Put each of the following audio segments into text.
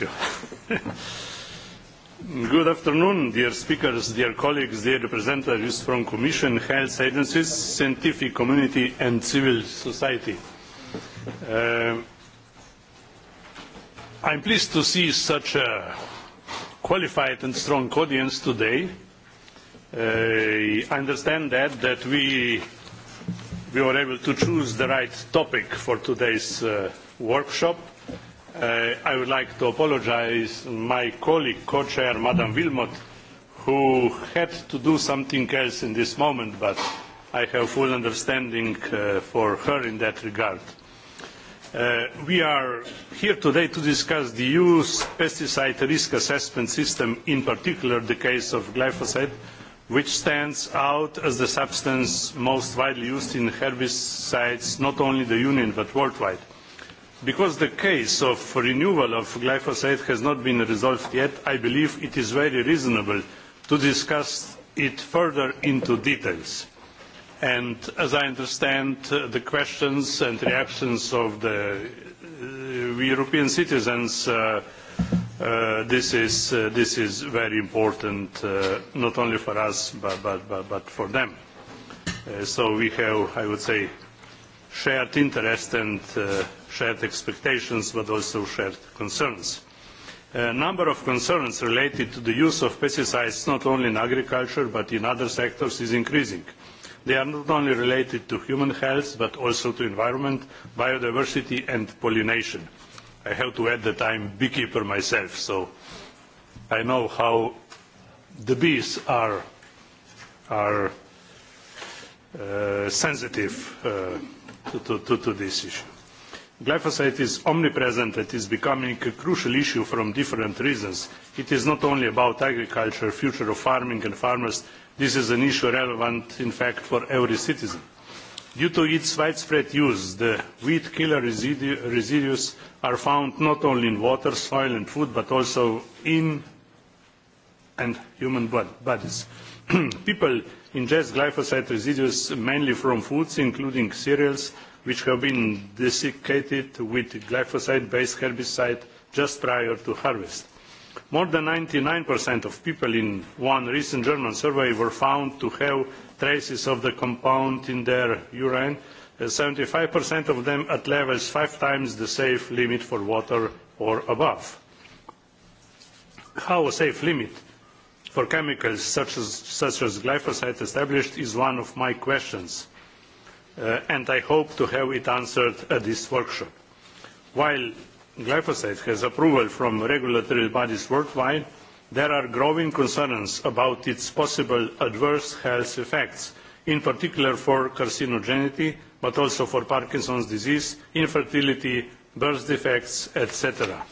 you. Good afternoon, dear speakers, dear colleagues, dear representatives from Commission, health agencies, scientific community and civil society. I am pleased to see such a qualified and strong audience today. I understand that, that we, we were able to choose the right topic for today's workshop I would like to apologise to my colleague, co-chair, Madam Wilmot, who had to do something else in this moment, but I have full understanding for her in that regard. we are here today to discuss the EU's pesticide risk assessment system, in particular the case of glyphosate, which stands out as the substance most widely used in herbicides, not only in the Union but worldwide because the case of renewal of glyphosate has not been resolved yet i believe it is very reasonable to discuss it further into details and as i understand the questions and reactions of the european citizens this is very important not only for us but for them so we have i would say shared interest and shared expectations but also shared concerns. A number of concerns related to the use of pesticides not only in agriculture but in other sectors is increasing. They are not only related to human health but also to environment, biodiversity and pollination. I have to add that I am a beekeeper myself, so I know how the bees are, sensitive to, this issue Glyphosate is omnipresent and is becoming a crucial issue from different reasons. It is not only about agriculture, the future of farming and farmers. This is an issue relevant, in fact, for every citizen. Due to its widespread use, the weed killer residues are found not only in water, soil and food, but also in and human bodies. People ingest glyphosate residues mainly from foods, including cereals, which have been desiccated with glyphosate-based herbicide just prior to harvest. More than 99% of people in one recent German survey were found to have traces of the compound in their urine, and 75% of them at levels five times the safe limit for water or above. How a safe limit for chemicals such as, such as glyphosate established is one of my questions and I hope to have it answered at this workshop. While glyphosate has approval from regulatory bodies worldwide, there are growing concerns about its possible adverse health effects, in particular for carcinogenity, but also for Parkinson's disease, infertility, birth defects, etc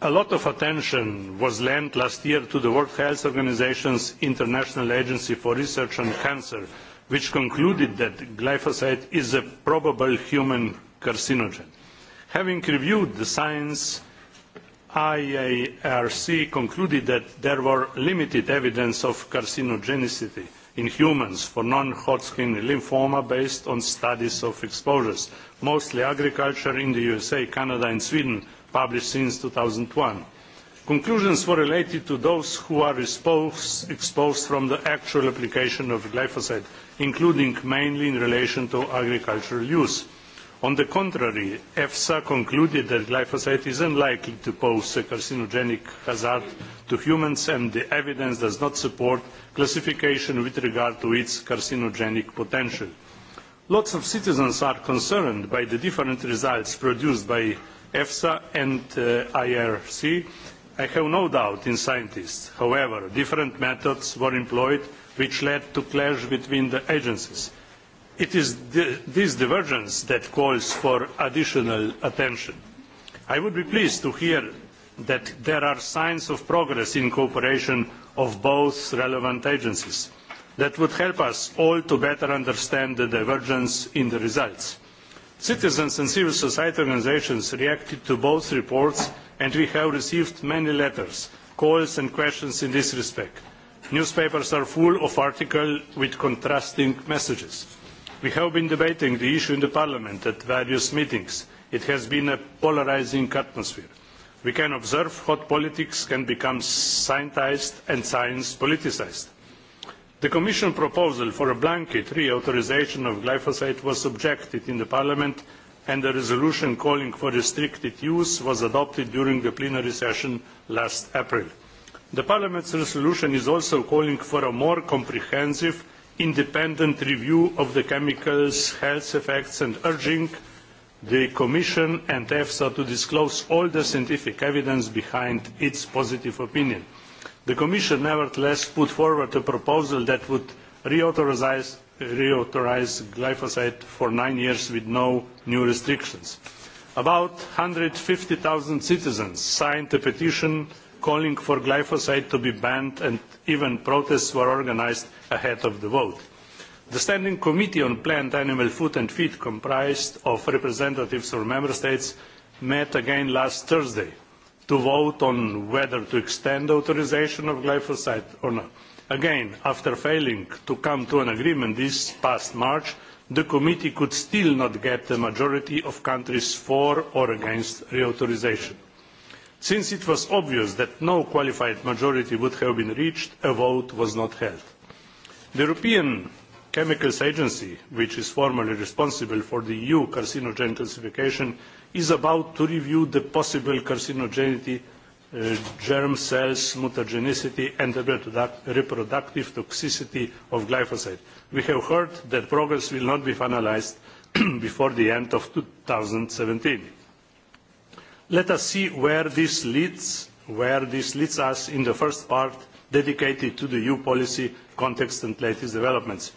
A lot of attention was lent last year to the World Health Organization's International Agency for Research on Cancer, which concluded that glyphosate is a probable human carcinogen. Having reviewed the science, IARC concluded that there were limited evidence of carcinogenicity in humans for non-Hodgkin lymphoma based on studies of exposures, mostly agriculture in the USA, Canada and Sweden, published since two thousand and one. Conclusions were related to those who are exposed from the actual application of glyphosate, including mainly in relation to agricultural use. On the contrary, EFSA concluded that glyphosate is unlikely to pose a carcinogenic hazard to humans and the evidence does not support classification with regard to its carcinogenic potential. Lots of citizens are concerned by the different results produced by EFSA and IRC. I have no doubt in scientists. However, different methods were employed which led to clash between the agencies. It is this divergence that calls for additional attention. I would be pleased to hear that there are signs of progress in cooperation of both relevant agencies. That would help us all to better understand the divergence in the results. Citizens and civil society organisations reacted to both reports and we have received many letters, calls and questions in this respect. Newspapers are full of articles with contrasting messages. We have been debating the issue in Parliament at various meetings. It has been a polarising atmosphere. We can observe how politics can become scientised and science politicised the commission proposal for a blanket reauthorisation of glyphosate was subjected in parliament and a resolution calling for restricted use was adopted during the plenary session last april. parliament's resolution is also calling for a more comprehensive independent review of the chemical's health effects and urging the commission and efsa to disclose all the scientific evidence behind its positive opinion. The Commission nevertheless put forward a proposal that would reauthorize, glyphosate for nine years with no new restrictions. About one hundred and fifty 150,000 citizens signed a petition calling for glyphosate to be banned and even protests were organised ahead of the vote. The Standing Committee on Plant Animal Food and Feed comprised of representatives from Member States met again last Thursday to vote on whether to extend authorisation of glyphosate or not. Again, after failing to come to an agreement this past March, the committee could still not get a majority of countries for or against reauthorisation. Since it was obvious that no qualified majority would have been reached, a vote was not held. The European Chemicals Agency, which is formally responsible for the EU carcinogen classification, is about to review the possible carcinogenity, germ cells, mutagenicity, and the reproductive toxicity of glyphosate. We have heard that progress will not be finalised before the end of seventeen. Let us see where this leads, where this leads us in the first part dedicated to the EU policy context and latest developments.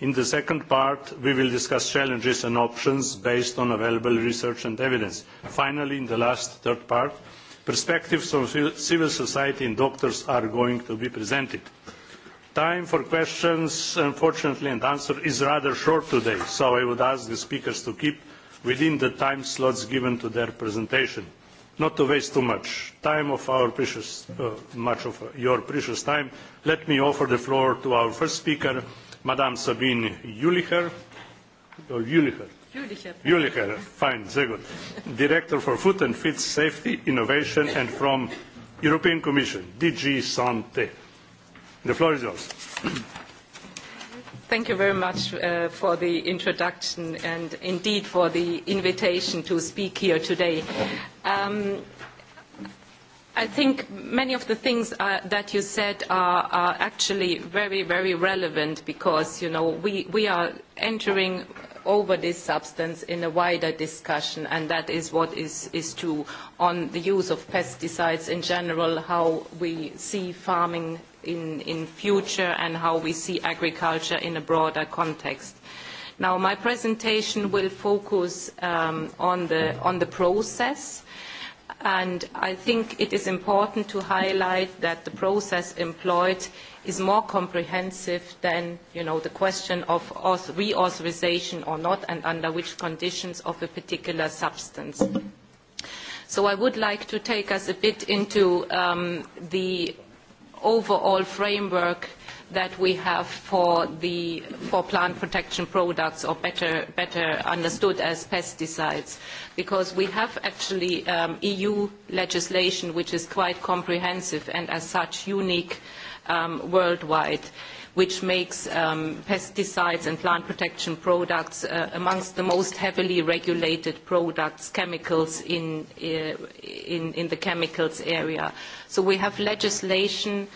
In the second part, we will discuss challenges and options based on available research and evidence. Finally, in the last third part, perspectives from civil society and doctors are going to be presented. Time for questions, unfortunately, and answer is rather short today, so I would ask the speakers to keep within the time slots given to their presentation, not to waste too much time of our precious, much of your precious time. Let me offer the floor to our first speaker, Madame Sabine Jülicher, or Jülicher, Jülicher, fine, very good, Director for Food and Feed Safety Innovation and from European Commission, DG Sante. The floor is yours. Thank you very much for the introduction and indeed for the invitation to speak here today. Um, I think many of the things uh that you said are, are actually very, very relevant because, you know, we, we are entering over this substance in a wider discussion, and that is what is, is true on the use of pesticides in general, how we see farming in, in future, and how we see agriculture in a broader context. Now, my presentation will focus um, on, the, on the process and I think it is important to highlight that the process employed is more comprehensive than the question of reauthorisation or not and under which conditions of a particular substance. So I would like to take us a bit into the overall framework that we have for, the, for plant protection products or better, better understood as pesticides because we have actually um, EU legislation which is quite comprehensive and as such unique um, worldwide which makes um, pesticides and plant protection products uh, amongst the most heavily regulated products, chemicals in, uh, in, in the chemicals area. So we have legislation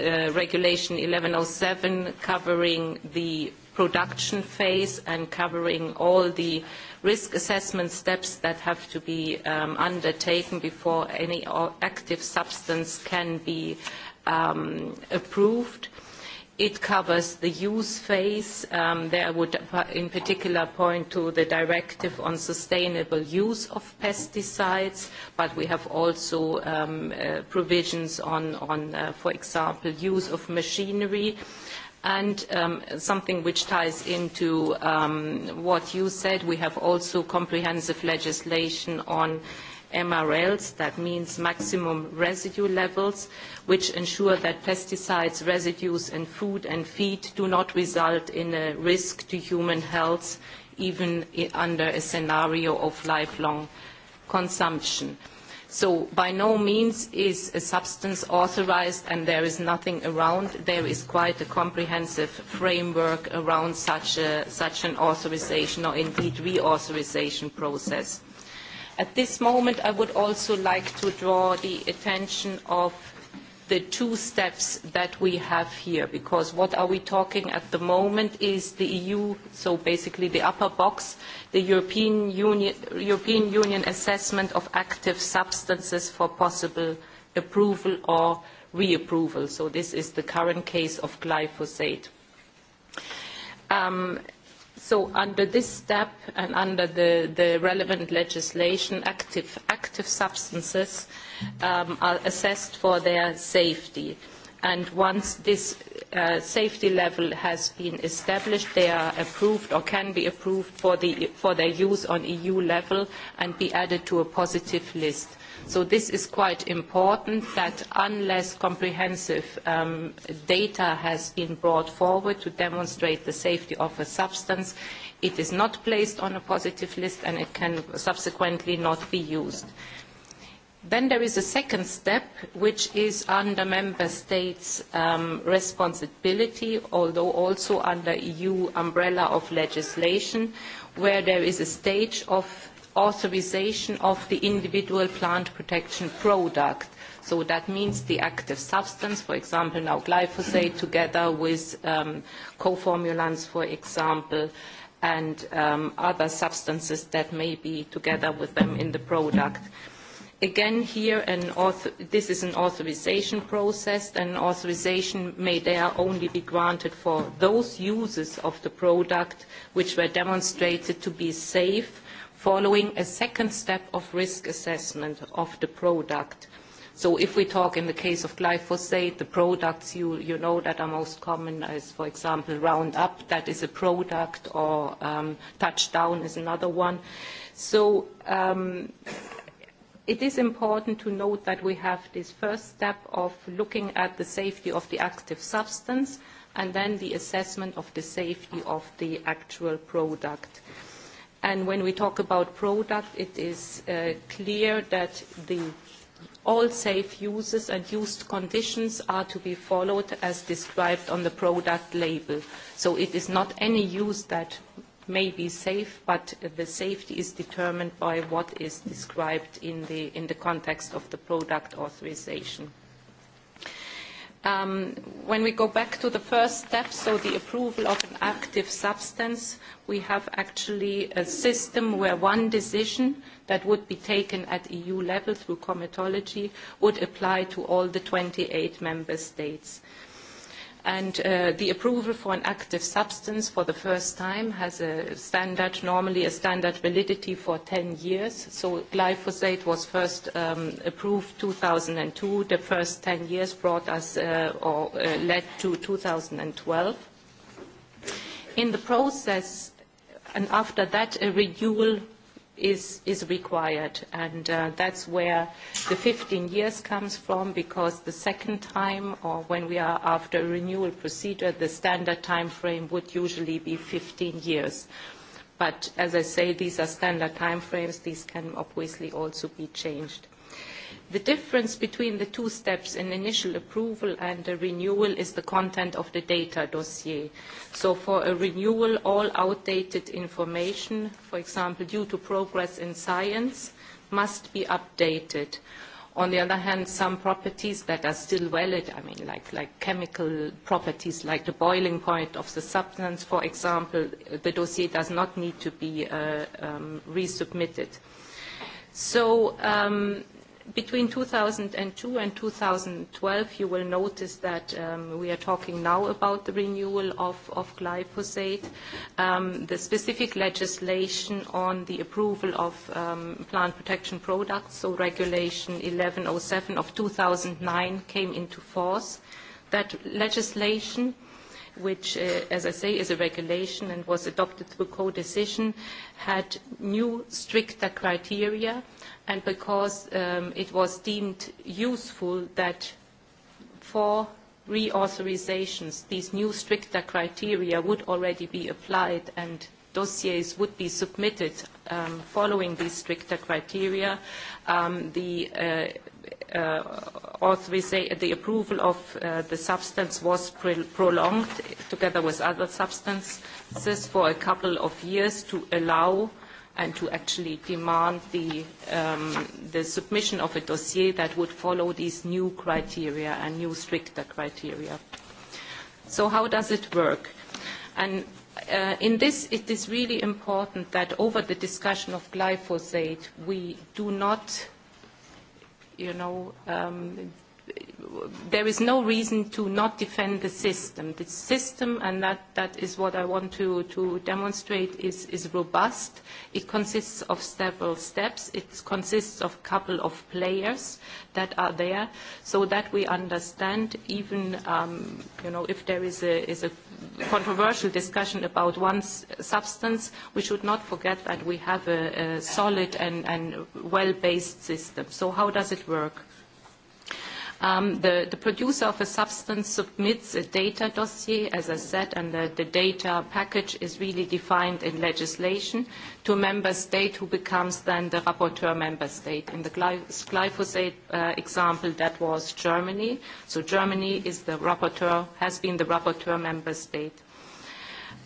Regulation 1107 covering the production phase and covering all the risk assessment steps that have to be um, undertaken before any active substance can be um, approved. It covers the use phase. There I would in particular point to the directive on sustainable use of pesticides, but we have also provisions on, for example, use of machinery and something which ties into what you said, we have also comprehensive legislation on MRLs, that means maximum residue levels, which ensure that pesticides residues in food and feed do not result in a risk to human health, even under a scenario of lifelong consumption. So by no means is a substance authorised and there is nothing around. There is quite a comprehensive framework around such, a, such an authorisation or indeed reauthorisation process. At this moment, I would also like to draw the attention of the two steps that we have here, because what are we talking at the moment is the EU, so basically the upper box, the European Union, European Union assessment of active substances for possible approval or reapproval. So this is the current case of glyphosate. Um, So under this step and under the, the relevant legislation, active, active substances um, are assessed for their safety. And once this uh, safety level has been established, they are approved or can be approved for, the, for their use on EU level and be added to a positive list So this is quite important that unless comprehensive data has been brought forward to demonstrate the safety of a substance, it is not placed on a positive list and it can subsequently not be used. Then there is a second step, which is under member states' responsibility, although also under EU umbrella of legislation, where there is a stage of authorisation of the individual plant protection product. So that means the active substance, for example, now glyphosate together with um, co-formulants, for example, and um, other substances that may be together with them in the product. Again, here, an author, this is an authorization process, and authorization may there only be granted for those uses of the product which were demonstrated to be safe following a second step of risk assessment of the product. So if we talk in the case of glyphosate, the products you, you know that are most common is, for example, Roundup, that is a product, or um, Touchdown is another one. So um, it is important to note that we have this first step of looking at the safety of the active substance and then the assessment of the safety of the actual product. And when we talk about product, it is uh, clear that the all safe uses and used conditions are to be followed as described on the product label. So it is not any use that may be safe, but the safety is determined by what is described in the, in the context of the product authorization when we go back to the first step, so the approval of an active substance, we have actually a system where one decision that would be taken at EU level through comitology would apply to all the 28 member states. And the approval for an active substance for the first time has a standard, normally a standard validity for 10 years. So glyphosate was first um, approved 2002. The first 10 years brought us uh, or uh, led to 2012. In the process, and after that, a renewal is, is required. And uh, that's where the 15 years comes from because the second time or when we are after a renewal procedure, the standard time frame would usually be 15 years. But as I say, these are standard time frames. These can obviously also be changed. The difference between the two steps in initial approval and a renewal is the content of the data dossier. So for a renewal, all outdated information, for example, due to progress in science, must be updated. On the other hand, some properties that are still valid, I mean, like, like chemical properties, like the boiling point of the substance, for example, the dossier does not need to be uh, um, resubmitted. So um, between 2002 and 2012, you will notice that we are talking now about the renewal of glyphosate. The specific legislation on the approval of plant protection products, so Regulation 1107 of 2009, came into force. That legislation which, as I say, is a regulation and was adopted through co-decision, had new stricter criteria and because um, it was deemed useful that for reauthorizations, these new stricter criteria would already be applied and dossiers would be submitted um, following these stricter criteria. Um, the, uh, uh, the approval of uh, the substance was pre prolonged together with other substances for a couple of years to allow uh, and to actually demand the, um, the submission of a dossier that would follow these new criteria and new stricter criteria. So how does it work? And uh, in this, it is really important that over the discussion of glyphosate, we do not you know, um, there is no reason to not defend the system. The system, and that, that is what I want to, to demonstrate, is, is robust. It consists of several steps. It consists of a couple of players that are there so that we understand even um, you know, if there is a, is a controversial discussion about one substance, we should not forget that we have a, a solid and, and well-based system. So how does it work? Um, the, the producer of a substance submits a data dossier, as I said, and the, the data package is really defined in legislation to a member state who becomes then the rapporteur member state. In the glyphosate uh, example, that was Germany. So Germany is the rapporteur, has been the rapporteur member state.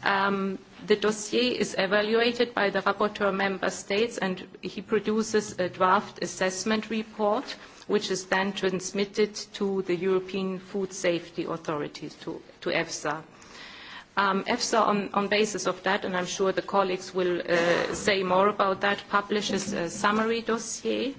Um, the dossier is evaluated by the rapporteur member states and he produces a draft assessment report which is then transmitted to the European Food Safety Authority, to, to EFSA. Um, EFSA, on, on basis of that, and I'm sure the colleagues will uh, say more about that, publishes a summary dossier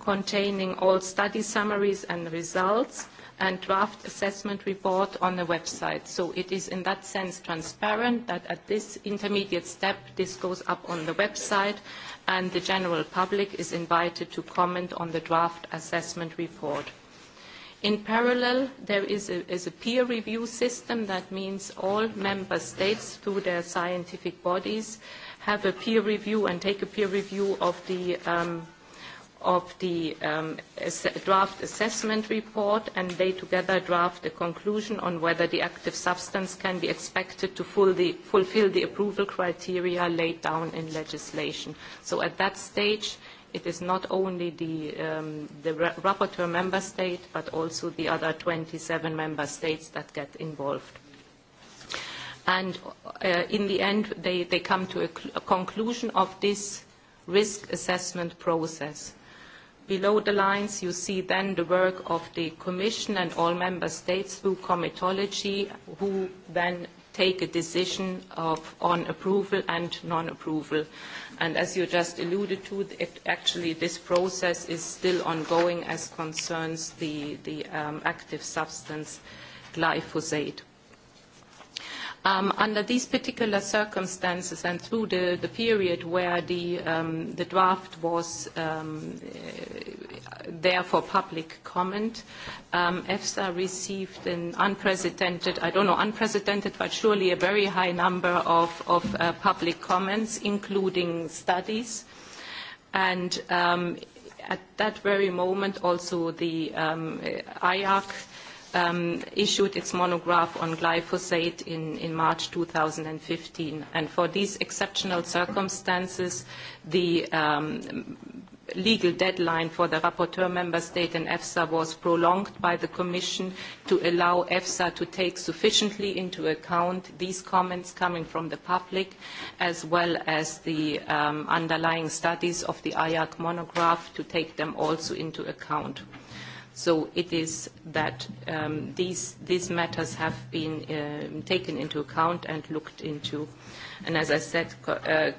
containing all study summaries and results and draft assessment report on the website. So it is in that sense transparent that at this intermediate step, this goes up on the website and the general public is invited to comment on the draft assessment report. In parallel, there is a, is a peer review system. That means all member states, through their scientific bodies, have a peer review and take a peer review of the um, of the um, draft assessment report and they together draft a conclusion on whether the active substance can be expected to fulfill the approval criteria laid down in legislation. So at that stage, it is not only the, um, the rapporteur member state, but also the other 27 member states that get involved and uh, in the end they, they come to a, a conclusion of this risk assessment process. Below the lines, you see then the work of the Commission and all Member States through comitology, who then take a decision of, on approval and non-approval. And as you just alluded to, it, actually this process is still ongoing as concerns the, the um, active substance glyphosate under these particular circumstances and through the, the period where the, um, the draft was um, there for public comment, um, EFSA received an unprecedented, I don't know, unprecedented, but surely a very high number of, of uh, public comments, including studies. And um, at that very moment, also the um, IAC um, issued its monograph on glyphosate in, in March 2015. And for these exceptional circumstances, the um, legal deadline for the rapporteur member state and EFSA was prolonged by the Commission to allow EFSA to take sufficiently into account these comments coming from the public as well as the underlying studies of the IAC monograph to take them also into account. So it is that um, these, these matters have been taken into account and looked into. And as I said, uh,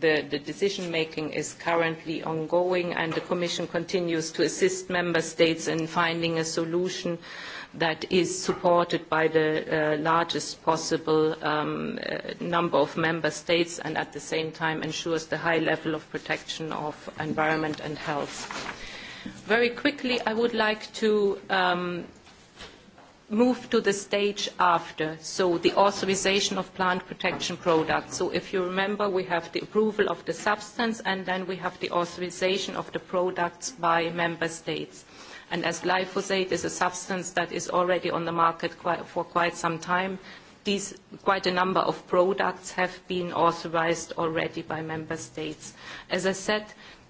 the, the decision-making is currently ongoing and the Commission continues to assist Member States in finding a solution that is supported by the uh, largest possible um, uh, number of member states and at the same time ensures the high level of protection of environment and health. Very quickly, I would like to um, move to the stage after, so the authorization of plant protection products. So if you remember, we have the approval of the substance, and then we have the authorization of the products by member states. And as glyphosate is a substance that is already on the market quite, for quite some time, these quite a number of products have been authorized already by member states. As I said,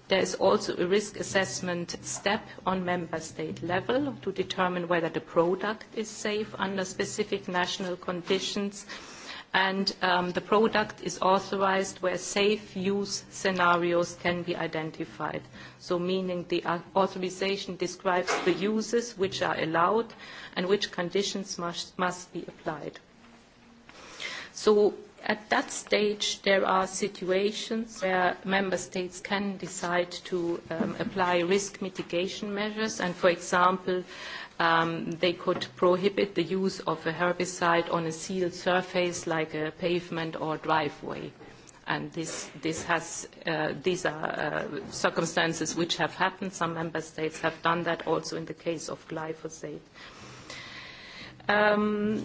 There is also a risk assessment step on member state level to determine whether the product is safe under specific national conditions. And um, the product is authorized where safe use scenarios can be identified. So meaning the authorization describes the uses which are allowed and which conditions must, must be applied. So At that stage, there are situations where member states can decide to um, apply risk mitigation measures, and for example, um, they could prohibit the use of a herbicide on a sealed surface like a pavement or driveway. And this, this has, uh, these are uh, circumstances which have happened. Some member states have done that also in the case of glyphosate. Um,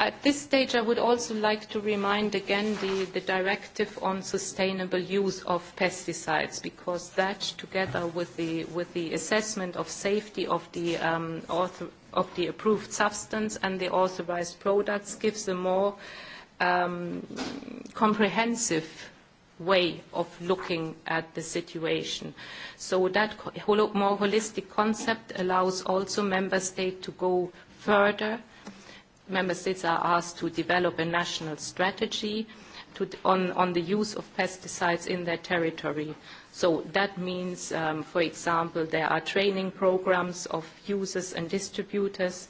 At this stage, I would also like to remind again the, the directive on sustainable use of pesticides, because that, together with the, with the assessment of safety of the, um, author, of the approved substance and the authorized products, gives a more um, comprehensive way of looking at the situation. So that more holistic concept allows also member states to go further member states are asked to develop a national strategy to, on, on the use of pesticides in their territory. So that means, um, for example, there are training programs of users and distributors.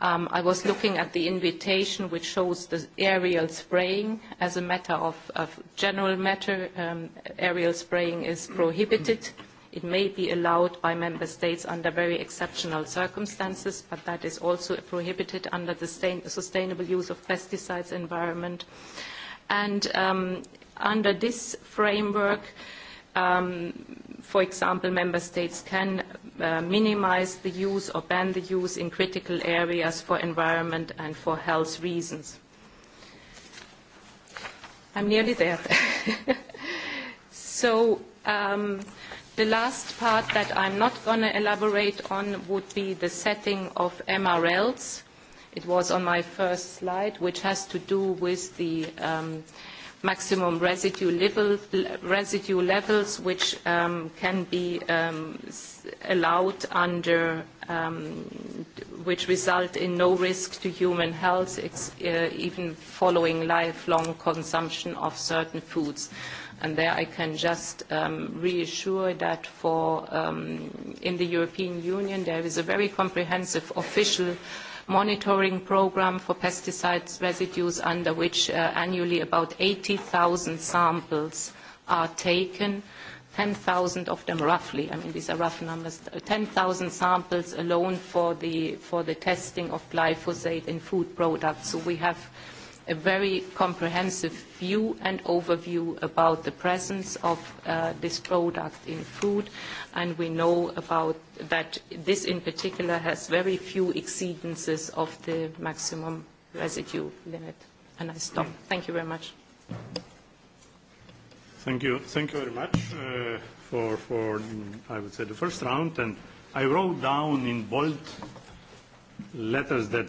Um, I was looking at the invitation which shows the aerial spraying as a matter of, of general matter. Um, aerial spraying is prohibited. Mm-hmm It may be allowed by member states under very exceptional circumstances, but that is also prohibited under the sustainable use of pesticides environment. And um, under this framework, for example, member states can minimise the use or ban the use in critical areas for environment and for health reasons. I'm nearly there. so um, The last part that I'm not going to elaborate on would be the setting of MRLs. It was on my first slide, which has to do with the maximum residue, residue levels which can be allowed under which result in no risk to human health even following lifelong consumption of certain foods. And there I can just um, reassure that for, um, in the European Union there is a very comprehensive official monitoring program for pesticides residues under which uh, annually about 80,000 samples are taken. 10,000 of them roughly, I mean these are rough numbers, 10,000 samples alone for the, for the testing of glyphosate in food products. So we have a very comprehensive view and overview about the presence of uh, this product in food and we know about that this in particular has very few exceedances of the maximum residue limit. And I stop. Thank you very much. Thank you. Thank you very much uh, for, for, I would say, the first round. And I wrote down in bold letters that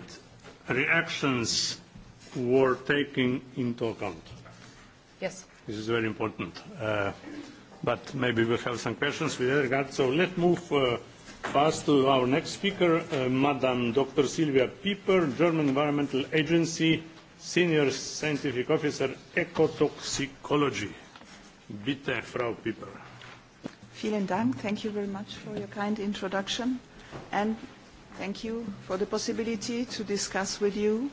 reactions were taken into account. Yes. This is very important. Uh, but maybe we have some questions with that regard. So let's move uh, fast to our next speaker, uh, Madam Dr. Silvia Pieper, German Environmental Agency, Senior Scientific Officer, Ecotoxicology. Bitte, Frau Pieper. Vielen Dank. Thank you very much for your kind introduction. And thank you for the possibility to discuss with you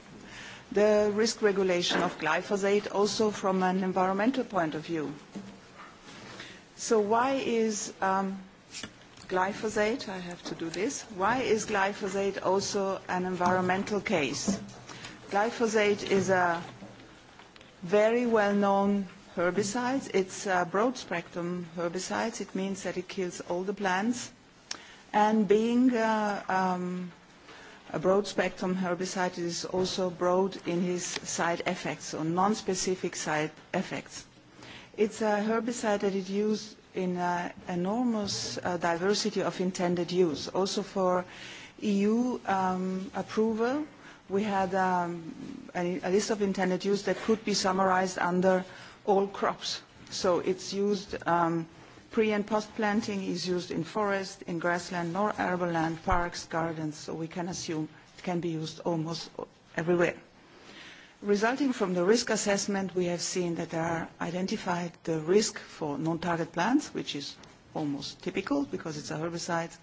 the risk regulation of glyphosate also from an environmental point of view. So why is um, glyphosate, I have to do this, why is glyphosate also an environmental case? Glyphosate is a very well-known herbicide. It's a broad-spectrum herbicide. It means that it kills all the plants. And being uh, um, a broad spectrum herbicide is also broad in his side effects or non-specific side effects. It's a herbicide that is used in an enormous diversity of intended use. Also for EU approval, we had a list of intended use that could be summarized under all crops. So it's used um, Pre- and post-planting is used in forest, in grassland, nor arable land, parks, gardens, so we can assume it can be used almost everywhere. Resulting from the risk assessment, we have seen that there are identified the risk for non-target plants, which is almost typical because it's a herbicide,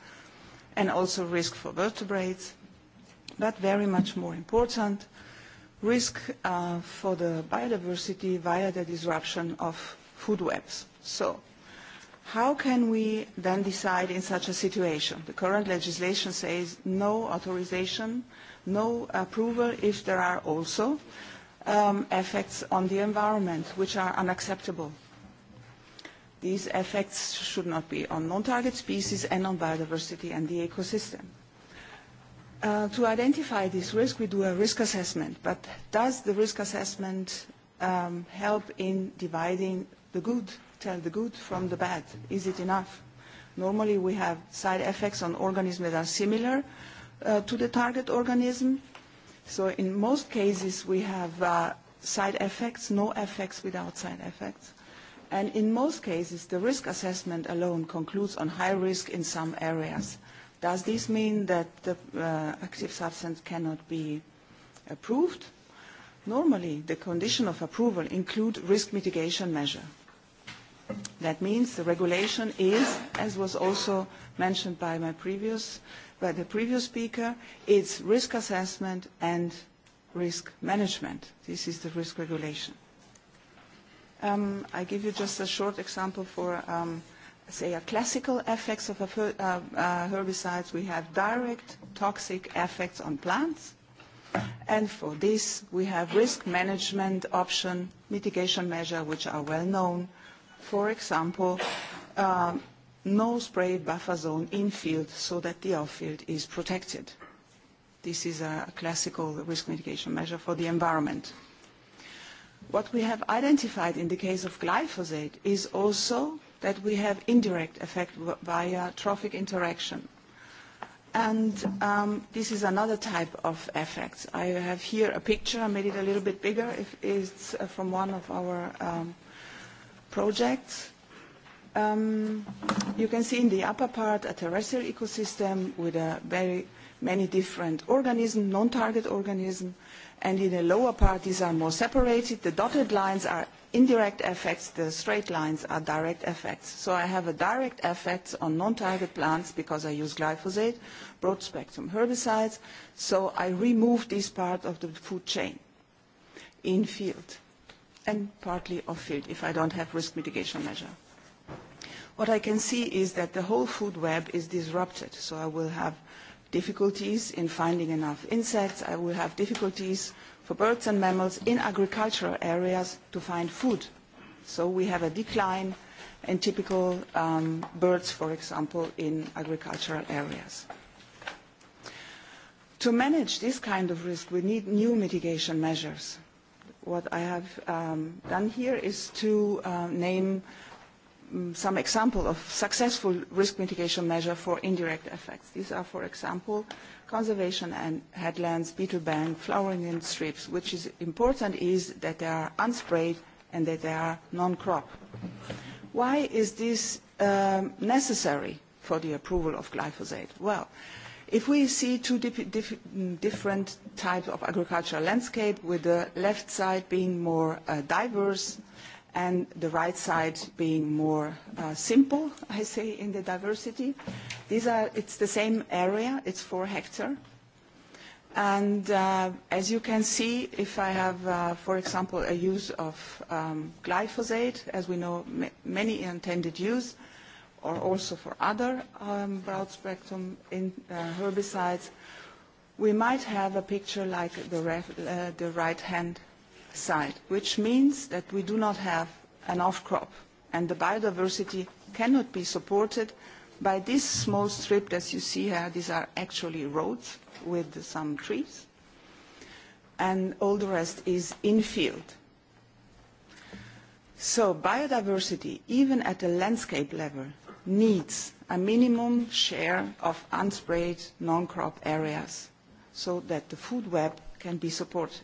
and also risk for vertebrates, but very much more important, risk for the biodiversity via the disruption of food webs. So How can we then decide in such a situation? The current legislation says no authorization, no approval if there are also um, effects on the environment which are unacceptable. These effects should not be on non-target species and on biodiversity and the ecosystem. Uh, to identify this risk, we do a risk assessment, but does the risk assessment um, help in dividing the good tell the good from the bad. Is it enough? Normally we have side effects on organisms that are similar uh, to the target organism. So in most cases we have uh, side effects, no effects without side effects. And in most cases the risk assessment alone concludes on high risk in some areas. Does this mean that the uh, active substance cannot be approved? Normally, the condition of approval include risk mitigation measure. That means the regulation is, as was also mentioned by my previous, by the previous speaker, it's risk assessment and risk management. This is the risk regulation. Um, I give you just a short example for, um, say, a classical effects of a, uh, uh, herbicides. We have direct toxic effects on plants. And for this, we have risk management option, mitigation measure, which are well known, for example, no spray buffer zone in field so that the outfield is protected. This is a classical risk mitigation measure for the environment. What we have identified in the case of glyphosate is also that we have indirect effect via trophic interaction. And um, this is another type of effect. I have here a picture. I made it a little bit bigger. If it's from one of our um, projects. You can see in the upper part a terrestrial ecosystem with a very many different organisms, non-target organisms, and in the lower part, these are more separated. The dotted lines are indirect effects, the straight lines are direct effects. So I have a direct effect on non-target plants because I use glyphosate, broad-spectrum herbicides, so I remove this part of the food chain in field and partly off-field if I don't have risk mitigation measure. What I can see is that the whole food web is disrupted, so I will have difficulties in finding enough insects, I will have difficulties for birds and mammals in agricultural areas to find food. So we have a decline in typical um, birds, for example, in agricultural areas. To manage this kind of risk, we need new mitigation measures What I have um, done here is to uh, name some example of successful risk mitigation measure for indirect effects. These are, for example, conservation and headlands, beetle bank, flowering and strips, which is important is that they are unsprayed and that they are non-crop. Why is this um, necessary for the approval of glyphosate? Well, uh, If we see two different types of agricultural landscape, with the left side being more diverse and the right side being more simple, I say, in the diversity, these are, it's the same area, it's four hectare. And as you can see, if I have, for example, a use of glyphosate, as we know, many intended use, or also for other um, broad-spectrum in, uh, herbicides, we might have a picture like the, ref, uh, the right-hand side, which means that we do not have an off-crop, and the biodiversity cannot be supported by this small strip that you see here. These are actually roads with some trees, and all the rest is in-field. So biodiversity, even at the landscape level, needs a minimum share of unsprayed non-crop areas so that the food web can be supported.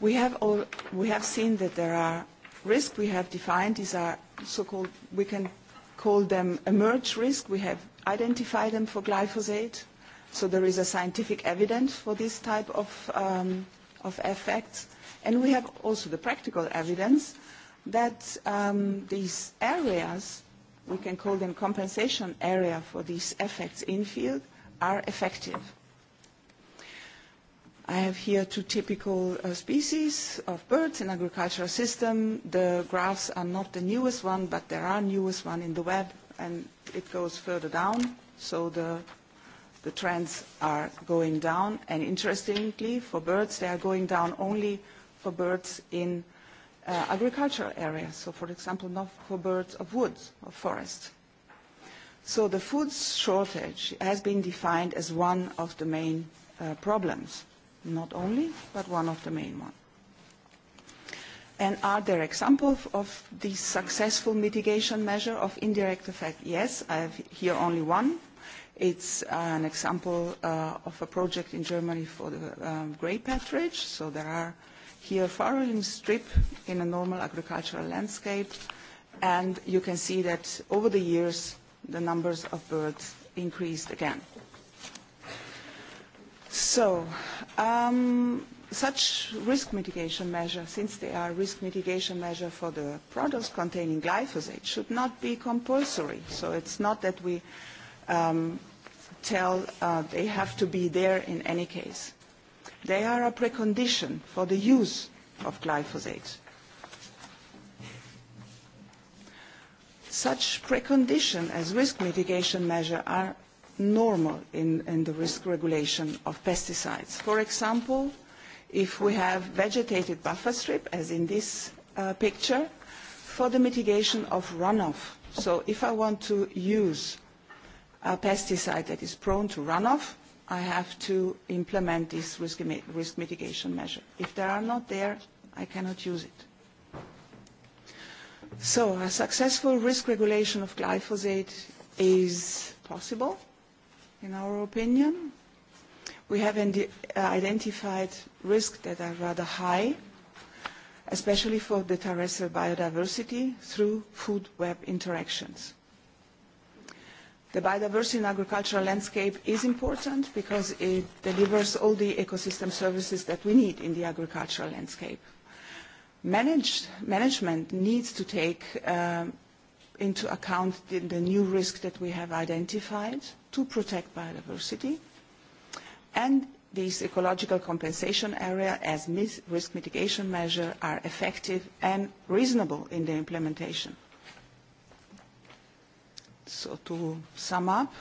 We have seen that there are risks we have defined. These are so-called, we can call them emerge risk. We have identified them for glyphosate. So there is a scientific evidence for this type of effects. And we have also the practical evidence that um, these areas, we can call them compensation area for these effects in field, are effective. I have here two typical uh, species of birds in agricultural system. The graphs are not the newest one, but there are newest one in the web, and it goes further down. So the, the trends are going down, and interestingly, for birds, they are going down only for birds in agricultural areas, so for example not for birds of woods or forest. So the food shortage has been defined as one of the main uh, problems, not only, but one of the main ones. And are there examples of the successful mitigation measure of indirect effect? Yes, I have here only one. It's an example uh, of a project in Germany for the um, grey patridge. So there are here furrowing strip in a normal agricultural landscape, and you can see that over the years the numbers of birds increased again. So um, such risk mitigation measures, since they are risk mitigation measures for the products containing glyphosate, should not be compulsory. So it's not that we um, tell uh, they have to be there in any case. They are a precondition for the use of glyphosate. Such precondition as risk mitigation measure are normal in, the risk regulation of pesticides. For example, if we have vegetated buffer strip, as in this picture, for the mitigation of runoff. So if I want to use a pesticide that is prone to runoff, I have to implement this risk, risk mitigation measure. If they are not there, I cannot use it. So a successful risk regulation of glyphosate is possible, in our opinion. We have identified risks that are rather high, especially for the terrestrial biodiversity through food web interactions. The biodiversity in agricultural landscape is important because it delivers all the ecosystem services that we need in the agricultural landscape. management needs to take into account the, the new risk that we have identified to protect biodiversity and these ecological compensation area as risk mitigation measure are effective and reasonable in their implementation. So to sum up,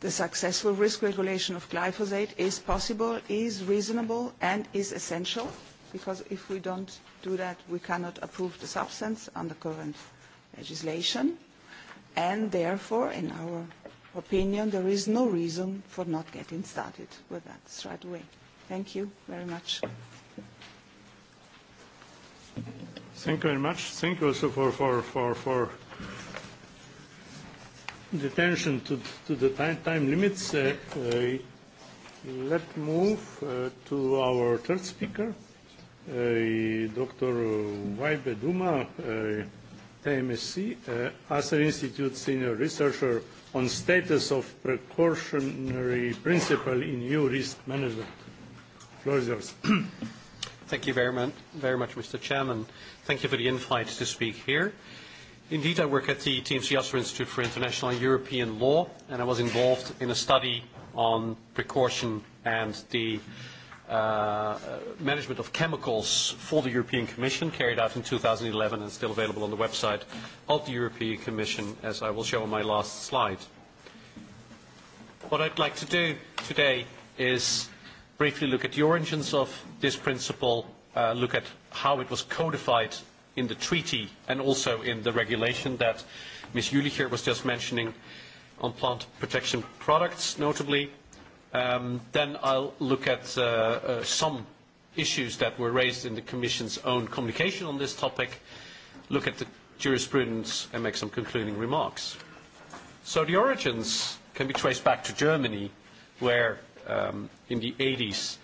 the successful risk regulation of glyphosate is possible, is reasonable, and is essential, because if we don't do that, we cannot approve the substance under current legislation. And therefore, in our opinion, there is no reason for not getting started with that straight away. Thank you very much. Thank you very much. Thank you also for detention to, to the time, time limits, uh, uh, let's move uh, to our third speaker, uh, Dr. Waibe Duma, uh, TMSC, uh, Asser Institute senior researcher on status of precautionary principle in EU risk management. Floor is yours. Thank you very much, very much, Mr. Chairman. Thank you for the invite to speak here. Uh, Indeed, I work at the TMC Usher Institute for International and European Law, and I was involved in a study on precaution and the uh, management of chemicals for the European Commission, carried out in 2011 and still available on the website of the European Commission, as I will show on my last slide. What I'd like to do today is briefly look at the origins of this principle, uh, look at how it was codified in the treaty and also in the regulation that Ms. Jülicher was just mentioning on plant protection products, notably. Um, then I'll look at uh, uh, some issues that were raised in the Commission's own communication on this topic, look at the jurisprudence and make some concluding remarks. So the origins can be traced back to Germany, where um, in the 80s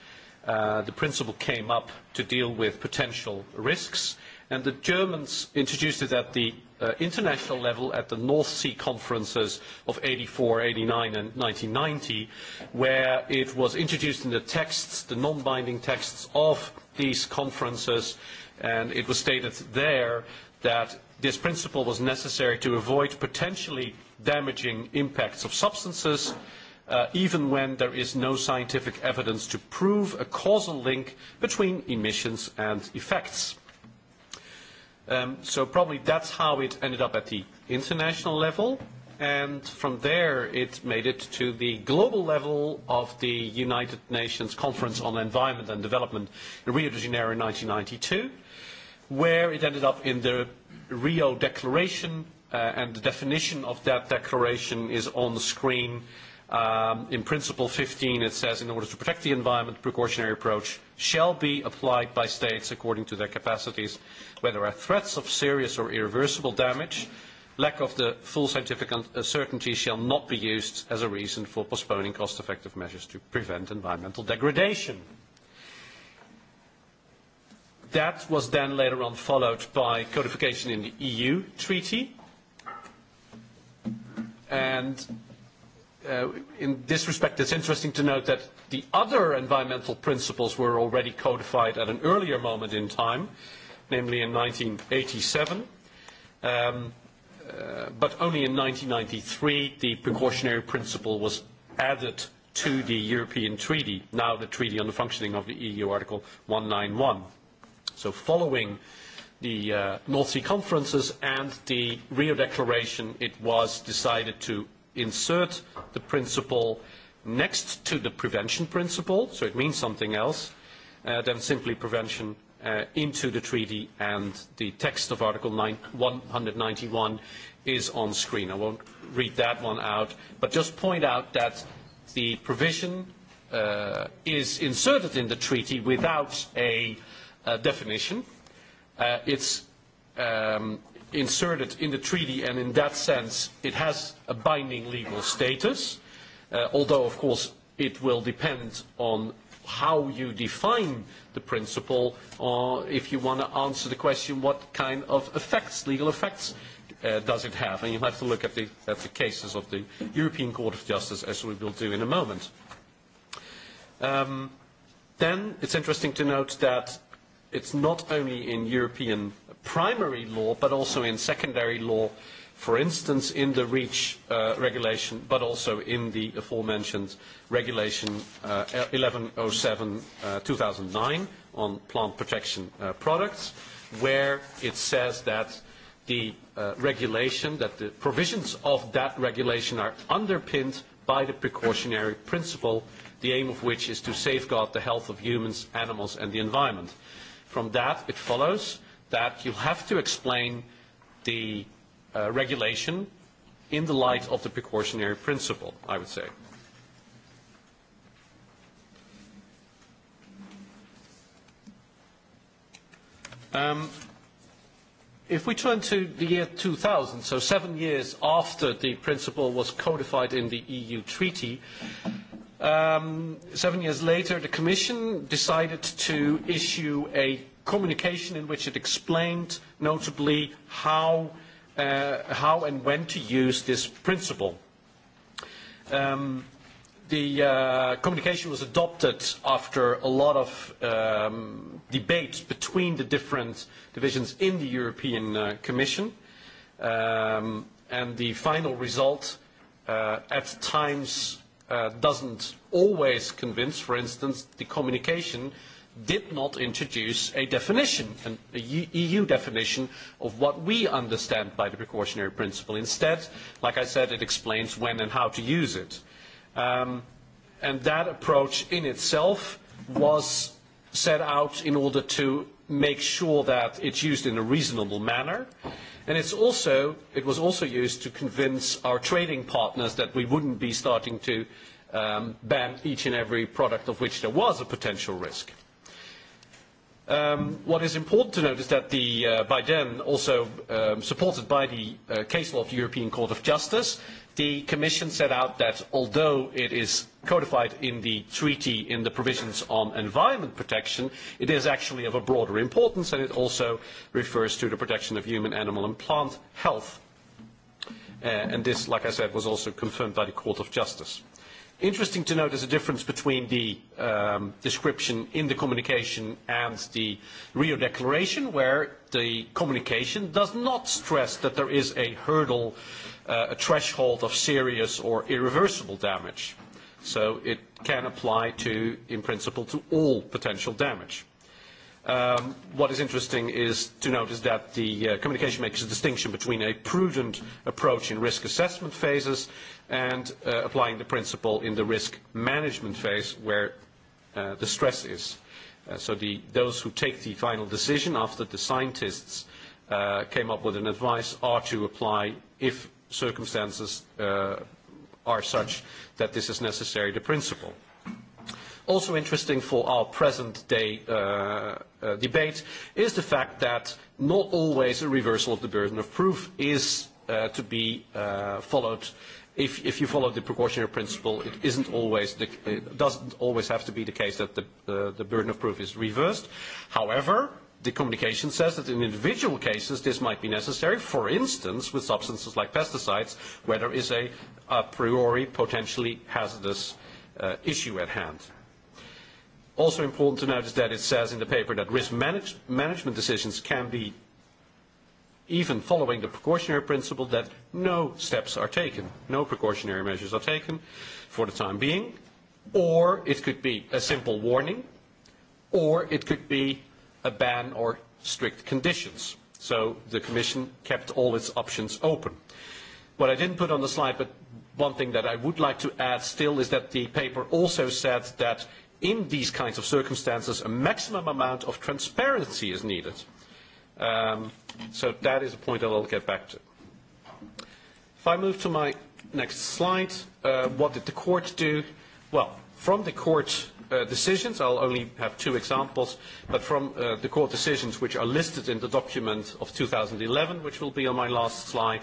uh, the principle came up to deal with potential risks And the Germans introduced it at the uh, international level at the North Sea conferences of 84, 89 and 1990, where it was introduced in the texts, the non-binding texts of these conferences, and it was stated there that this principle was necessary to avoid potentially damaging impacts of substances, even when there is no scientific evidence to prove a causal link between emissions and effects. Um, so probably that's how it ended up at the international level. And from there, it made it to the global level of the United Nations Conference on Environment and Development in Rio de Janeiro in 1992, where it ended up in the Rio Declaration. Uh, and the definition of that declaration is on the screen Um, in Principle 15, it says, in order to protect the environment, the precautionary approach shall be applied by states according to their capacities, where there are threats of serious or irreversible damage. Lack of the full scientific certainty shall not be used as a reason for postponing cost-effective measures to prevent environmental degradation. That was then later on followed by codification in the EU treaty. And in this respect, it's interesting to note that the other environmental principles were already codified at an earlier moment in time, namely in 1987. Um, uh, but only in 1993 the precautionary principle was added to the European Treaty, now the Treaty on the Functioning of the EU, Article 191. So following the uh, North Sea conferences and the Rio Declaration, it was decided to insert the principle next to the prevention principle, so it means something else, than simply prevention into the treaty and the text of Article one hundred and ninety one is on screen. I won't read that one out, but just point out that the provision is inserted in the treaty without a definition. It is inserted in the treaty, and in that sense, it has a binding legal status, although, of course, it will depend on how you define the principle, or if you want to answer the question, what kind of effects, legal effects, does it have? And you'll have to look at the, at the cases of the European Court of Justice, as we will do in a moment. Um, then it's interesting to note that it's not only in European primary law, but also in secondary law, for instance, in the REACH regulation, but also in the aforementioned Regulation uh, 1107-2009 on plant protection products, where it says that the regulation, that the provisions of that regulation are underpinned by the precautionary principle, the aim of which is to safeguard the health of humans, animals, and the environment. From that, it follows that you have to explain the uh, regulation in the light of the precautionary principle, I would say. Um, if we turn to the year 2000, so seven years after the principle was codified in the EU treaty, um, seven years later the Commission decided to issue a communication in which it explained notably how, uh, how and when to use this principle. Um, the uh, communication was adopted after a lot of um, debate between the different divisions in the European uh, Commission, um, and the final result uh, at times uh, doesn't always convince, for instance, the communication uh, did not introduce a definition, an a EU definition of what we understand by the precautionary principle. Instead, like I said, it explains when and how to use it. Um, and that approach in itself was set out in order to make sure that it's used in a reasonable manner. And it's also, it was also used to convince our trading partners that we wouldn't be starting to um, ban each and every product of which there was a potential risk. What is important to note is that by then, also supported by the case law of the European Court of Justice, the Commission set out that although it is codified in the treaty in the provisions on environment protection, it is actually of a broader importance, and it also refers to the protection of human, animal, and plant health. And This, like I said, was also confirmed by the Court of Justice. Interesting to note there's a difference between the um, description in the communication and the Rio Declaration, where the communication does not stress that there is a hurdle, uh, a threshold of serious or irreversible damage. So it can apply to, in principle, to all potential damage. Um, what is interesting is to notice that the uh, communication makes a distinction between a prudent approach in risk assessment phases and applying the principle in the risk management phase where the stress is. So Those who take the final decision after the scientists came up with an advice are to apply, if circumstances are such that this is necessary, the principle. Also interesting for our present-day debate is the fact that not always a reversal of the burden of proof is to be followed if, if you follow the precautionary principle, it, isn't always the, it doesn't always have to be the case that the, uh, the burden of proof is reversed. However, the communication says that in individual cases this might be necessary, for instance, with substances like pesticides, where there is a a priori potentially hazardous uh, issue at hand. Also important to note is that it says in the paper that risk manage management decisions can be even following the precautionary principle that no steps are taken, no precautionary measures are taken for the time being, or it could be a simple warning, or it could be a ban or strict conditions. So the Commission kept all its options open. What I didn't put on the slide, but one thing that I would like to add still, is that the paper also said that in these kinds of circumstances, a maximum amount of transparency is needed. Um, so that is a point that I'll get back to. If I move to my next slide, uh, what did the court do? Well, from the court uh, decisions, I'll only have two examples, but from uh, the court decisions which are listed in the document of 2011, which will be on my last slide,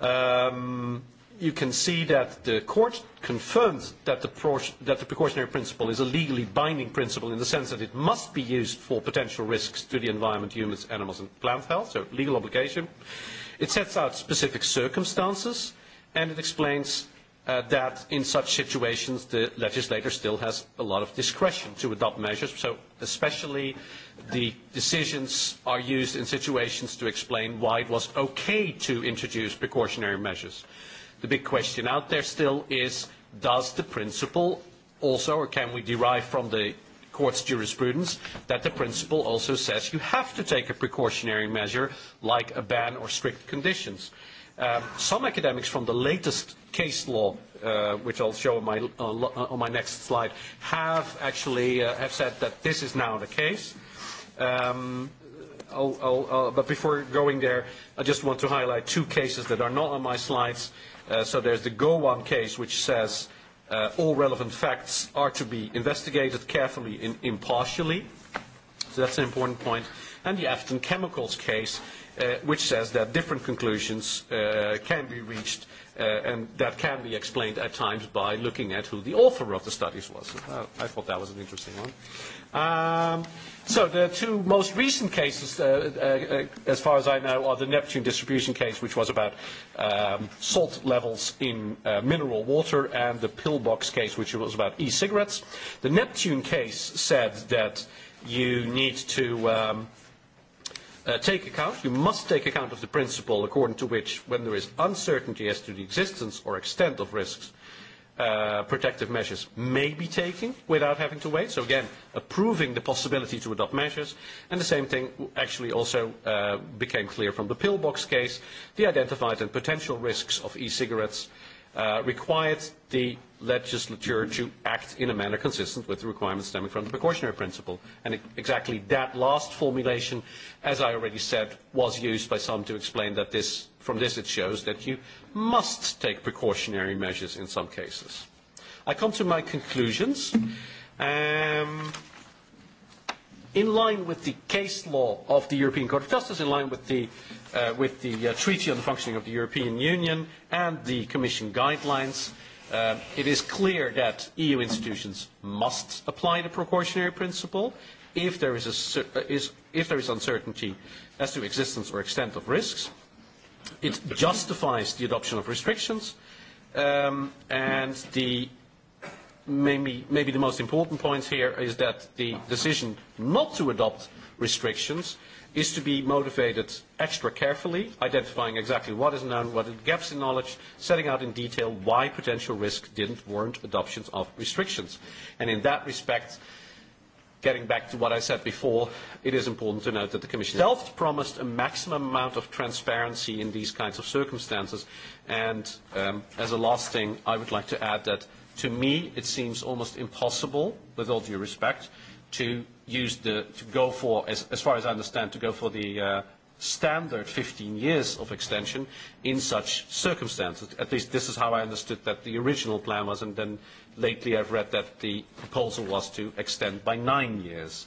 um, you can see that the court confirmed that the, precautionary principle is a legally binding principle in the sense that it must be used for potential risks to the environment, humans, animals, and plant health, so legal obligation. It sets out specific circumstances, and it explains that in such situations the legislator still has a lot of discretion to adopt measures, so especially the decisions are used in situations to explain why it was okay to introduce precautionary measures. The big question out there still is, does the principle also, or can we derive from the court's jurisprudence that the principle also says you have to take a precautionary measure like a ban or strict conditions. some academics from the latest case law, which I'll show on my, on my next slide, have actually have said that this is now the case. but before going there, I just want to highlight two cases that are not on my slides so there's the go One case, which says all relevant facts are to be investigated carefully and impartially. So that's an important point. And the Afton Chemicals case, which says that different conclusions can be reached and that can be explained at times by looking at who the author of the studies was. I thought that was an interesting one. So the two most recent cases, uh, uh, as far as I know, are the Neptune distribution case, which was about um, salt levels in uh, mineral water, and the pillbox case, which was about e-cigarettes. The Neptune case said that you need to um, uh, take account, you must take account of the principle according to which when there is uncertainty as to the existence or extent of risks, uh, protective measures may be taken without having to wait. So again, approving the possibility to adopt measures. And the same thing actually also uh, became clear from the pillbox case. The identified and potential risks of e-cigarettes uh, required the legislature to act in a manner consistent with the requirements stemming from the precautionary principle. And exactly that last formulation, as I already said, was used by some to explain that this From this it shows that you must take precautionary measures in some cases. I come to my conclusions. Um, in line with the case law of the European Court of Justice, in line with the, uh, with the uh, Treaty on the Functioning of the European Union and the Commission guidelines, uh, it is clear that EU institutions must apply the precautionary principle if there is, a, is, if there is uncertainty as to existence or extent of risks It justifies the adoption of restrictions, um, and the maybe, maybe the most important point here is that the decision not to adopt restrictions is to be motivated extra carefully, identifying exactly what is known, what are the gaps in knowledge, setting out in detail why potential risk didn't warrant adoptions of restrictions. And in that respect, getting back to what I said before, it is important to note that the Commission itself promised a maximum amount of transparency in these kinds of circumstances. And as a last thing, I would like to add that to me it seems almost impossible, with all due respect, to use the to go for as, as far as I understand to go for the uh, standard 15 years of extension in such circumstances. At least this is how I understood that the original plan was, and then lately I've read that the proposal was to extend by nine years.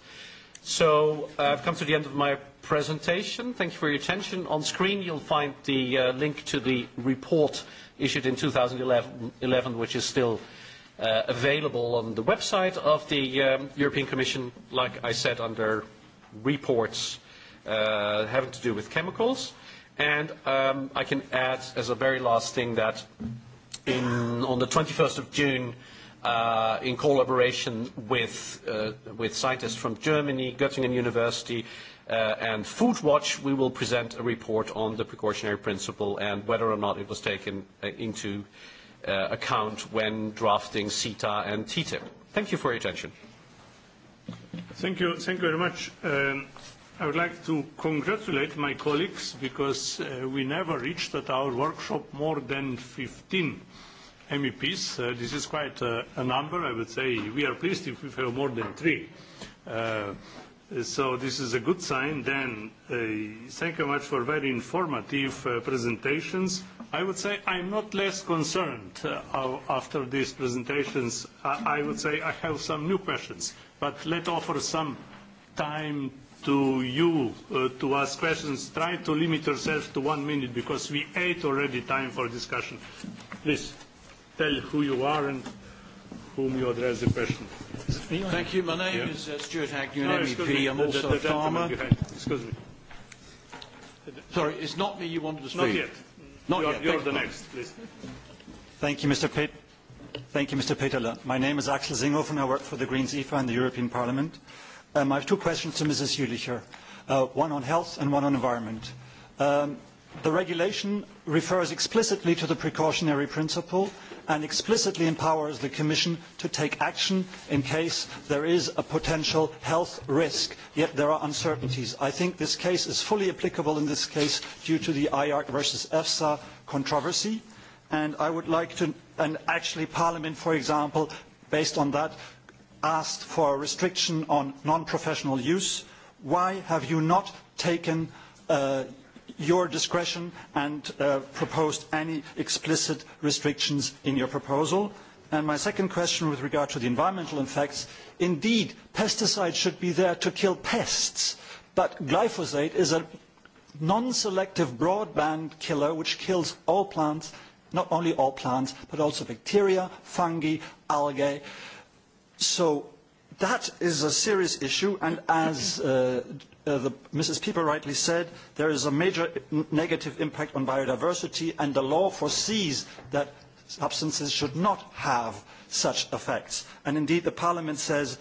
So I've come to the end of my presentation. Thank you for your attention. On screen you'll find the uh, link to the report issued in 2011, which is still uh, available on the website of the um, European Commission, like I said, under reports uh, having to do with chemicals. And um, I can add as a very last thing that in, on the 21st of June uh, in collaboration with, uh, with scientists from Germany, Göttingen University, uh, and Food Watch, we will present a report on the precautionary principle and whether or not it was taken uh, into uh, account when drafting CETA and TTIP. Thank you for your attention. Thank you. Thank you very much. Um, I would like to congratulate my colleagues because we never reached at our workshop more than fifteen MEPs. this is quite a, number, I would say. We are pleased if we have more than three. so this is a good sign. Then, thank you much for very informative presentations. I would say I am not less concerned after these presentations. I, I would say I have some new questions, but let offer some time to you to ask questions, try to limit yourself to one minute because we ate already time for discussion. Please tell who you are and whom you address the question. Thank you. My name is Stuart Agnew, no, MEP. I'm also a farmer. Excuse me. Sorry, it's not me you wanted to speak. Not yet. Not yet. You're the next, please. Thank you, Mr. Pitt. Thank you, Mr. My name is Axel Singhoff and I work for the Greens IFA in the European Parliament. I have two questions to Mrs. Jülicher, one on health and one on environment. the regulation refers explicitly to the precautionary principle and explicitly empowers the Commission to take action in case there is a potential health risk, yet there are uncertainties. I think this case is fully applicable in this case due to the IARC versus EFSA controversy, and I would like to, and actually Parliament, for example, based on that, asked for a restriction on non-professional use. Why have you not taken your discretion and proposed any explicit restrictions in your proposal? And my second question with regard to the environmental effects, indeed, pesticides should be there to kill pests, but glyphosate is a non-selective broadband killer which kills all plants, not only all plants, but also bacteria, fungi, algae, So that is a serious issue, and as uh, uh, the, Mrs. Pieper rightly said, there is a major negative impact on biodiversity, and the law foresees that substances should not have such effects. And indeed, the Parliament says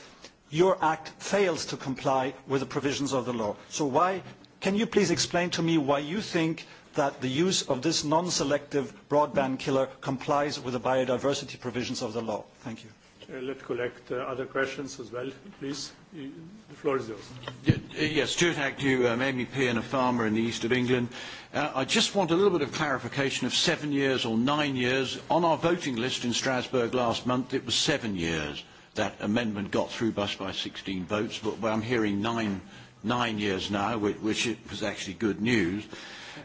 your act fails to comply with the provisions of the law. So why, can you please explain to me why you think that the use of this non-selective broadband killer complies with the biodiversity provisions of the law? Thank you. Let's collect other questions as well, please. The floor is yours. Yes, Stuart Agnew, I'm MEP and a farmer in the east of England. I just want a little bit of clarification of seven years or nine years. On our voting list in Strasbourg last month, it was seven years. That amendment got through us by 16 votes, but I'm hearing nine nine years now, which was actually good news.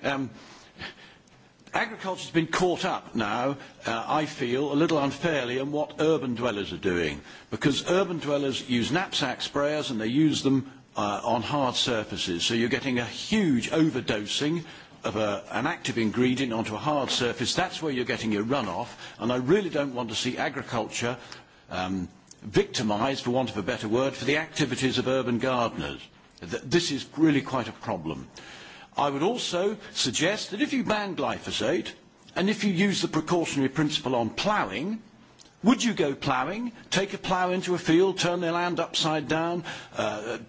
Um agriculture has been caught up now, I feel, a little unfairly in what urban dwellers are doing, because urban dwellers use knapsack sprayers and they use them on hard surfaces. So you're getting a huge overdosing of a, an active ingredient onto a hard surface. That's where you're getting your runoff, and I really don't want to see agriculture um, victimised, for want of a better word, for the activities of urban gardeners. This is really quite a problem. I would also suggest that if you ban glyphosate and if you use the precautionary principle on ploughing, would you go ploughing, take a plough into a field, turn their land upside down, uh,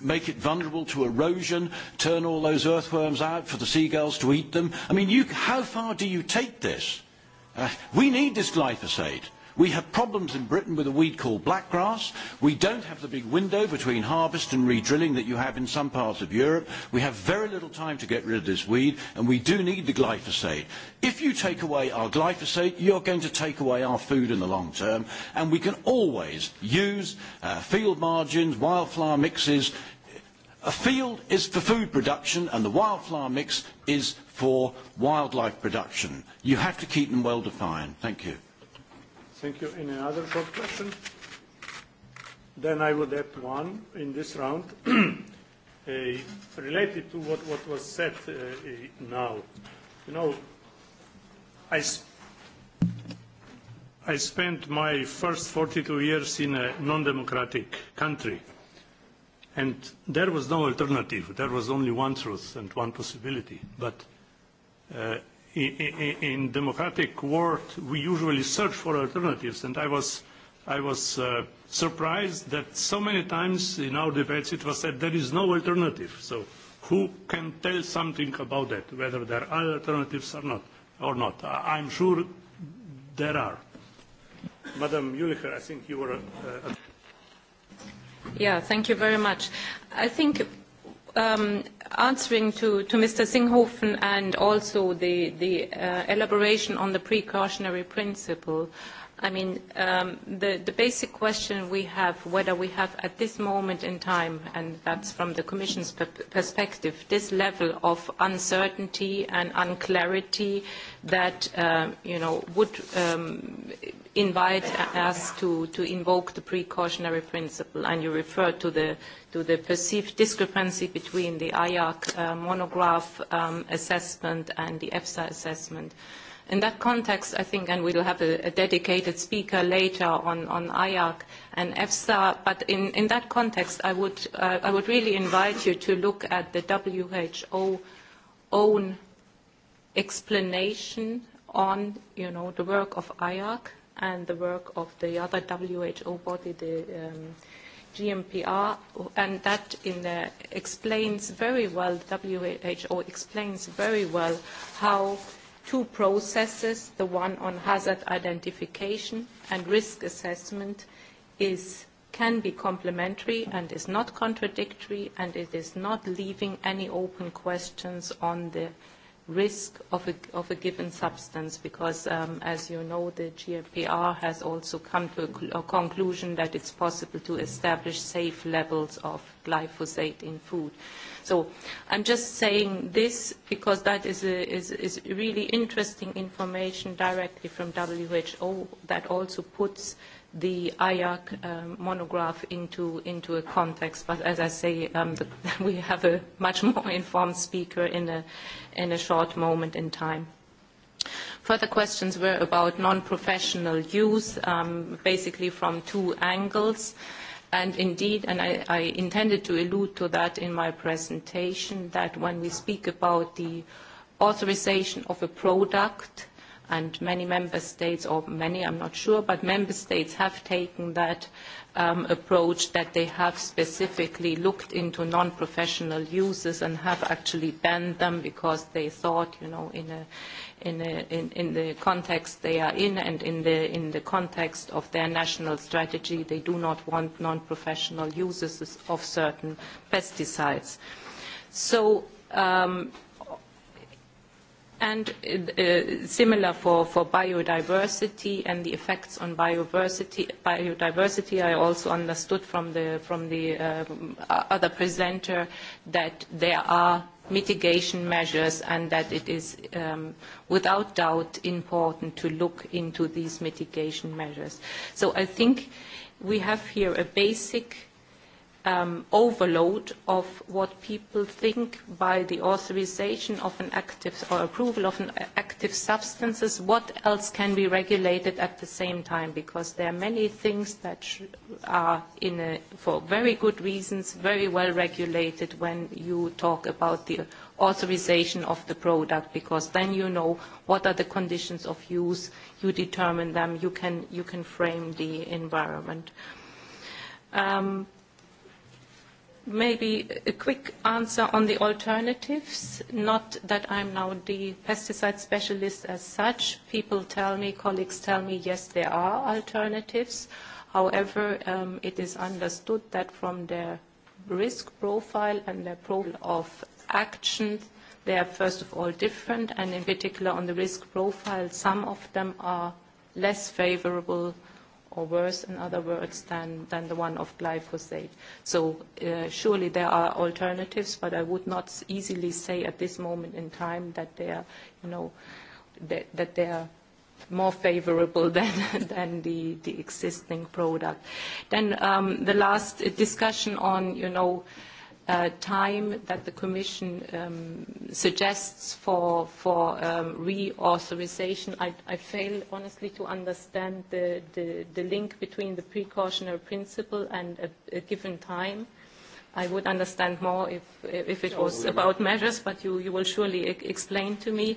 make it vulnerable to erosion, turn all those earthworms out for the seagulls to eat them? I mean, you, how far do you take this? Uh, we need this glyphosate. We have problems in Britain with a weed called blackgrass. We don't have the big window between harvest and re-drilling that you have in some parts of Europe. We have very little time to get rid of this weed, and we do need the glyphosate. If you take away our glyphosate, you're going to take away our food in the long term, and we can always use uh, field margins, wildflower mixes. A field is for food production, and the wildflower mix is for wildlife production. You have to keep them well defined. Thank you. Thank you. Any other short question? Then I would add one in this round, related to what was said now. You know, I I spent my first 42 years in a non-democratic country, and there was no alternative. There was only one truth and one possibility. But in democratic world, we usually search for alternatives, and I was, I was uh, surprised that so many times in our debates it was said there is no alternative. So who can tell something about that, whether there are alternatives or not? Or not? I I'm sure there are. Madam Ulicher, I think you were... Uh, yeah, thank you very much. I think um, answering to, Mr. Singhofen and also the, the uh, elaboration on the precautionary principle, I mean, um, the, the basic question we have, whether we have at this moment in time, and that's from the Commission's perspective, this level of uncertainty and unclarity that, you know, would um, invite us to, to invoke the precautionary principle, and you refer to the, to the perceived discrepancy between the IARC uh, monograph um, assessment and the EFSA assessment. In that context, I think, and we'll have a, a dedicated speaker later on, on IARC and EFSA, but in, in that context, I would, uh, I would really invite you to look at the WHO own explanation on you know, the work of IARC and the work of the other WHO body, the um, GMPR, and that in the, explains very well, WHO explains very well how two processes, the one on hazard identification and risk assessment, is can be complementary and is not contradictory and it is not leaving any open questions on the risk of a, of a given substance because, as you know, the GFPR has also come to a, a conclusion that it's possible to establish safe levels of glyphosate in food. So I'm just saying this because that is, a, is, is really interesting information directly from WHO that also puts the IAC um, monograph into, into a context. But as I say, um, the, we have a much more informed speaker in a, in a short moment in time. Further questions were about non-professional use, um, basically from two angles. And indeed, and I, I intended to allude to that in my presentation, that when we speak about the authorization of a product, and many member states, or many, I'm not sure, but member states have taken that um, approach that they have specifically looked into non-professional users and have actually banned them because they thought, you know, in a, in, a, in, in the context they are in and in the, in the context of their national strategy, they do not want non-professional users of certain pesticides. So um, and similar for, for biodiversity and the effects on biodiversity. biodiversity. I also understood from the, from the uh, other presenter that there are mitigation measures and that it is um, without doubt important to look into these mitigation measures. So I think we have here a basic um, overload of what people think by the authorization of an active or approval of an active substances, what else can be regulated at the same time? Because there are many things that sh are, in a, for very good reasons, very well regulated when you talk about the authorization of the product, because then you know what are the conditions of use, you determine them, you can, you can frame the environment. Um, Maybe a quick answer on the alternatives. Not that I'm now the pesticide specialist as such. People tell me, colleagues tell me, yes, there are alternatives. However, um, it is understood that from their risk profile and their profile of action, they are first of all different, and in particular on the risk profile, some of them are less favorable uh, or worse, in other words, than, than the one of glyphosate. So uh, surely there are alternatives, but I would not easily say at this moment in time that they are, you know, that, that they are more favorable than, than the, the existing product. Then um, the last discussion on, you know, uh, time that the Commission suggests for, for reauthorization. I, I fail, honestly, to understand the, the, the link between the precautionary principle and a, a given time. I would understand more if, if it was about measures, but you, you will surely explain to me.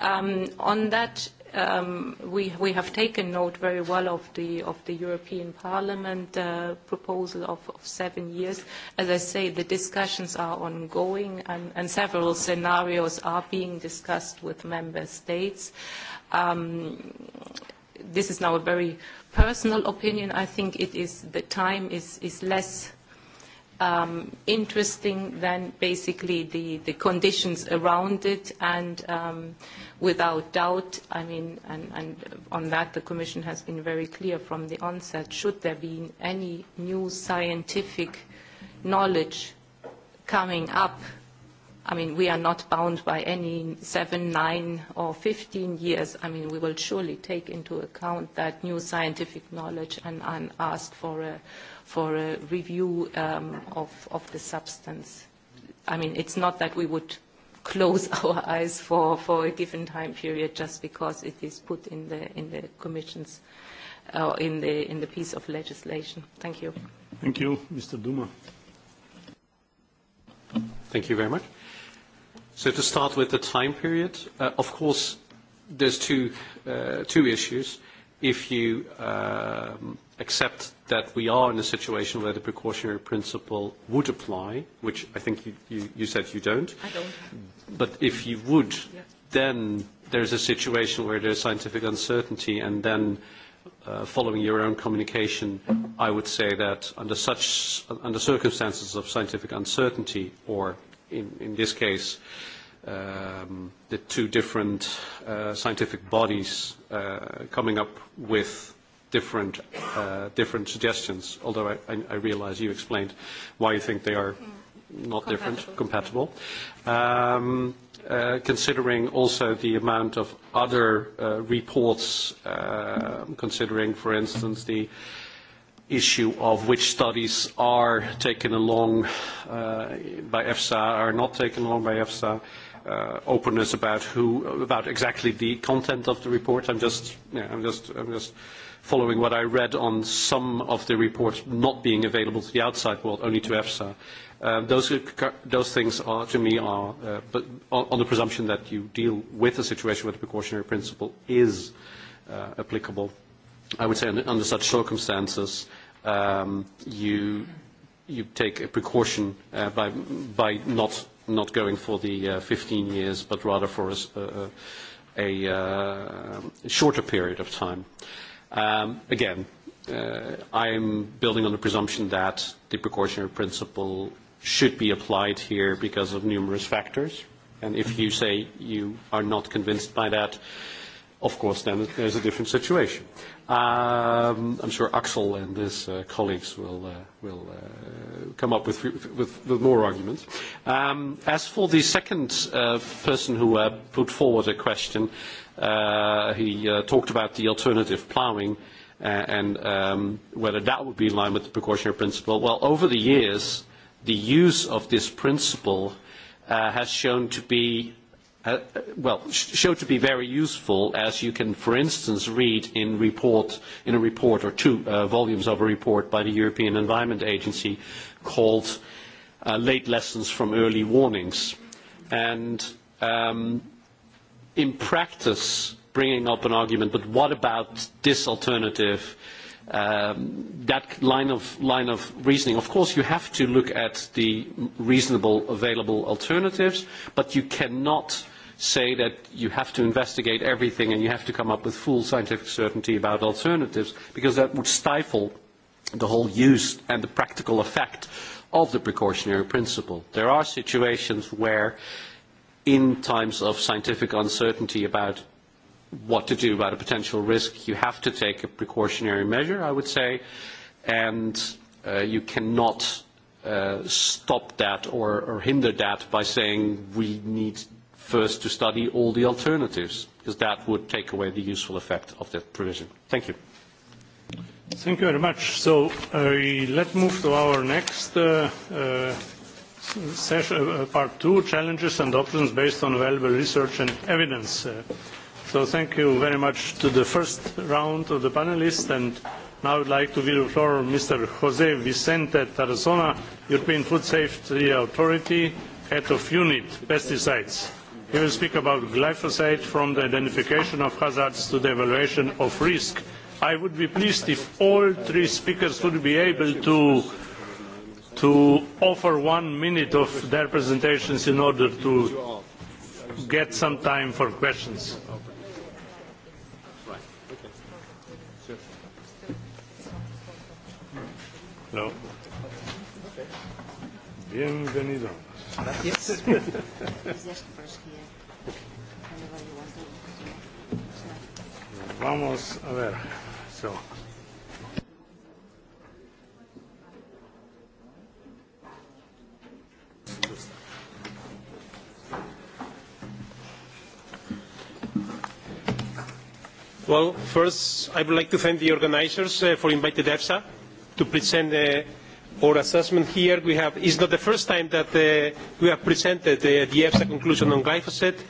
Um, on that um, we, we have taken note very well of the, of the European Parliament uh, proposal of, of seven years. As I say, the discussions are ongoing and, and several scenarios are being discussed with member states. Um, this is now a very personal opinion. I think it is, the time is, is less um, interesting than basically the, the conditions around it and um, – without doubt, I mean, and, and on that the Commission has been very clear from the onset, should there be any new scientific knowledge coming up, I mean, we are not bound by any seven, nine, or 15 years. I mean, we will surely take into account that new scientific knowledge and, and ask for a, for a review um, of, of the substance. I mean, it's not that we would close our eyes for, for a given time period just because it is put in the, in the Commission's uh, in the in the piece of legislation. Thank you. Thank you, Mr. Duma. Thank you very much. So to start with the time period, uh, of course, there's two uh, two issues. If you um, accept that we are in a situation where the precautionary principle would apply, which I think you, you, you said you don't. I don't. But if you would, yeah. then there's a situation where there's scientific uncertainty, and then uh, following your own communication, I would say that under such under circumstances of scientific uncertainty, or in, in this case, um, the two different uh, scientific bodies uh, coming up with different uh, different suggestions. Although I, I, I realise you explained why you think they are not different, compatible. Um, uh, considering also the amount of other uh, reports, uh, considering, for instance, the issue of which studies are taken along uh, by EFSA, are not taken along by EFSA, uh, openness about who, about exactly the content of the report. I'm just, yeah, I'm just, I'm just following what I read on some of the reports not being available to the outside world, only to EFSA. Those those things are, to me, are but on the presumption that you deal with a situation where the precautionary principle is applicable. I would say under such circumstances, you you take a precaution by by not not going for the 15 years, but rather for a a shorter period of time. Um, again, uh, I'm building on the presumption that the precautionary principle should be applied here because of numerous factors. And if you say you are not convinced by that, of course, then there's a different situation. Um, I'm sure Axel and his uh, colleagues will, uh, will uh, come up with, with, with more arguments. Um, as for the second uh, person who uh, put forward a question, uh, uh He uh talked about the alternative ploughing and um whether that would be in line with the precautionary principle. Well, over the years, the use of this principle uh has shown to be well, showed to be very useful, as you can, for instance, read in report in a report or two uh volumes of a report by the European Environment Agency called "Late Lessons from Early Warnings," and in practice bringing up an argument, but what about this alternative? that line of, line of reasoning. Of course, you have to look at the reasonable available alternatives, but you cannot say that you have to investigate everything and you have to come up with full scientific certainty about alternatives, because that would stifle the whole use and the practical effect of the precautionary principle. There are situations where uh, in times of scientific uncertainty about what to do about a potential risk, you have to take a precautionary measure, I would say, and uh, you cannot uh, stop that or, or hinder that by saying we need first to study all the alternatives, because that would take away the useful effect of that provision. Thank you. Thank you very much. So uh, let's move to our next uh, uh, part two, challenges and options based on valuable research and evidence. So thank you very much to the first round of the panelists, and now I would like to give the floor to Mr. Jose Vicente Tarazona, European Food Safety Authority, Head of Unit Pesticides. He will speak about glyphosate from the identification of hazards to the evaluation of risk. I would be pleased if all three speakers would be able to to offer one minute of their presentations in order to get some time for questions. Hello. Bienvenido. Gracias. Vamos a ver. So. Well, first, I would like to thank the organizers uh, for inviting EFSA to present uh, our assessment here. We have, it's not the first time that uh, we have presented uh, the EFSA conclusion on glyphosate.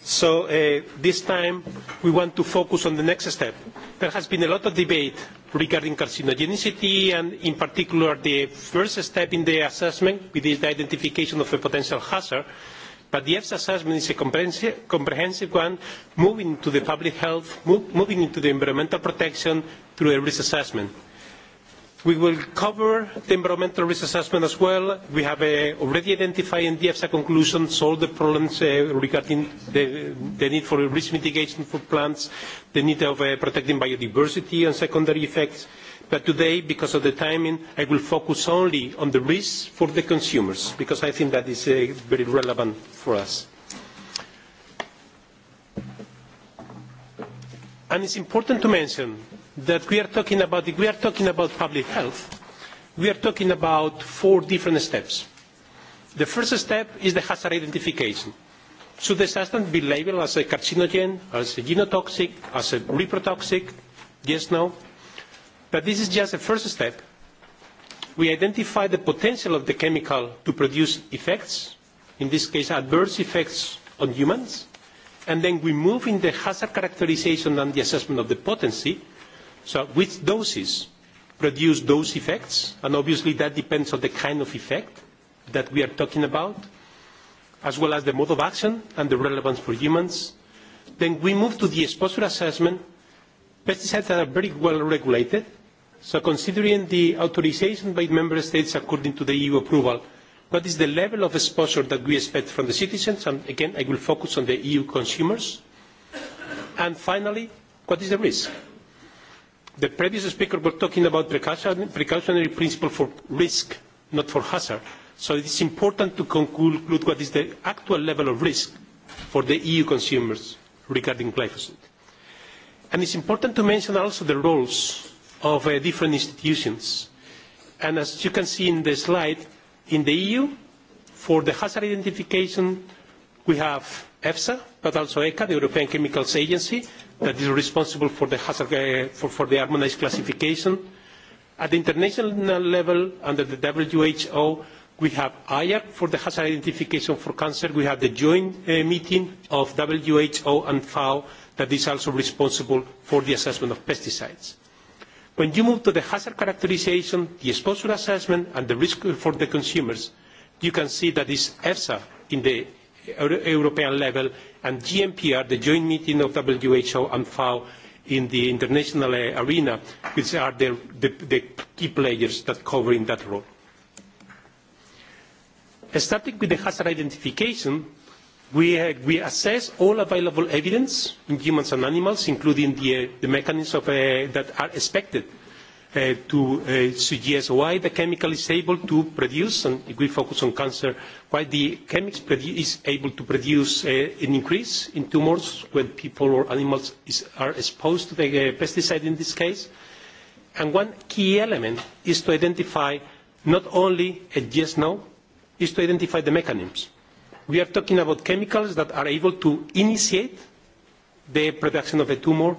So uh, this time we want to focus on the next step. There has been a lot of debate regarding carcinogenicity and in particular the first step in the assessment, which is the identification of a potential hazard. But the EFSA assessment is a comprehensive one, moving to the public health, moving into the environmental protection through a risk assessment. We will cover the environmental risk assessment as well. We have already identified in the EFSA conclusions all the problems regarding the need for risk mitigation for plants, the need of protecting biodiversity and secondary effects, But today, because of the timing, I will focus only on the risks for the consumers, because I think that is very relevant for us. And it's important to mention that we are talking about, if we are talking about public health, we are talking about four different steps. The first step is the hazard identification. Should the substance be labeled as a carcinogen, as a genotoxic, as a reprotoxic? Yes, no? But this is just a first step. We identify the potential of the chemical to produce effects, in this case adverse effects on humans, and then we move in the hazard characterization and the assessment of the potency, so which doses produce those effects, and obviously that depends on the kind of effect that we are talking about, as well as the mode of action and the relevance for humans. Then we move to the exposure assessment, pesticides that are very well regulated, So considering the authorisation by member states according to the EU approval, what is the level of exposure that we expect from the citizens? And again, I will focus on the EU consumers. And finally, what is the risk? The previous speaker was talking about precautionary principle for risk, not for hazard. So it is important to conclude what is the actual level of risk for the EU consumers regarding glyphosate. And it's important to mention also the roles of uh, different institutions. And as you can see in the slide, in the EU, for the hazard identification, we have EFSA, but also ECA, the European Chemicals Agency, that is responsible for the, hazard, uh, for, for the harmonized classification. At the international level, under the WHO, we have IARC for the hazard identification for cancer. We have the joint uh, meeting of WHO and FAO that is also responsible for the assessment of pesticides. When you move to the hazard characterization, the exposure assessment, and the risk for the consumers, you can see that it's EFSA in the European level and GMPR, the joint meeting of WHO and FAO in the international arena, which are the, the, the key players that cover in that role. Starting with the hazard identification, We, assess all available evidence in humans and animals, including the, the mechanisms that are expected to suggest why the chemical is able to produce, and if we focus on cancer, why the chemical is able to produce an increase in tumours when people or animals are exposed to the pesticide in this case. And one key element is to identify not only a yes/no, is to identify the mechanisms We are talking about chemicals that are able to initiate the production of a tumor,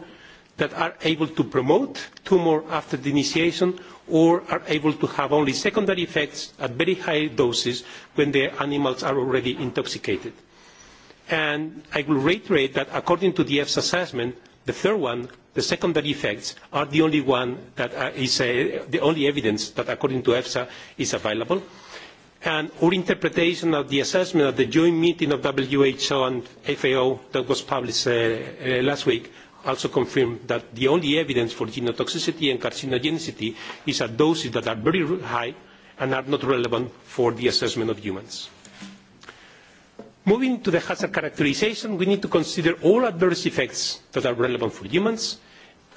that are able to promote tumor after the initiation, or are able to have only secondary effects at very high doses when the animals are already intoxicated. And I will reiterate that according to the EFSA assessment, the third one, the secondary effects, are the only one that is the only evidence that according to EFSA is available and our interpretation of the assessment at the joint meeting of WHO and FAO that was published last week also confirmed that the only evidence for genotoxicity and carcinogenicity is at doses that are very high and are not relevant for the assessment of humans. Moving to the hazard characterisation, we need to consider all adverse effects that are relevant for humans,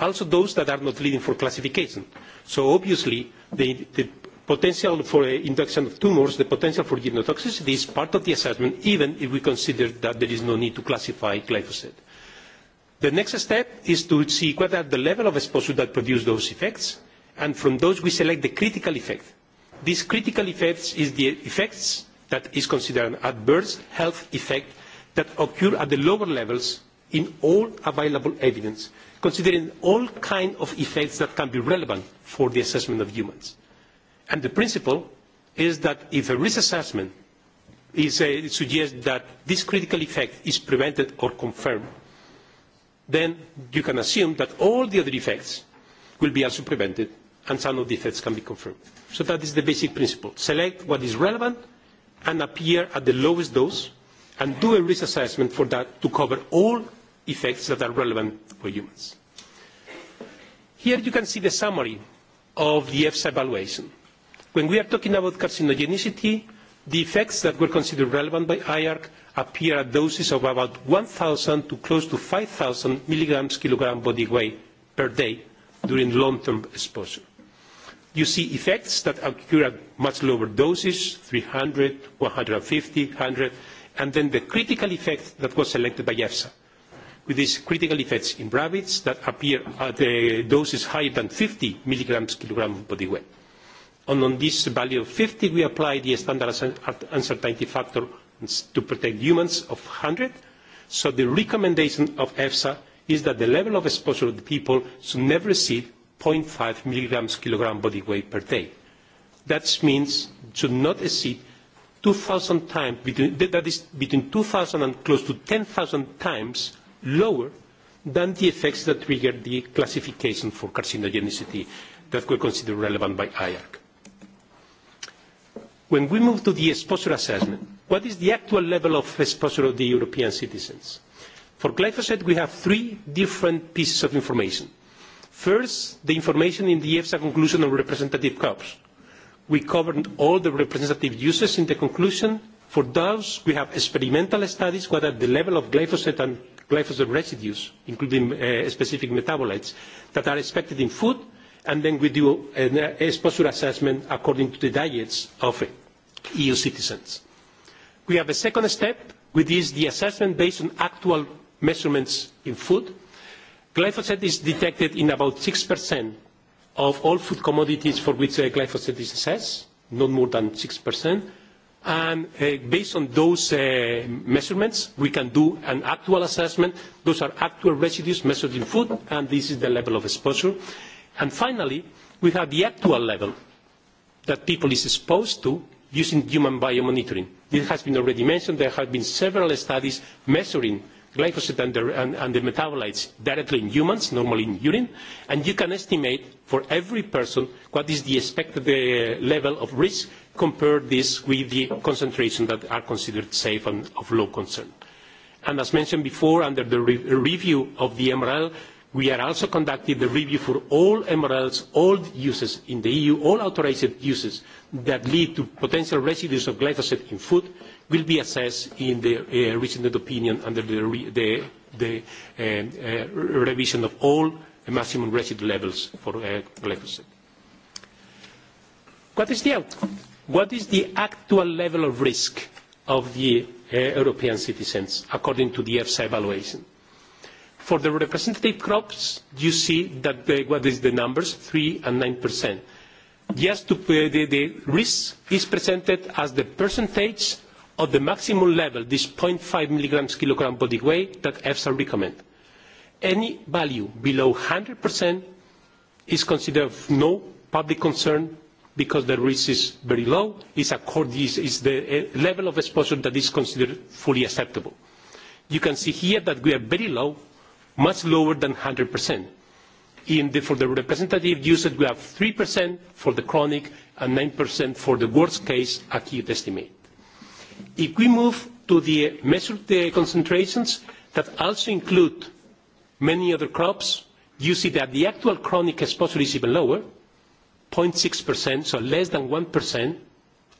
also those that are not leading for classification. So obviously, the, the potential for induction of tumors, the potential for genotoxicity is part of the assessment, even if we consider that there is no need to classify glyphosate. The next step is to see whether the level of exposure that produce those effects, and from those we select the critical effect. These critical effects is the effects that is considered an adverse health effect that occur at the lower levels in all available evidence, considering all kinds of effects that can be relevant for the assessment of humans. And the principle is that if a risk assessment is, uh, suggests that this critical effect is prevented or confirmed, then you can assume that all the other effects will be also prevented and some of the effects can be confirmed. So that is the basic principle. Select what is relevant and appear at the lowest dose and do a risk assessment for that to cover all effects that are relevant for humans. Here you can see the summary of the EFSA evaluation When we are talking about carcinogenicity, the effects that were considered relevant by IARC appear at doses of about 1,000 to close to 5,000 milligrams kilogram body weight per day during long-term exposure. You see effects that occur at much lower doses, 300, 150, 100, and then the critical effect that was selected by EFSA, with these critical effects in rabbits that appear at doses higher than 50 milligrams kilogram body weight And on this value of 50, we apply the standard uncertainty factor to protect humans of 100. So the recommendation of EFSA is that the level of exposure of the people should never exceed 0.5 milligrams kilogram body weight per day. That means should not exceed 2,000 times, between, that is between 2,000 and close to 10,000 times lower than the effects that trigger the classification for carcinogenicity that were considered relevant by IARC. When we move to the exposure assessment, what is the actual level of exposure of the European citizens? For glyphosate, we have three different pieces of information. First, the information in the EFSA conclusion on representative crops. We covered all the representative uses in the conclusion. For those, we have experimental studies what are the level of glyphosate and glyphosate residues, including uh, specific metabolites, that are expected in food, and then we do an exposure assessment according to the diets of it EU citizens. We have a second step, which is the assessment based on actual measurements in food. Glyphosate is detected in about 6% of all food commodities for which glyphosate is assessed, not more than 6%. And based on those measurements, we can do an actual assessment. Those are actual residues measured in food, and this is the level of exposure. And finally, we have the actual level that people is exposed to using human biomonitoring. This has been already mentioned. There have been several studies measuring glyphosate and the, and, and the metabolites directly in humans, normally in urine, and you can estimate for every person what is the expected uh, level of risk compared this with the concentration that are considered safe and of low concern. And as mentioned before, under the re review of the MRL, We are also conducting the review for all MRLs, all uses in the EU, all authorised uses that lead to potential residues of glyphosate in food will be assessed in the reasoned opinion under the, revision of all maximum residue levels for glyphosate. What is the outcome? What is the actual level of risk of the European citizens according to the EFSA evaluation? For the representative crops, you see that the, what is the numbers, 3 and 9%. Just to, the, the risk is presented as the percentage of the maximum level, this 0.5 milligrams kilogram body weight that EFSA recommend. Any value below 100% is considered of no public concern because the risk is very low, is, is the level of exposure that is considered fully acceptable. You can see here that we are very low much lower than 100%. In the, for the representative usage, we have 3% for the chronic and 9% for the worst case acute estimate. If we move to the measured concentrations that also include many other crops, you see that the actual chronic exposure is even lower, 0.6%, so less than 1%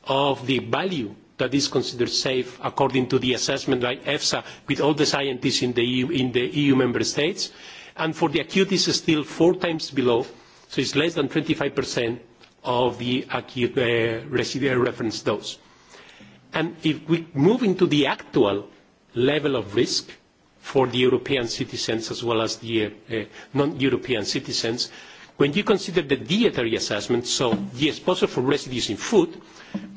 of the value that is considered safe according to the assessment by EFSA with all the scientists in the EU, member states. And for the acute is still four times below, so it's less than 25% of the acute residual reference dose. And if we move into the actual level of risk for the European citizens as well as the non-European citizens, When you consider the dietary assessment, so the exposure for residues in food,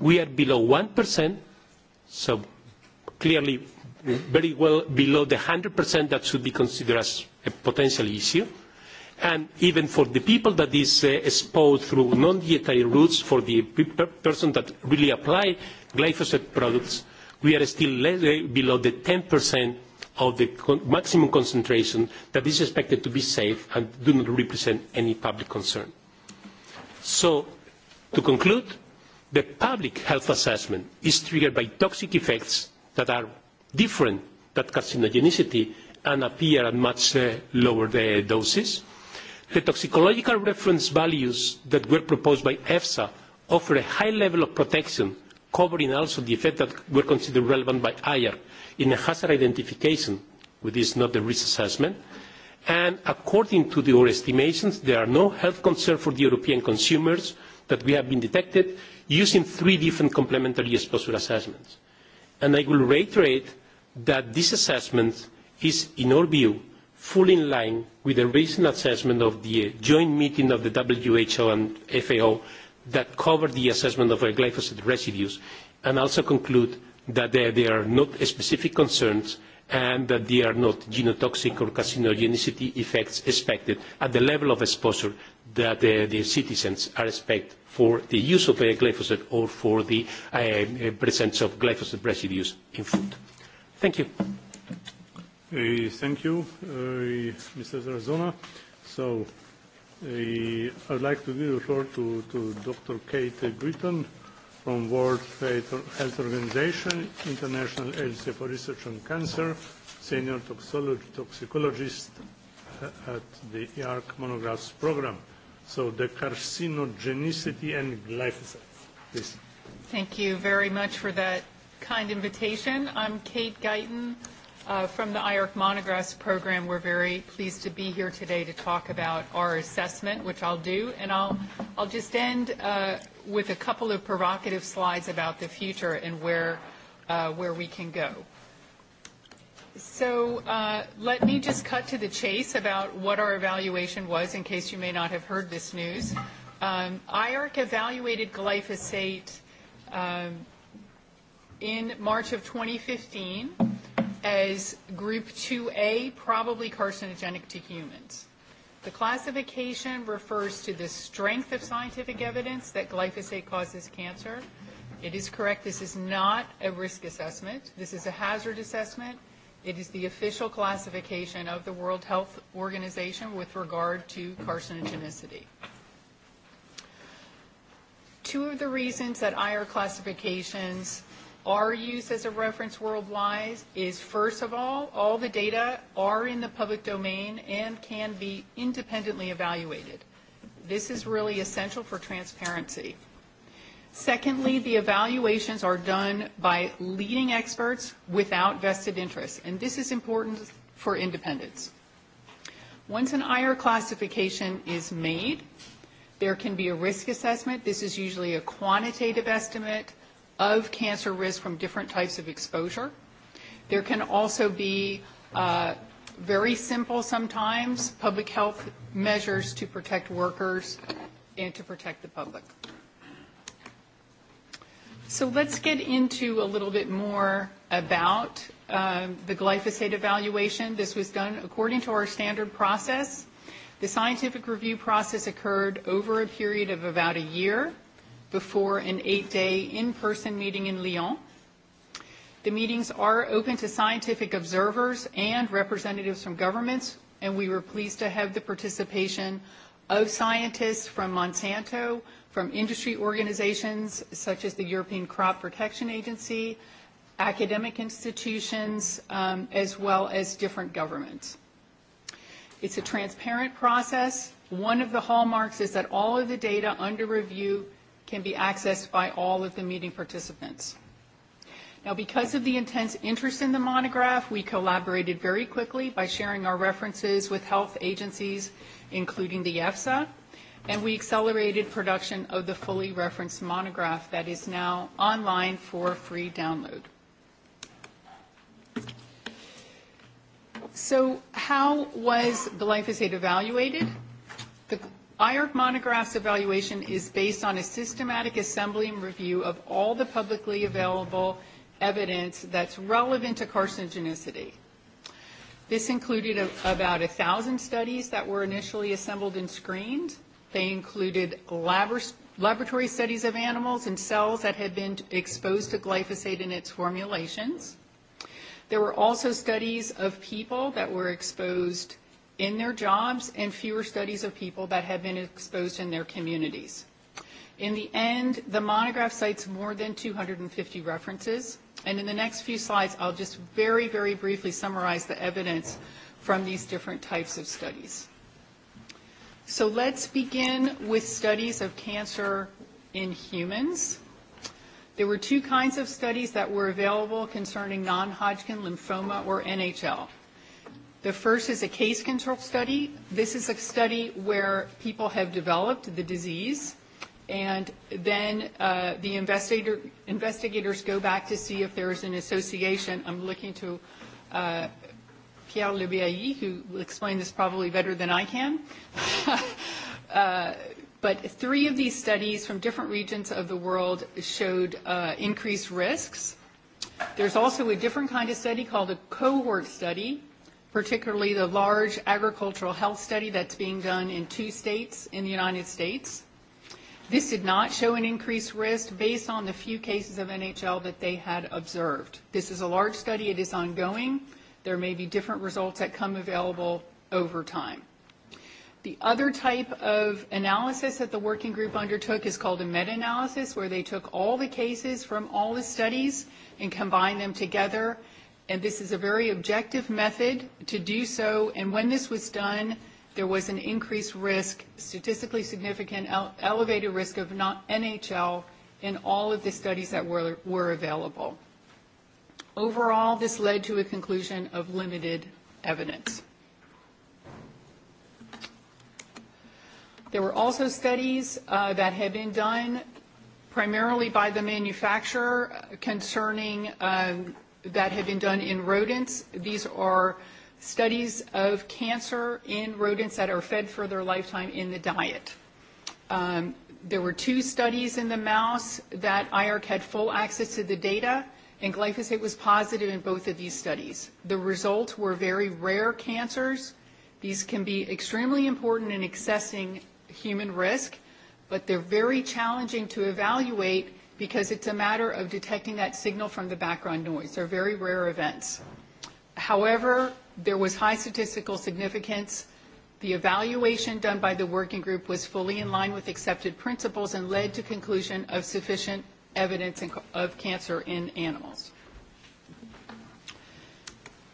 we are below 1%, so clearly very well below the 100% that should be considered as a potential issue. And even for the people that is exposed through non-dietary routes, for the person that really apply glyphosate products, we are still below the of the maximum concentration that is expected to be safe and do not represent any public concern. So, to conclude, the public health assessment is triggered by toxic effects that are different than carcinogenicity and appear at much lower doses. The toxicological reference values that were proposed by EFSA offer a high level of protection, covering also the effects that were considered relevant by IARC in a hazard identification, which is not a risk assessment. And according to our estimations, there are no health concerns for the European consumers that we have been detected using three different complementary exposure assessments. And I will reiterate that this assessment is, in our view, fully in line with the recent assessment of the joint meeting of the WHO and FAO that covered the assessment of glyphosate residues and also conclude that there are not specific concerns and that there are not genotoxic or carcinogenicity effects expected at the level of exposure that the citizens are expected for the use of glyphosate or for the presence of glyphosate residues in food. Thank you. Thank you, Mr. Zarazona. So I would like to give the floor to Dr. Kate Britton, from World Health Organization, International Agency for Research on Cancer, senior toxicologist at the Arc monographs program. So the carcinogenicity and glyphosate. Please. Thank you very much for that kind invitation. I'm Kate Guyton From the IARC Monographs Program, we're very pleased to be here today to talk about our assessment, which I'll do. And I'll, I'll just end uh, with a couple of provocative slides about the future and where, uh, where we can go. So uh, let me just cut to the chase about what our evaluation was in case you may not have heard this news. Um, IARC evaluated glyphosate um, in March of 2015 as group 2A, probably carcinogenic to humans. The classification refers to the strength of scientific evidence that glyphosate causes cancer. It is correct, this is not a risk assessment. This is a hazard assessment. It is the official classification of the World Health Organization with regard to carcinogenicity. Two of the reasons that IR classifications are used as a reference worldwide is, first of all, all the data are in the public domain and can be independently evaluated. This is really essential for transparency. Secondly, the evaluations are done by leading experts without vested interests, and this is important for independence. Once an IR classification is made, there can be a risk assessment. This is usually a quantitative estimate of cancer risk from different types of exposure. There can also be uh, very simple sometimes public health measures to protect workers and to protect the public. So let's get into a little bit more about um, the glyphosate evaluation. This was done according to our standard process. The scientific review process occurred over a period of about a year before an eight-day in-person meeting in Lyon. The meetings are open to scientific observers and representatives from governments, and we were pleased to have the participation of scientists from Monsanto, from industry organizations such as the European Crop Protection Agency, academic institutions, um, as well as different governments. It's a transparent process. One of the hallmarks is that all of the data under review can be accessed by all of the meeting participants. Now, because of the intense interest in the monograph, we collaborated very quickly by sharing our references with health agencies, including the EFSA, and we accelerated production of the fully referenced monograph that is now online for free download. So how was glyphosate evaluated? IARC Monograph's evaluation is based on a systematic assembly and review of all the publicly available evidence that's relevant to carcinogenicity. This included a, about 1,000 studies that were initially assembled and screened. They included laboratory studies of animals and cells that had been exposed to glyphosate in its formulations. There were also studies of people that were exposed in their jobs and fewer studies of people that have been exposed in their communities. In the end, the monograph cites more than 250 references, and in the next few slides, I'll just very, very briefly summarize the evidence from these different types of studies. So let's begin with studies of cancer in humans. There were two kinds of studies that were available concerning non-Hodgkin lymphoma or NHL. The first is a case control study. This is a study where people have developed the disease, and then the investigators go back to see if there is an association. I'm looking to uh, Pierre Lebiailly, who will explain this probably better than I can. but three of these studies from different regions of the world showed uh, increased risks. There's also a different kind of study called a cohort study, particularly the large agricultural health study that's being done in two states in the United States. This did not show an increased risk based on the few cases of NHL that they had observed. This is a large study. It is ongoing. There may be different results that come available over time. The other type of analysis that the working group undertook is called a meta-analysis, where they took all the cases from all the studies and combined them together and this is a very objective method to do so. And when this was done, there was an increased risk, statistically significant, elevated risk of not NHL in all of the studies that were, were available. Overall, this led to a conclusion of limited evidence. There were also studies uh, that had been done primarily by the manufacturer concerning um, that have been done in rodents. These are studies of cancer in rodents that are fed for their lifetime in the diet. Um, there were two studies in the mouse that IARC had full access to the data, and glyphosate was positive in both of these studies. The results were very rare cancers. These can be extremely important in assessing human risk, but they're very challenging to evaluate because it's a matter of detecting that signal from the background noise. They're very rare events. However, there was high statistical significance. The evaluation done by the working group was fully in line with accepted principles and led to conclusion of sufficient evidence of cancer in animals.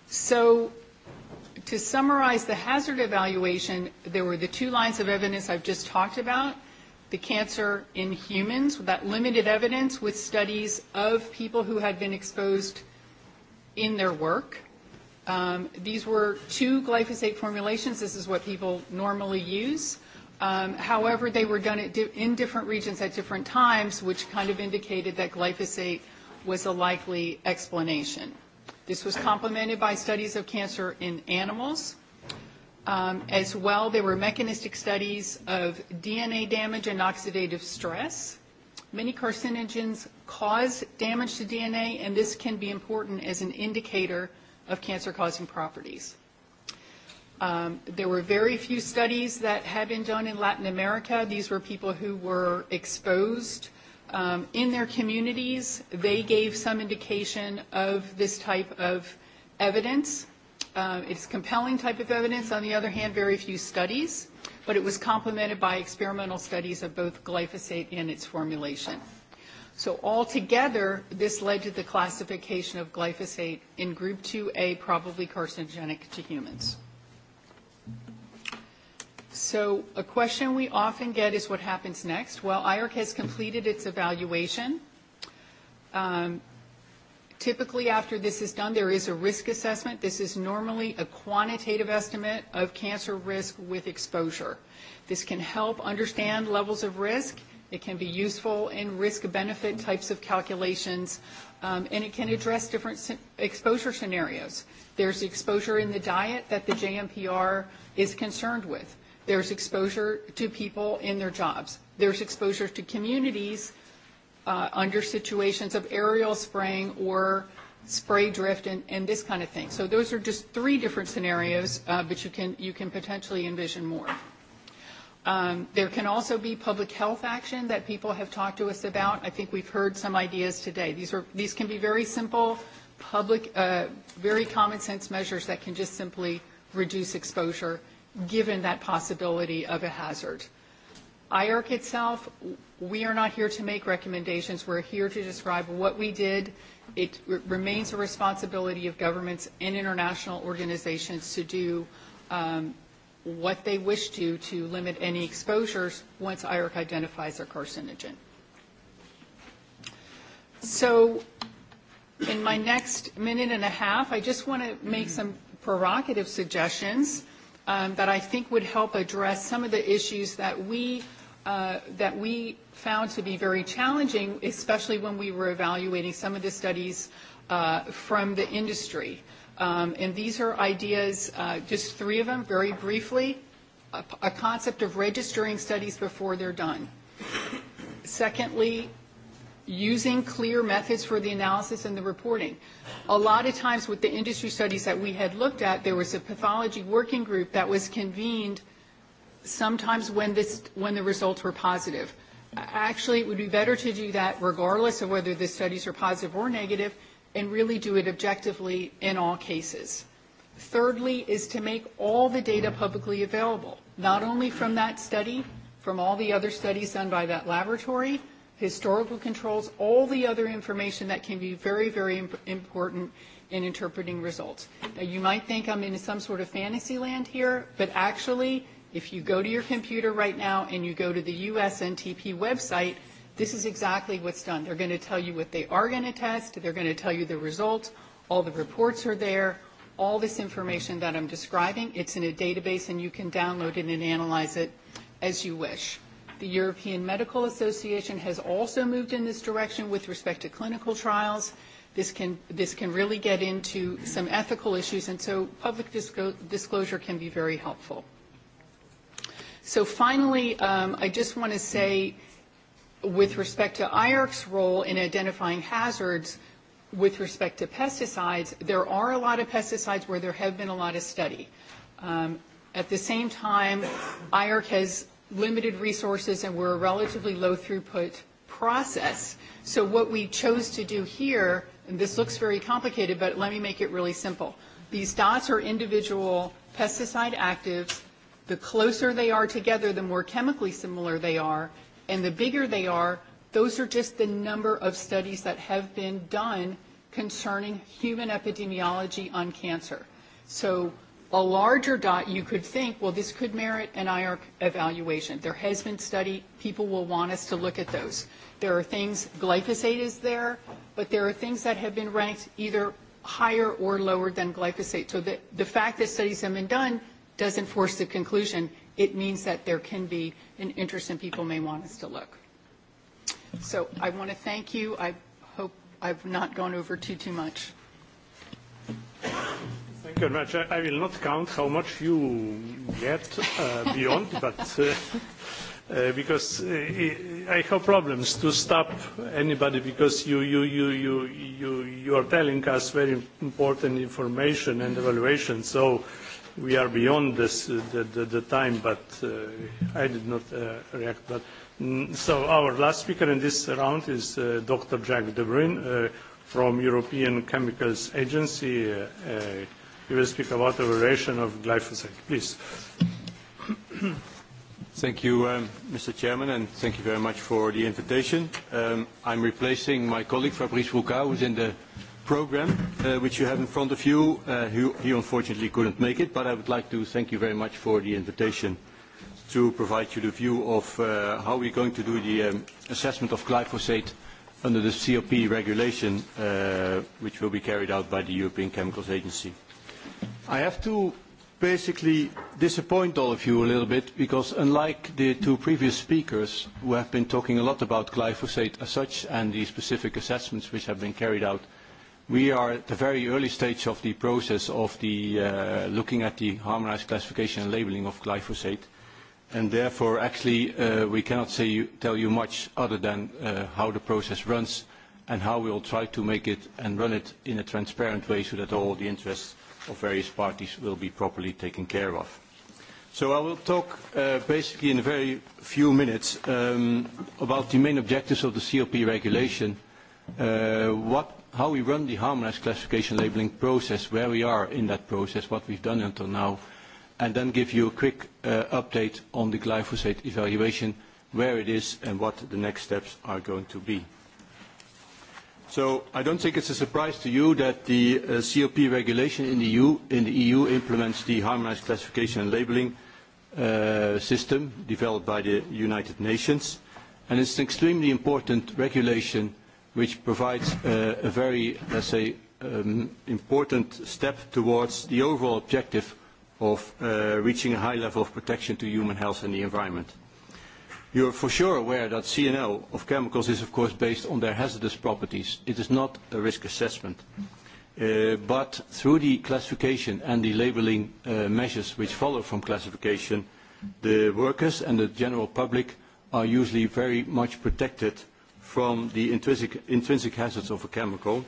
So to summarize the hazard evaluation, there were the two lines of evidence I've just talked about, the cancer in humans, with that limited evidence with studies of people who had been exposed in their work. these were two glyphosate formulations. This is what people normally use. however, they were done at di- in different regions at different times, which kind of indicated that glyphosate was a likely explanation. This was complemented by studies of cancer in animals Um, as well, there were mechanistic studies of DNA damage and oxidative stress. Many carcinogens cause damage to DNA, and this can be important as an indicator of cancer-causing properties. Um, there were very few studies that had been done in Latin America. These were people who were exposed um, in their communities. They gave some indication of this type of evidence uh, it's compelling type of evidence. On the other hand, very few studies, but it was complemented by experimental studies of both glyphosate and its formulation. So altogether, this led to the classification of glyphosate in group 2A, probably carcinogenic to humans. So a question we often get is what happens next? Well, IARC has completed its evaluation. Um, Typically, after this is done, there is a risk assessment. This is normally a quantitative estimate of cancer risk with exposure. This can help understand levels of risk. It can be useful in risk-benefit types of calculations, um, and it can address different exposure scenarios. There's exposure in the diet that the JMPR is concerned with. There's exposure to people in their jobs. There's exposure to communities uh, under situations of aerial spraying or spray drift and, and this kind of thing. So those are just three different scenarios, uh, but you can, you can potentially envision more. Um, there can also be public health action that people have talked to us about. I think we've heard some ideas today. These, are, these can be very simple, public, uh, very common sense measures that can just simply reduce exposure given that possibility of a hazard. IARC itself, We are not here to make recommendations. We're here to describe what we did. It remains a responsibility of governments and international organizations to do um, what they wish to to limit any exposures once IARC identifies a carcinogen. So in my next minute and a half, I just want to make some provocative suggestions um, that I think would help address some of the issues that we – uh, that we found to be very challenging, especially when we were evaluating some of the studies uh, from the industry. Um, and these are ideas, uh, just three of them, very briefly. A, a concept of registering studies before they're done. Secondly, using clear methods for the analysis and the reporting. A lot of times with the industry studies that we had looked at, there was a pathology working group that was convened – sometimes when, this, when the results were positive. Actually, it would be better to do that regardless of whether the studies are positive or negative and really do it objectively in all cases. Thirdly is to make all the data publicly available, not only from that study, from all the other studies done by that laboratory, historical controls, all the other information that can be very, very important in interpreting results. Now, you might think I'm in some sort of fantasy land here, but actually, If you go to your computer right now and you go to the USNTP website, this is exactly what's done. They're going to tell you what they are going to test. They're going to tell you the results. All the reports are there. All this information that I'm describing, it's in a database and you can download it and analyze it as you wish. The European Medical Association has also moved in this direction with respect to clinical trials. This can, this can really get into some ethical issues, and so public disclosure can be very helpful. So finally, um, I just want to say with respect to IARC's role in identifying hazards, with respect to pesticides, there are a lot of pesticides where there have been a lot of study. Um, at the same time, IARC has limited resources and we're a relatively low throughput process. So what we chose to do here, and this looks very complicated, but let me make it really simple. These dots are individual pesticide actives The closer they are together, the more chemically similar they are, and the bigger they are, those are just the number of studies that have been done concerning human epidemiology on cancer. So a larger dot, you could think, well, this could merit an IR evaluation. There has been study. People will want us to look at those. There are things, glyphosate is there, but there are things that have been ranked either higher or lower than glyphosate. So the, the fact that studies have been done doesn't force the conclusion, it means that there can be an interest and people may want us to look. So I want to thank you. I hope I've not gone over too, too much. Thank you very much. I will not count how much you get uh, beyond, but uh, uh, because uh, I have problems to stop anybody because you, you, you, you, you, you are telling us very important information and evaluation. So we are beyond this, the, the, the time, but uh, I did not uh, react. But, so our last speaker in this round is uh, Dr. Jack De Bruyne uh, from European Chemicals Agency. Uh, uh, he will speak about the variation of glyphosate. Please. Thank you, um, Mr. Chairman, and thank you very much for the invitation. Um, I'm replacing my colleague Fabrice Rouca, who's in the program, which you have in front of you. He unfortunately couldn't make it, but I would like to thank you very much for the invitation to provide you the view of how we're going to do the assessment of glyphosate under the COP regulation, which will be carried out by the European Chemicals Agency. I have to basically disappoint all of you a little bit because unlike the two previous speakers who have been talking a lot about glyphosate as such and the specific assessments which have been carried out We are at the very early stage of the process of the looking at the harmonized classification and labeling of glyphosate, and therefore, actually, we cannot tell you much other than how the process runs and how we will try to make it and run it in a transparent way so that all the interests of various parties will be properly taken care of. So I will talk basically in a very few minutes about the main objectives of the CLP regulation, what how we run the harmonized classification labeling process, where we are in that process, what we've done until now, and then give you a quick update on the glyphosate evaluation, where it is and what the next steps are going to be. So I don't think it's a surprise to you that the COP regulation in the EU implements the harmonized classification and labeling system developed by the United Nations, and it's an extremely important regulation which provides a very, let's say, important step towards the overall objective of reaching a high level of protection to human health and the environment. You are for sure aware that CNO of chemicals is, of course, based on their hazardous properties. It is not a risk assessment. But through the classification and the labeling measures which follow from classification, the workers and the general public are usually very much protected from the intrinsic, intrinsic hazards of a chemical,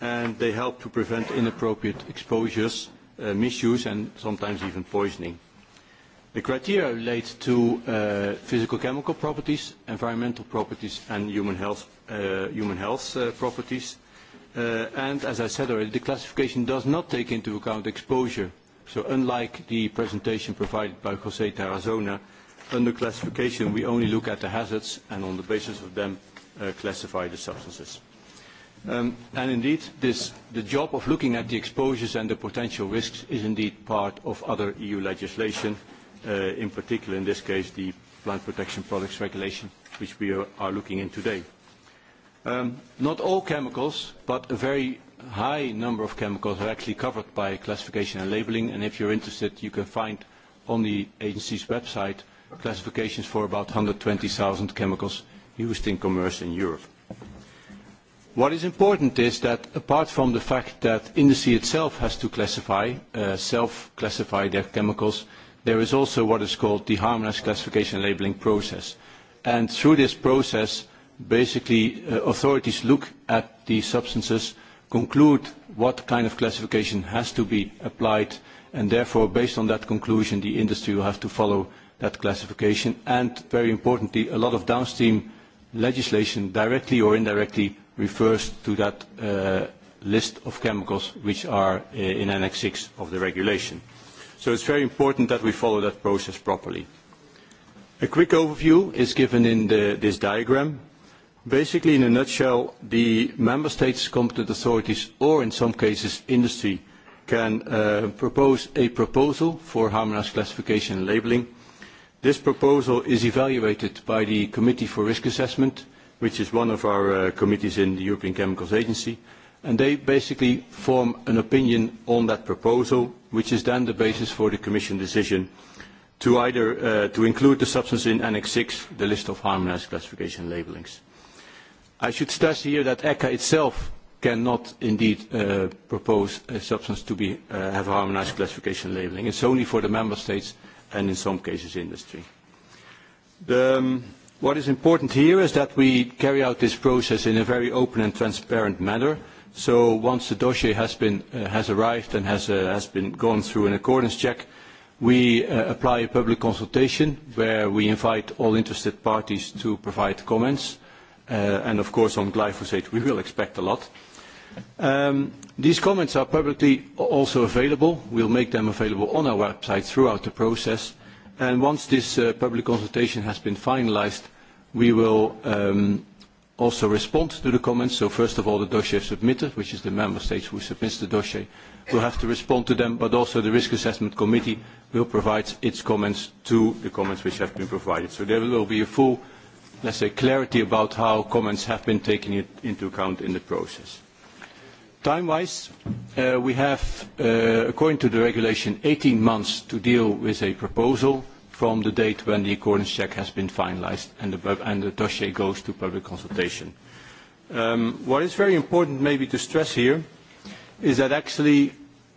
and they help to prevent inappropriate exposures, uh, misuse, and sometimes even poisoning. The criteria relate to uh, physical chemical properties, environmental properties, and human health, uh, human health uh, properties. Uh, and as I said already, the classification does not take into account exposure. So unlike the presentation provided by José Tarazona, under classification we only look at the hazards and on the basis of them classify the substances. and indeed, this, the job of looking at the exposures and the potential risks is indeed part of other EU legislation, in particular in this case the Plant Protection Products Regulation, which we are, looking in today. not all chemicals, but a very high number of chemicals are actually covered by classification and labeling, and if you're interested, you can find on the agency's website classifications for about 120,000 chemicals used in commerce in Europe. What is important is that apart from the fact that industry itself has to classify, self-classify their chemicals, there is also what is called the harmonized classification labeling process. And through this process, basically authorities look at the substances, conclude what kind of classification has to be applied, and therefore, based on that conclusion, the industry will have to follow that classification. And very importantly, a lot of downstream legislation directly or indirectly refers to that uh, list of chemicals which are uh, in Annex 6 of the regulation. So it's very important that we follow that process properly. A quick overview is given in the, this diagram. Basically, in a nutshell, the member states, competent authorities, or in some cases industry, can uh, propose a proposal for harmonized classification and labeling This proposal is evaluated by the Committee for Risk Assessment, which is one of our uh, committees in the European Chemicals Agency, and they basically form an opinion on that proposal, which is then the basis for the Commission decision to either uh, to include the substance in Annex 6, the list of harmonized classification labelings. I should stress here that ECHA itself cannot indeed uh, propose a substance to be, uh, have harmonized classification labeling. It's only for the member states and in some cases industry. What is important here is that we carry out this process in a very open and transparent manner. So once the dossier has been has arrived and has has been gone through an accordance check, we apply a public consultation where we invite all interested parties to provide comments. And of course, on glyphosate, we will expect a lot. These comments are publicly also available. We'll make them available on our website throughout the process. and Once this public consultation has been finalized, we will also respond to the comments. So First of all, the dossier submitter, which is the member states who submits the dossier, will have to respond to them, but also the Risk Assessment Committee will provide its comments to the comments which have been provided. So There will be a full, let's say, clarity about how comments have been taken into account in the process. Time-wise, we have, according to the regulation, 18 months to deal with a proposal from the date when the accordance check has been finalized and the dossier goes to public consultation. What is very important maybe to stress here is that actually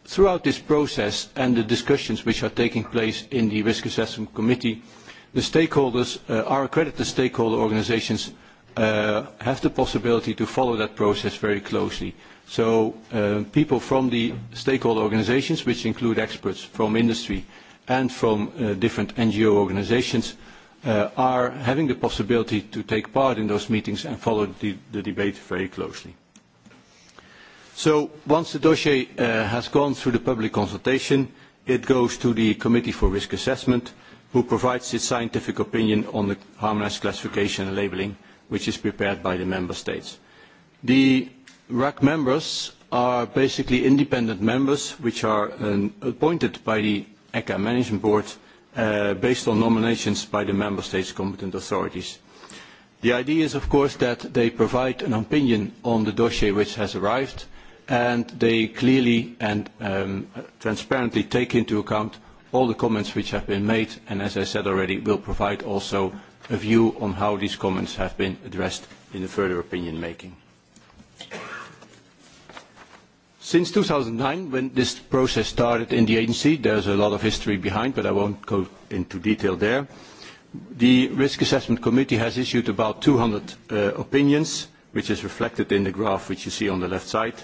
throughout this process and the discussions which are taking place in the Risk Assessment Committee, the stakeholders, our accredited stakeholder organizations, have the possibility to follow that process very closely So people from the stakeholder organizations, which include experts from industry and from different NGO organizations, are having the possibility to take part in those meetings and follow the, the debate very closely. So once the dossier has gone through the public consultation, it goes to the Committee for Risk Assessment, who provides its scientific opinion on the harmonised classification and labelling, which is prepared by the Member States. The RAC members are basically independent members which are appointed by the ECA Management Board based on nominations by the member states' competent authorities. The idea is, of course, that they provide an opinion on the dossier which has arrived and they clearly and transparently take into account all the comments which have been made and, as I said already, will provide also a view on how these comments have been addressed in the further opinion making. Since 2009, when this process started in the agency, there's a lot of history behind, but I won't go into detail there. The Risk Assessment Committee has issued about 200 uh, opinions, which is reflected in the graph which you see on the left side.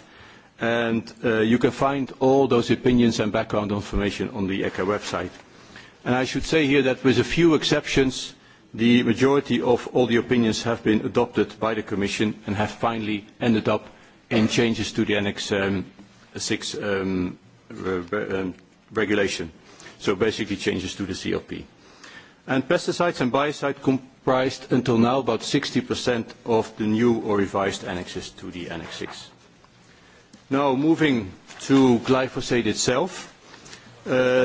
And uh, you can find all those opinions and background information on the ECHA website. And I should say here that with a few exceptions, the majority of all the opinions have been adopted by the Commission and have finally ended up in changes to the Annex 6 regulation. So basically changes to the CLP. And pesticides and biocides comprised until now about 60% of the new or revised annexes to the Annex 6. Now moving to glyphosate itself.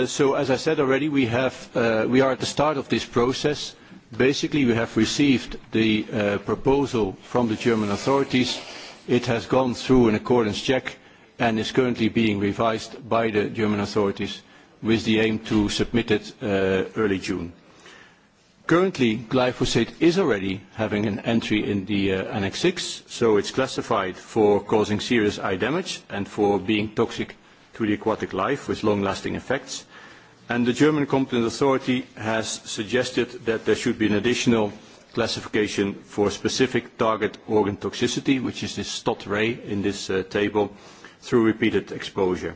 So as I said already, we are at the start of this process. Basically, we have received the proposal from the German authorities It has gone through an accordance check and is currently being revised by the German authorities with the aim to submit it early June. Currently, glyphosate is already having an entry in the Annex 6, so it's classified for causing serious eye damage and for being toxic to the aquatic life with long-lasting effects. And the German competent authority has suggested that there should be an additional classification for specific target organ toxicity, which is this STOT-RAY in this table, through repeated exposure.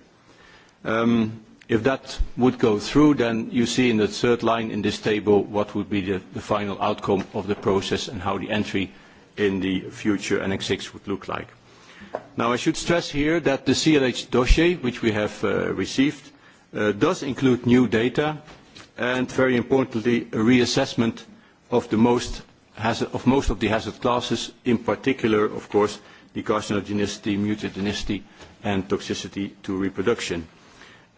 If that would go through, then you see in the third line in this table what would be the final outcome of the process and how the entry in the future Annex 6 would look like. Now, I should stress here that the CLH dossier, which we have received, does include new data and, very importantly, a reassessment of the most of most of the hazard classes, in particular, of course, the carcinogenicity, mutagenicity, and toxicity to reproduction.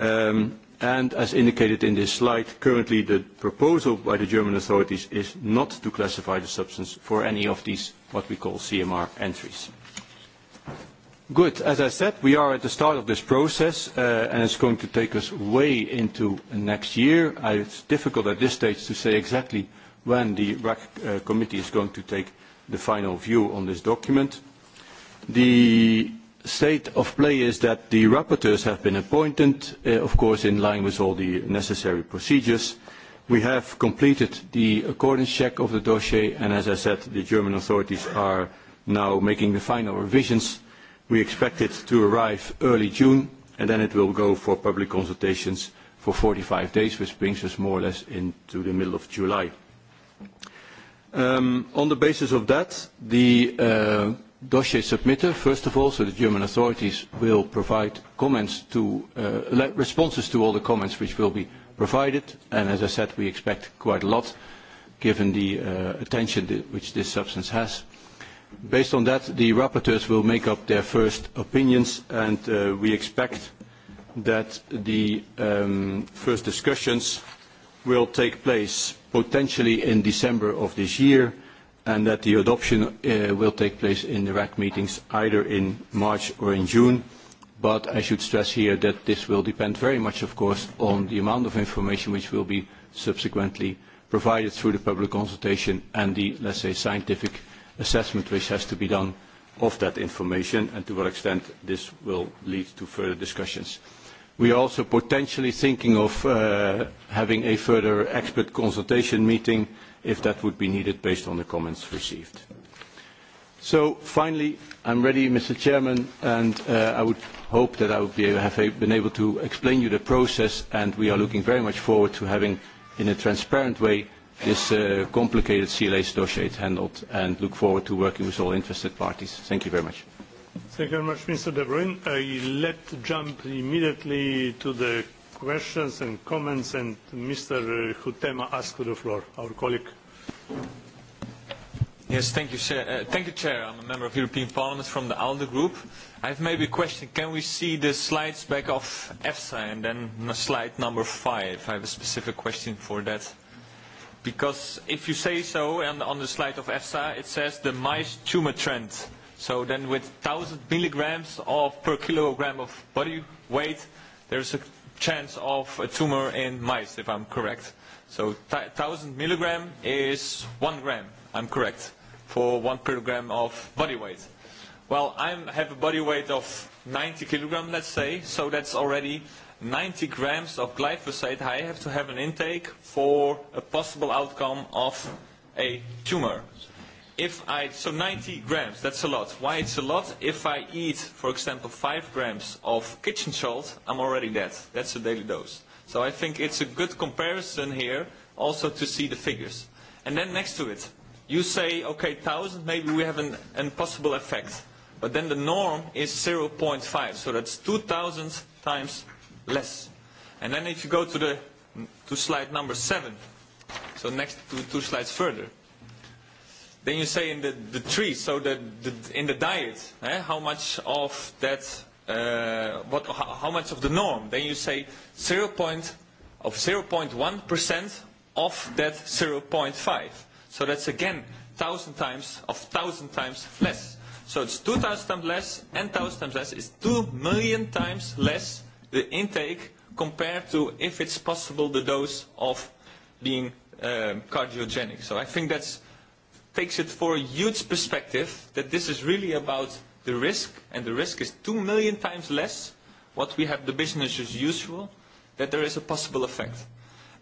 Um, and as indicated in this slide, currently the proposal by the German authorities is not to classify the substance for any of these, what we call CMR entries. Good. As I said, we are at the start of this process, and it's going to take us way into next year. It's difficult at this stage to say exactly when the RAC committee is going to take the final view on this document. The state of play is that the rapporteurs have been appointed, of course in line with all the necessary procedures. We have completed the accordance check of the dossier and as I said, the German authorities are now making the final revisions. We expect it to arrive early June and then it will go for public consultations for forty five days, which brings us more or less into the middle of July on the basis of that, the dossier submitter, first of all, so the German authorities will provide comments to, uh, responses to all the comments which will be provided. And as I said, we expect quite a lot, given the uh, attention which this substance has. Based on that, the rapporteurs will make up their first opinions, and uh, we expect that the um, first discussions will take place potentially in December of this year, and that the adoption will take place in the RAC meetings either in March or in June. But I should stress here that this will depend very much, of course, on the amount of information which will be subsequently provided through the public consultation and the, let's say, scientific assessment which has to be done of that information and to what extent this will lead to further discussions. We are also potentially thinking of having a further expert consultation meeting if that would be needed based on the comments received. So finally, I'm ready, Mr. Chairman, and I would hope that I would be, have been able to explain you the process, and we are looking very much forward to having, in a transparent way, this complicated CLA's dossier handled, and look forward to working with all interested parties. Thank you very much. Thank you very much, Mr. De Bruyne. I let jump immediately to the questions and comments, and Mr. Hutema asks for the floor, our colleague. Yes, thank you, Chair. thank you, Chair. I'm a member of European Parliament from the ALDE group. I have maybe a question. Can we see the slides back of EFSA and then slide number five? I have a specific question for that. Because if you say so, and on the slide of EFSA, it says the mice tumor trend So then with 1,000 milligrams of per kilogram of body weight, there's a chance of a tumor in mice, if I'm correct. So 1,000 milligram is one gram, I'm correct, for one kilogram of body weight. Well, I have a body weight of 90 kilogram, let's say, so that's already 90 grams of glyphosate I have to have an intake for a possible outcome of a tumor if I, so 90 grams, that's a lot. Why it's a lot? If I eat, for example, five grams of kitchen salt, I'm already dead. That's a daily dose. So I think it's a good comparison here also to see the figures. And then next to it, you say, okay, 1,000, maybe we have an, an possible effect. But then the norm is 0.5, so that's 2,000 times less. And then if you go to, the, to slide number seven, so next to two slides further, Then you say in the, the tree, so the, the, in the diet, eh, how much of that, uh, what, how much of the norm? Then you say 0. Point, of 0.1% of that 0.5. So that's again thousand times of thousand times less. So it's 2,000 times less and 1,000 times less. It's 2 million times less the intake compared to if it's possible the dose of being um, cardiogenic. So I think that's takes it for a huge perspective that this is really about the risk, and the risk is two million times less what we have the business as usual, that there is a possible effect.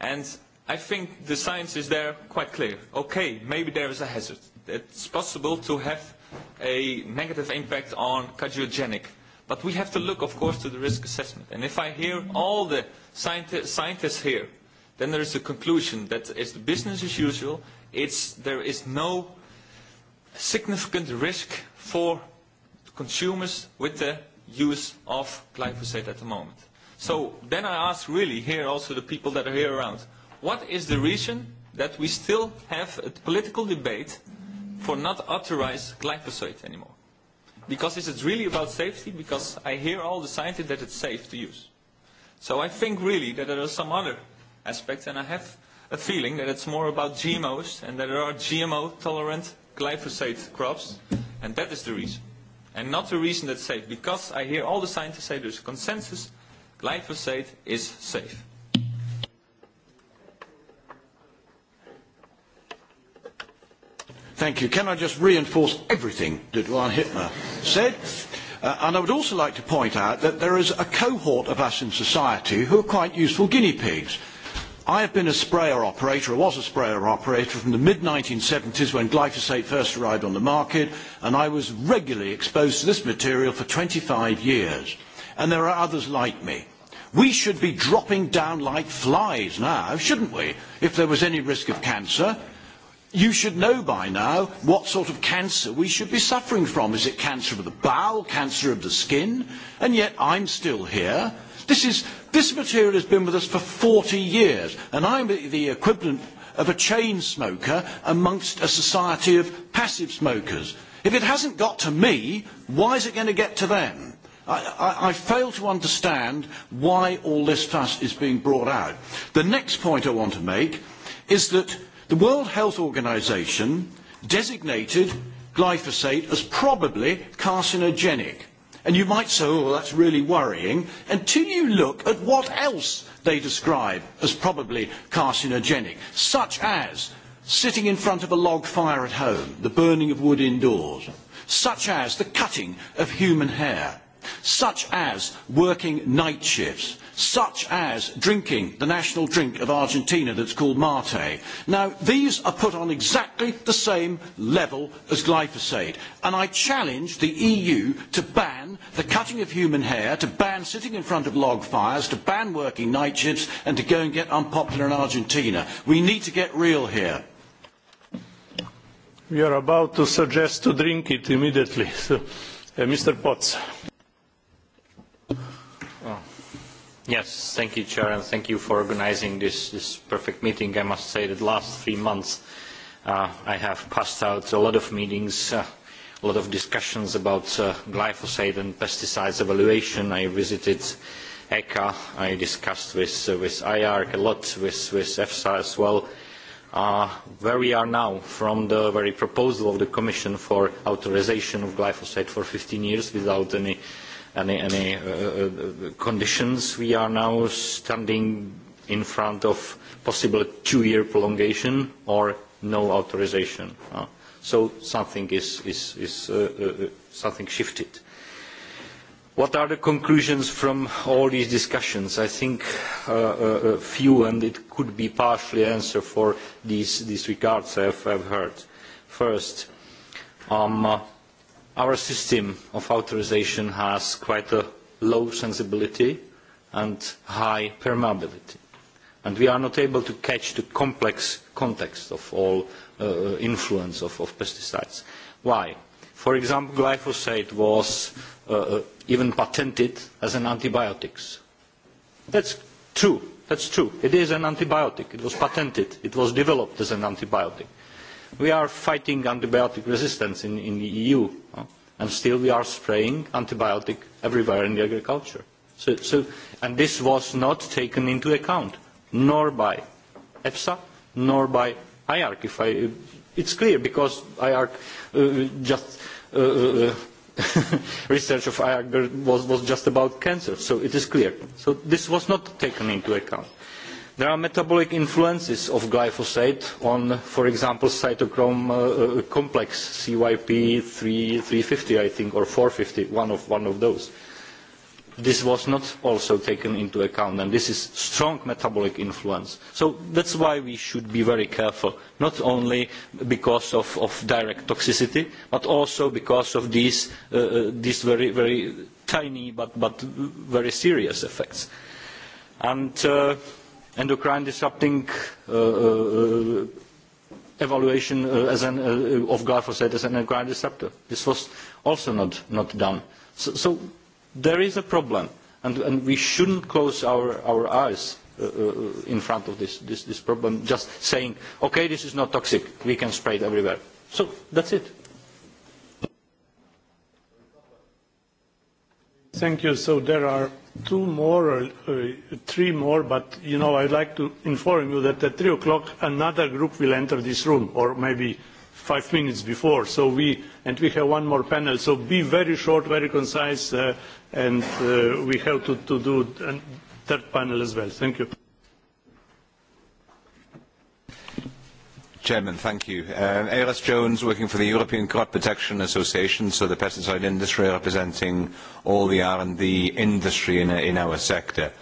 And I think the science is there quite clear. Okay, maybe there is a hazard. It's possible to have a negative impact on cardiogenic. But we have to look, of course, to the risk assessment. And if I hear all the scientists here, then there is a conclusion that it's the business as usual It's, there is no significant risk for consumers with the use of glyphosate at the moment. So then I ask really here also the people that are here around, what is the reason that we still have a political debate for not authorize glyphosate anymore? Because is it really about safety? Because I hear all the scientists that it's safe to use. So I think really that there are some other aspects, and I have a feeling that it's more about GMOs and that there are GMO-tolerant glyphosate crops, and that is the reason. And not the reason that's safe, because I hear all the scientists say there's a consensus, glyphosate is safe. Thank you. Can I just reinforce everything that Juan Hittner said? Uh, and I would also like to point out that there is a cohort of us in society who are quite useful guinea pigs. I have been a sprayer operator, or was a sprayer operator from the mid-1970s when glyphosate first arrived on the market, and I was regularly exposed to this material for 25 years. And there are others like me. We should be dropping down like flies now, shouldn't we, if there was any risk of cancer? You should know by now what sort of cancer we should be suffering from. Is it cancer of the bowel, cancer of the skin? And yet I'm still here. This is This material has been with us for 40 years, and I'm the equivalent of a chain smoker amongst a society of passive smokers. If it hasn't got to me, why is it going to get to them? I, I, I fail to understand why all this fuss is being brought out. The next point I want to make is that the World Health Organization designated glyphosate as probably carcinogenic And you might say, oh, that's really worrying, until you look at what else they describe as probably carcinogenic, such as sitting in front of a log fire at home, the burning of wood indoors, such as the cutting of human hair, such as working night shifts, such as drinking the national drink of Argentina that's called mate. Now, these are put on exactly the same level as glyphosate, and I challenge the EU to ban the cutting of human hair, to ban sitting in front of log fires, to ban working night shifts, and to go and get unpopular in Argentina. We need to get real here. We are about to suggest to drink it immediately. So, uh, Mr. Potts. Yes, thank you, Chair, and thank you for organising this, this perfect meeting. I must say that the last three months uh, I have passed out a lot of meetings, uh, a lot of discussions about uh, glyphosate and pesticides evaluation. I visited ECHA, I discussed with, uh, with IARC a lot, with, with EFSA as well. Uh, where we are now from the very proposal of the Commission for authorisation of glyphosate for 15 years without any any, conditions. We are now standing in front of possible two-year prolongation or no authorisation. so something is, is, is something shifted. What are the conclusions from all these discussions? I think a few, and it could be partially answer for these, these regards I have, heard. First, um, our system of authorisation has quite a low sensibility and high permeability. And we are not able to catch the complex context of all uh, influence of, of pesticides. Why? For example, glyphosate was uh, even patented as an antibiotic. That's true. That's true. It is an antibiotic. It was patented. It was developed as an antibiotic We are fighting antibiotic resistance in, in the EU, and still we are spraying antibiotic everywhere in the agriculture. So, so, and this was not taken into account, nor by EFSA, nor by IARC. If I, it's clear because IARC uh, just uh, research of IARC was, was just about cancer, so it is clear. So this was not taken into account There are metabolic influences of glyphosate on, for example, cytochrome complex, CYP 350, I think, or 450, one of, one of those. This was not also taken into account, and this is strong metabolic influence. So that's why we should be very careful, not only because of, direct toxicity, but also because of these, very, very tiny but, but very serious effects. And... Uh, endocrine disrupting evaluation of glyphosate as an endocrine disruptor. This was also not, done. So, so there is a problem, and, and we shouldn't close our, our eyes in front of this, this, this problem, just saying, okay, this is not toxic, we can spray it everywhere. So that's it. Thank you. So there are two more or uh, three more, but you know I'd like to inform you that at three o'clock another group will enter this room, or maybe five minutes before. So we and we have one more panel. So be very short, very concise, uh, and uh, we have to, to do a third panel as well. Thank you. Chairman, thank you. Um, Ayres Jones, working for the European Crop Protection Association, so the pesticide industry representing all the R&D industry in, in our sector.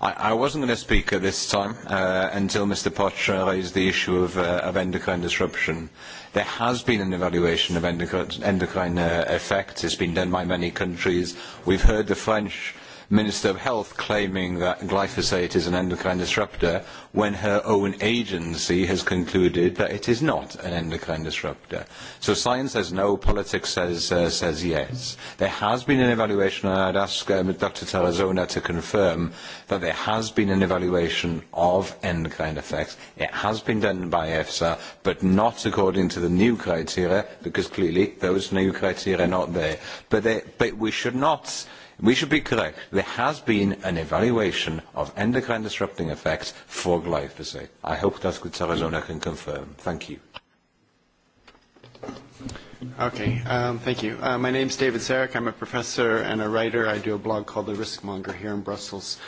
I, I wasn't going to speak at this time uh, until Mr. Potch raised the issue of, uh, of endocrine disruption. There has been an evaluation of endocrine, endocrine uh, effects. It's been done by many countries. We've heard the French Minister of Health claiming that glyphosate is an endocrine disruptor when her own agency has concluded that it is not an endocrine disruptor. So science says no, politics says, uh, says yes. There has been an evaluation, and I'd ask um, Dr. Tarazona to confirm that there has been an evaluation of endocrine effects. It has been done by EFSA, but not according to the new criteria, because clearly those new criteria are not there. But, they, but we should not We should be correct. There has been an evaluation of endocrine disrupting effects for glyphosate. I hope Dr. Tarazona can confirm. Thank you. Okay, um, thank you. Uh, my is David Sarek. I'm a professor and a writer. I do a blog called The Riskmonger here in Brussels.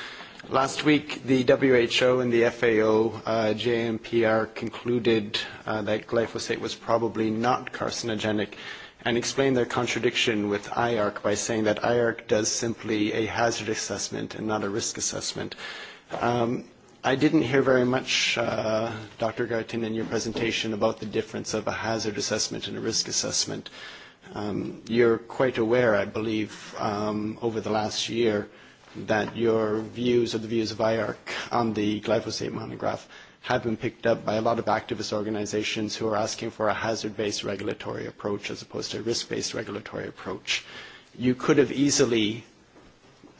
Last week, the WHO and the FAO uh, JMPR concluded uh, that glyphosate was probably not carcinogenic and explain their contradiction with IARC by saying that IARC does simply a hazard assessment and not a risk assessment. Um, I didn't hear very much, uh, Dr. Gartin, in your presentation about the difference of a hazard assessment and a risk assessment. Um, you're quite aware, I believe, um, over the last year that your views or the views of IARC on the glyphosate monograph have been picked up by a lot of activist organizations who are asking for a hazard-based regulatory approach as opposed to a risk-based regulatory approach. You could have easily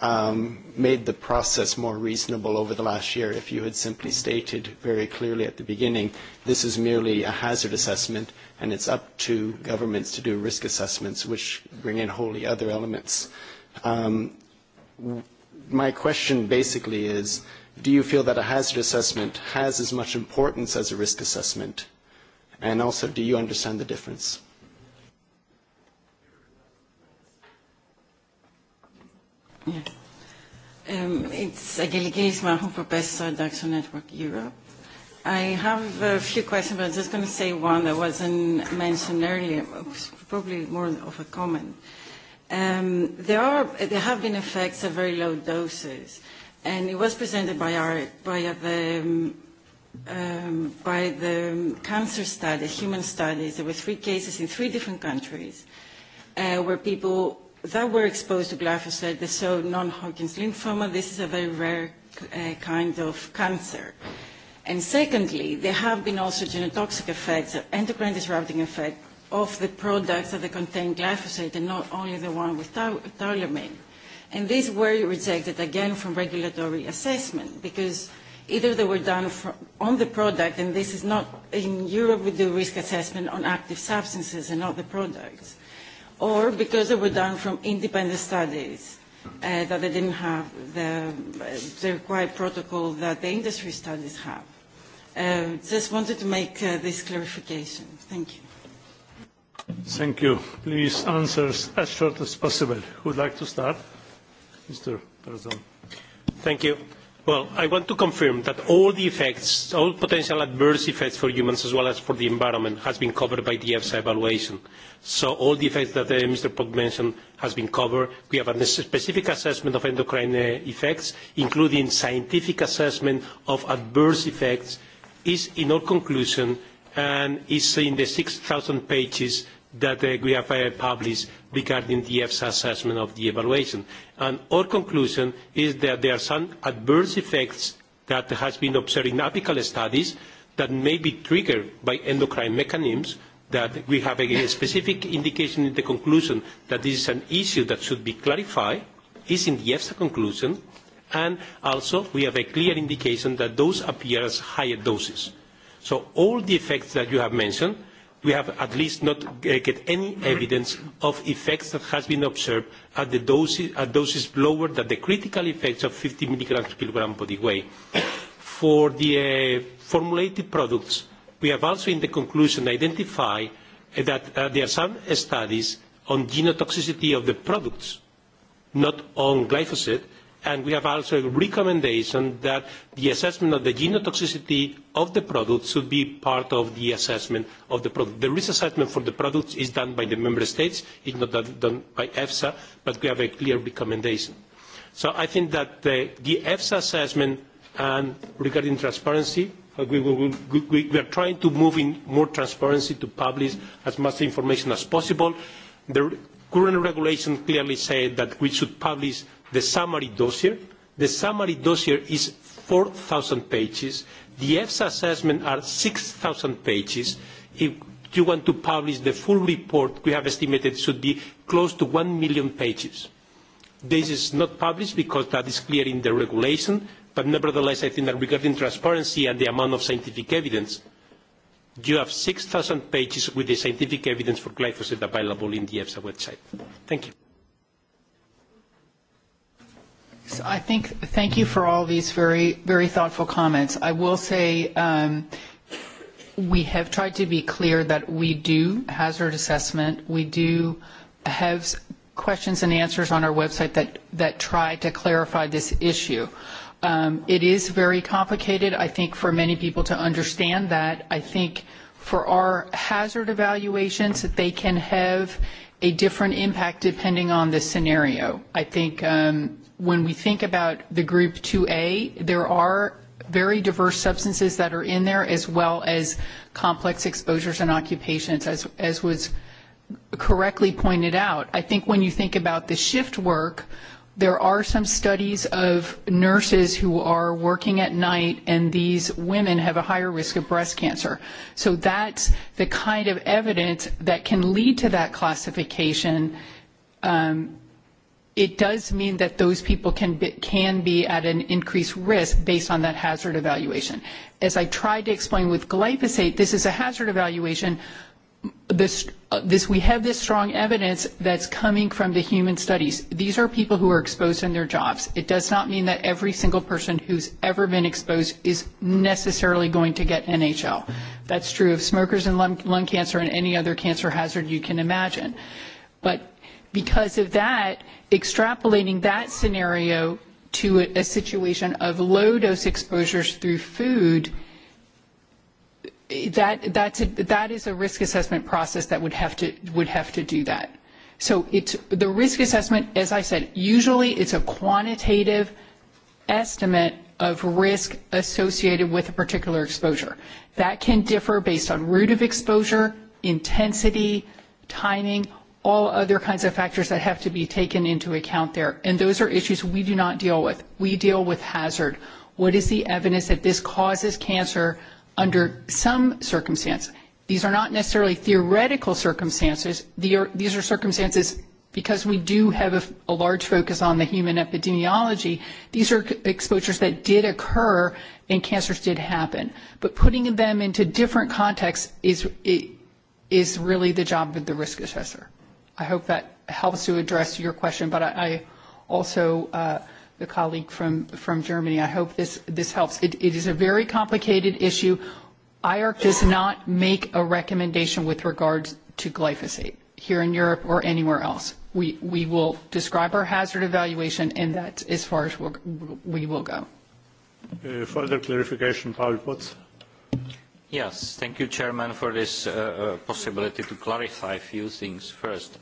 um, made the process more reasonable over the last year if you had simply stated very clearly at the beginning, this is merely a hazard assessment and it's up to governments to do risk assessments which bring in wholly other elements. Um, my question basically is, do you feel that a hazard assessment has as much importance as a risk assessment? And also, do you understand the difference? Yeah. Um, it's Angelikis Mahu, Professor at Daxo Network Europe. I have a few questions, but I'm just going to say one that wasn't mentioned earlier, probably more of a comment. Um, there, are, there have been effects at very low doses. Uh, and it was presented by our by the um, by the cancer study, human studies. There were three cases in three different countries uh, where people that were exposed to glyphosate they saw non-Hodgkin's lymphoma. This is a very rare uh, kind of cancer. And secondly, there have been also genotoxic effects, endocrine disrupting effect of the products that they contain glyphosate and not only the one with taulamine. And these were rejected again from regulatory assessment because either they were done on the product, and this is not in Europe we do risk assessment on active substances and not the products, or because they were done from independent studies uh, that they didn't have the, the required protocol that the industry studies have. Uh, just wanted to make uh, this clarification. Thank you. Thank you. Please answer as short as possible. Who would like to start? Mr. I want to confirm that all the effects, all potential adverse effects for humans as well as for the environment have been covered by the EFSA evaluation. So all the effects that Mr. Pog mentioned have been covered. We have a specific assessment of endocrine effects, including scientific assessment of adverse effects, is in our conclusion and is in the 6,000 pages that we have published regarding the EFSA assessment of the evaluation. And our conclusion is that there are some adverse effects that has been observed in apical studies that may be triggered by endocrine mechanisms that we have a specific indication in the conclusion that this is an issue that should be clarified is in the EFSA conclusion and also we have a clear indication that those appear as higher doses. So all the effects that you have mentioned we have at least not get any evidence of effects that has been observed at the doses, at doses lower than the critical effects of 50 milligrams per kilogram body weight. For the formulated products, we have also in the conclusion identified that there are some studies on genotoxicity of the products, not on glyphosate, and we have also a recommendation that the assessment of the genotoxicity of the product should be part of the assessment of the product. The risk assessment for the product is done by the member states, it's not done by EFSA, but we have a clear recommendation. So I think that the, the EFSA assessment and regarding transparency, we, will, we, we are trying to move in more transparency to publish as much information as possible. The current regulation clearly says that we should publish the summary dossier. The summary dossier is 4,000 pages. The EFSA assessment are 6,000 pages. If you want to publish the full report, we have estimated it should be close to 1 million pages. This is not published because that is clear in the regulation, but nevertheless, I think that regarding transparency and the amount of scientific evidence, you have 6,000 pages with the scientific evidence for glyphosate available in the EFSA website. Thank you. So I think thank you for all these very very thoughtful comments. I will say um, we have tried to be clear that we do hazard assessment. We do have questions and answers on our website that that try to clarify this issue. Um, it is very complicated, I think, for many people to understand that. I think for our hazard evaluations, they can have a different impact depending on the scenario. I think um, when we think about the group 2A, there are very diverse substances that are in there as well as complex exposures and occupations, as, as was correctly pointed out. I think when you think about the shift work, there are some studies of nurses who are working at night and these women have a higher risk of breast cancer. So that's the kind of evidence that can lead to that classification um, it does mean that those people can be, can be at an increased risk based on that hazard evaluation. As I tried to explain with glyphosate, this is a hazard evaluation. This, this, we have this strong evidence that's coming from the human studies. These are people who are exposed in their jobs. It does not mean that every single person who's ever been exposed is necessarily going to get NHL. That's true of smokers and lung, lung cancer and any other cancer hazard you can imagine. But because of that, extrapolating that scenario to a, a situation of low dose exposures through food, that that's a, that is a risk assessment process that would have to would have to do that. So it's the risk assessment, as I said, usually it's a quantitative estimate of risk associated with a particular exposure. That can differ based on route of exposure, intensity, timing, all other kinds of factors that have to be taken into account there. And those are issues we do not deal with. We deal with hazard. What is the evidence that this causes cancer under some circumstance? These are not necessarily theoretical circumstances. These are circumstances because we do have a, a large focus on the human epidemiology, these are exposures that did occur and cancers did happen. But putting them into different contexts is, is really the job of the risk assessor. I hope that helps to address your question, but I, I also, uh, the colleague from, from Germany, I hope this, this helps. It, it is a very complicated issue. IARC does not make a recommendation with regards to glyphosate here in Europe or anywhere else. We, we will describe our hazard evaluation, and that's as far as we'll, we will go. Uh, further clarification, Paul Potts. Yes, thank you, Chairman, for this possibility to clarify a few things. First,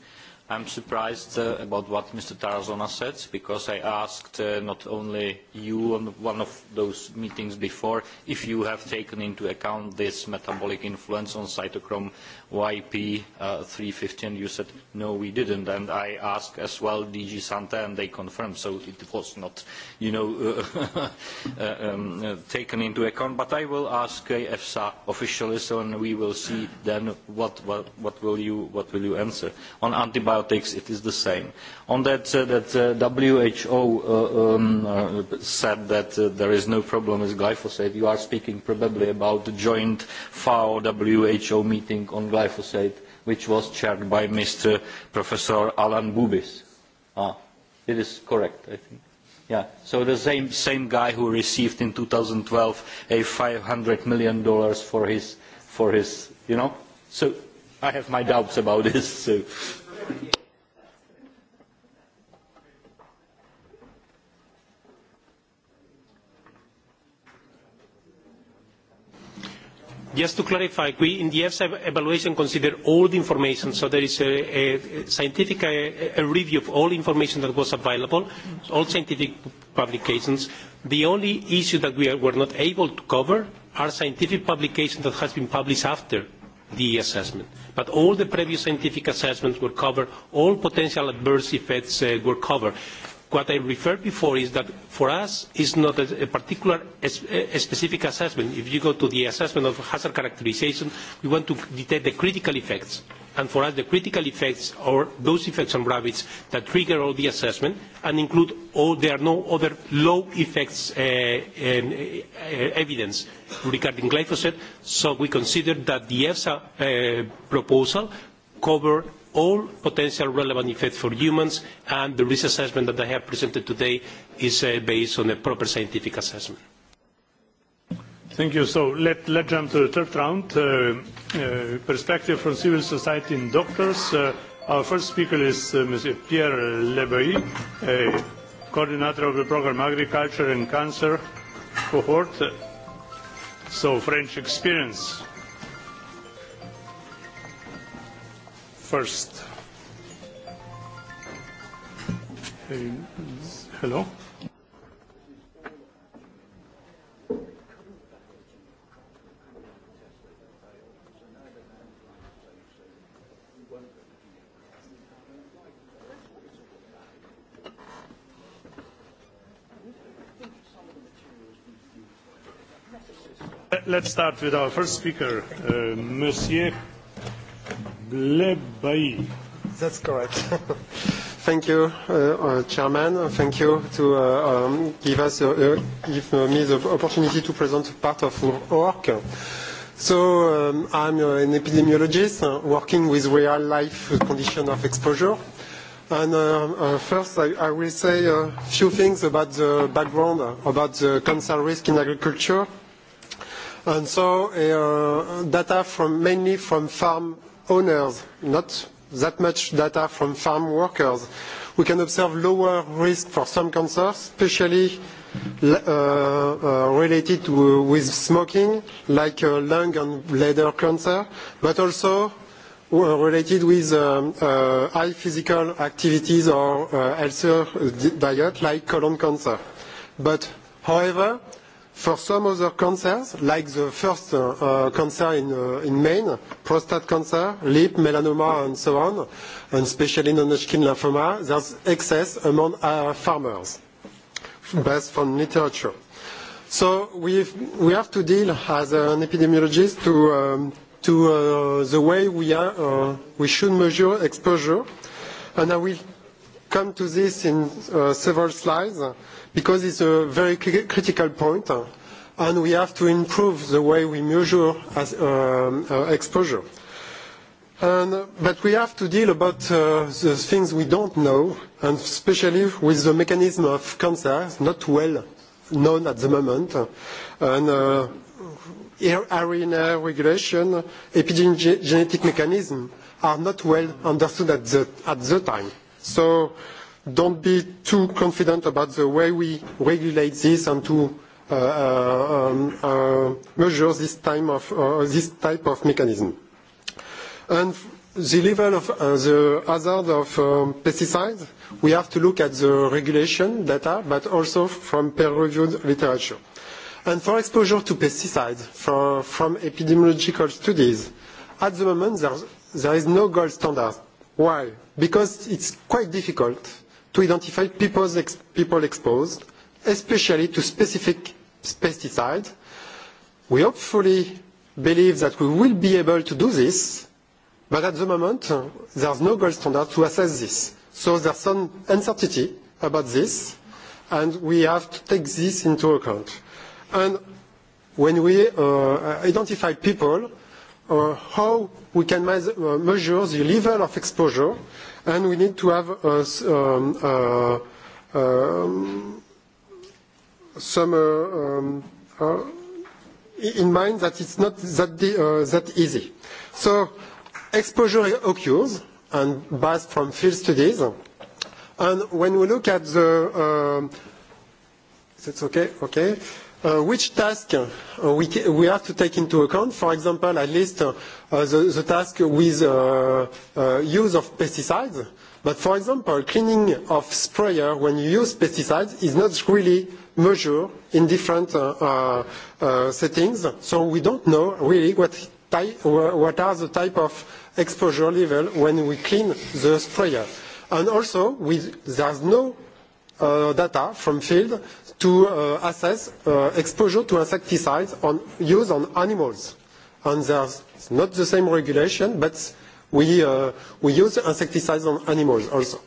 I am surprised about what Mr. Tarazona said, because I asked not only you on one of those meetings before if you have taken into account this metabolic influence on cytochrome YP uh, hundred and you said, no, we didn't. And I asked as well DG Santa, and they confirmed. So it was not, you know, uh, um, uh, taken into account. But I will ask EFSA officially, so and we will see then what, what, what, will you, what will you answer. On antibiotics, it is the same. On that, uh, that uh, WHO uh, um, uh, said that uh, there is no problem with glyphosate, you are speaking probably about the joint FAO-WHO meeting on glyphosate glyphosate, which was chaired by Mr. Professor Alan Bubis. Ah, it is correct, I think. Yeah, so the same, same guy who received in 2012 a $500 million for his, for his, you know? So I have my doubts about this. So. Just to clarify, we in the EFSA evaluation consider all the information, so there is a, scientific review of all information that was available, all scientific publications. The only issue that we were not able to cover are scientific publications that has been published after the assessment. But all the previous scientific assessments were covered, all potential adverse effects were covered What I referred before is that for us it's not a particular specific assessment. If you go to the assessment of hazard characterization, we want to detect the critical effects. And for us, the critical effects are those effects on rabbits that trigger all the assessment and include all, there are no other low effects evidence regarding glyphosate. So we consider that the EFSA proposal covers all potential relevant effects for humans, and the risk assessment that I have presented today is based on a proper scientific assessment. Thank you. So let, let's jump to the third round. perspective from civil society and doctors. our first speaker is Mr. Pierre Lebeuil, coordinator of the program Agriculture and Cancer Cohort. So French experience. first. Hello? Let's start with our first speaker, Monsieur Blebai. That's correct. Thank you, uh, Chairman. Thank you to uh, um, give us uh, give me the opportunity to present part of work. So um, I'm an epidemiologist working with real life conditions of exposure. And uh, uh, first, I, I will say a few things about the background about the cancer risk in agriculture. And so, uh, data from mainly from farm owners, not that much data from farm workers. We can observe lower risk for some cancers, especially related with smoking, like lung and bladder cancer, but also related with high physical activities or healthier diet, like colon cancer. But however, For some other cancers, like the first cancer in Maine, prostate cancer, lip, melanoma, and so on, and especially non-Hodgkin lymphoma, there's excess among farmers, based on literature. So we have to deal as an epidemiologist to the way we should measure exposure, and I will come to this in several slides because it's a very critical point, and we have to improve the way we measure as, exposure. but we have to deal about the things we don't know, and especially with the mechanism of cancer, not well known at the moment, and RNA regulation, epigenetic mechanism are not well understood at the, at the time. So don't be too confident about the way we regulate this and to measure this time of this type of mechanism. And the level of the hazard of pesticides, we have to look at the regulation data, but also from peer-reviewed literature. And for exposure to pesticides from epidemiological studies, at the moment, there is no gold standard. Why? Because it's quite difficult to identify people's ex people exposed, especially to specific pesticides. We hopefully believe that we will be able to do this, but at the moment, there's no gold standard to assess this. So there's some uncertainty about this, and we have to take this into account. And when we uh, identify people, uh, how we can measure the level of exposure and we need to have some in mind that it's not that easy. So exposure occurs, and based from field studies. And when we look at the... Is it okay? Okay which task we, we have to take into account, for example, at least the, the task with use of pesticides. But for example, cleaning of sprayer when you use pesticides is not really measured in different settings, so we don't know really what, what are the type of exposure level when we clean the sprayer. And also, with, there's no data from field to assess exposure to insecticides on use on animals. And there's not the same regulation, but we uh we use insecticides on animals also.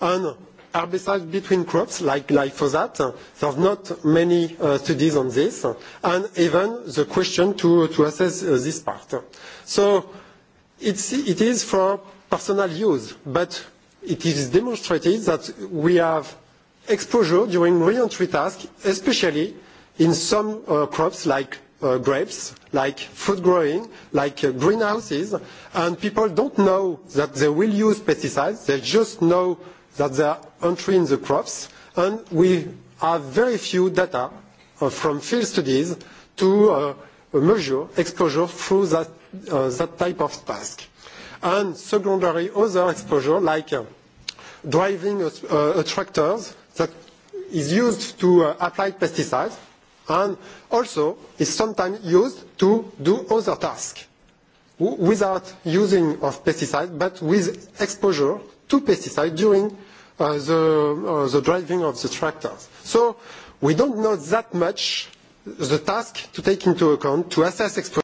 And herbicides between crops, like glyphosate, there's not many studies on this, and even the question to assess this part. So it is for personal use, but it is demonstrated that we have exposure during re-entry task, especially in some crops like grapes, like food growing, like greenhouses, and people don't know that they will use pesticides. They just know that they are entering the crops, and we have very few data from field studies to measure exposure through that type of task. And secondary other exposure, like driving tractors that is used to uh, apply pesticides and also is sometimes used to do other tasks without using of pesticides but with exposure to pesticides during uh, the, uh, the driving of the tractors. So we don't know that much the task to take into account to assess exposure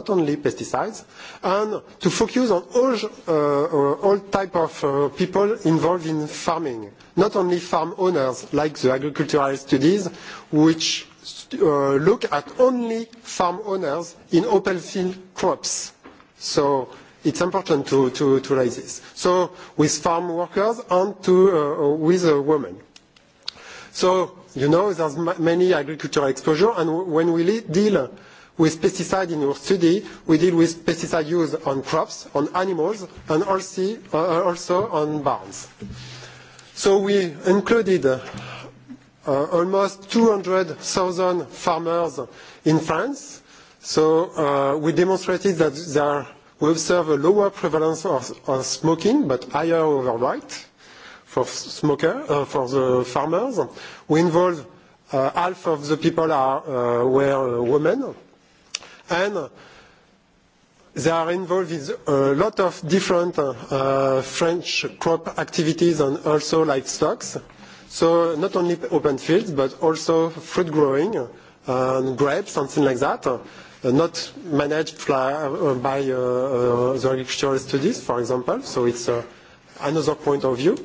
not only pesticides, and to focus on all, uh, all type of uh, people involved in farming, not only farm owners, like the agricultural studies, which uh, look at only farm owners in open field crops. So it's important to, to, to raise this. So with farm workers and to, uh, with uh, women. So, you know, there's many agricultural exposure, and when we deal With pesticide in our study, we deal with pesticide use on crops, on animals, and also on barns. So we included almost 200,000 farmers in France. So we demonstrated that there we observe a lower prevalence of smoking, but higher overweight for smoker for the farmers. We involve half of the people are were women and they are involved with a lot of different French crop activities and also livestock. So not only open fields, but also fruit growing, and grapes, something like that, not managed by the agricultural studies, for example. So it's another point of view.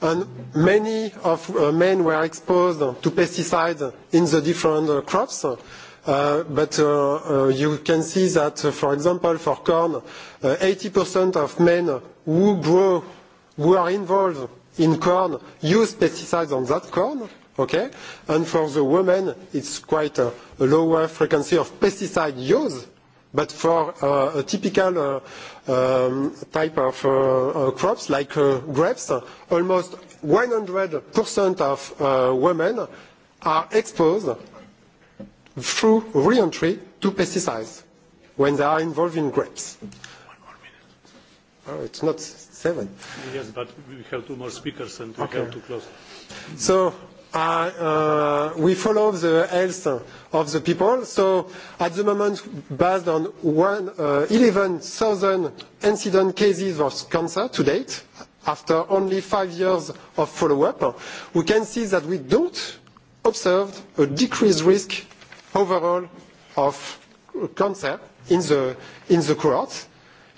And many of men were exposed to pesticides in the different crops but you can see that, for example, for corn, 80% of men who grow, who are involved in corn, use pesticides on that corn. Okay? And for the women, it's quite a lower frequency of pesticide use. But for a typical type of crops like grapes, almost 100% of women are exposed through re-entry to pesticides when they are involved in grapes. Oh, it's not seven. Yes, but we have two more speakers and we okay. have to close. So uh, uh, we follow the health of the people. So at the moment, based on one, uh, 11,000 incident cases of cancer to date, after only five years of follow-up, we can see that we don't observe a decreased risk overall of cancer in the, in the cohorts.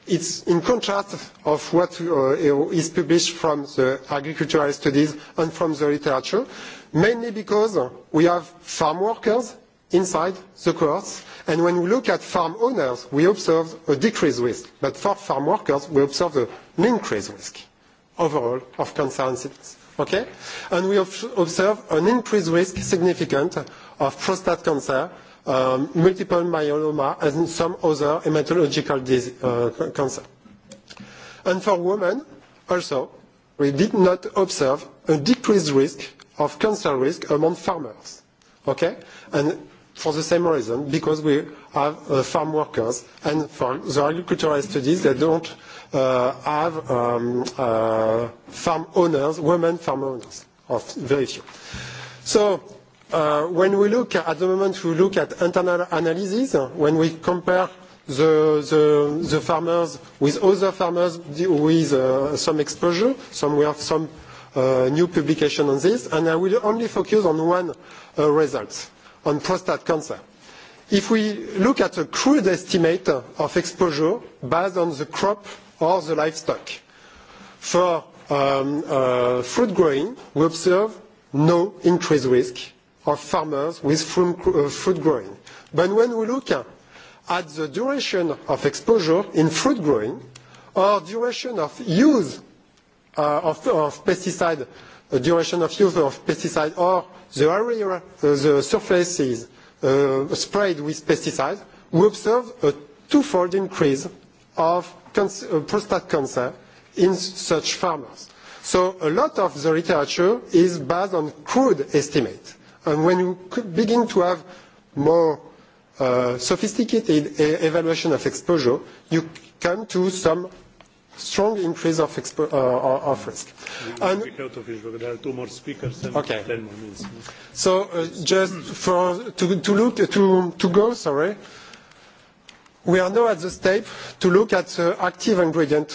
It's in contrast of what uh, is published from the agricultural studies and from the literature, mainly because we have farm workers inside the cohorts. And when we look at farm owners, we observe a decreased risk. But for farm workers, we observe an increased risk overall of cancer incidence. Okay? And we observe an increased risk significant of prostate cancer, um, multiple myeloma, and some other hematological uh, cancer. And for women, also, we did not observe a decreased risk of cancer risk among farmers. Okay? And for the same reason, because we have uh, farm workers, and for the agricultural studies, they don't uh, have um, uh, farm owners, women farm owners, of very few. So When we look at the moment, we look at internal analysis. When we compare the farmers with other farmers with some exposure, some we have some new publication on this, and I will only focus on one result, on prostate cancer. If we look at a crude estimate of exposure based on the crop or the livestock, for fruit growing, we observe no increased risk of farmers with fruit growing. But when we look at the duration of exposure in fruit growing or duration of use of pesticide, duration of use of pesticide or the area, the surfaces sprayed with pesticides, we observe a twofold increase of prostate cancer in such farmers. So a lot of the literature is based on crude estimates And when you could begin to have more sophisticated evaluation of exposure, you come to some strong increase of risk. uh, of risk. and- Okay. So uh, So, just for to look to to go, sorry, we are now at the step to look at the active ingredient,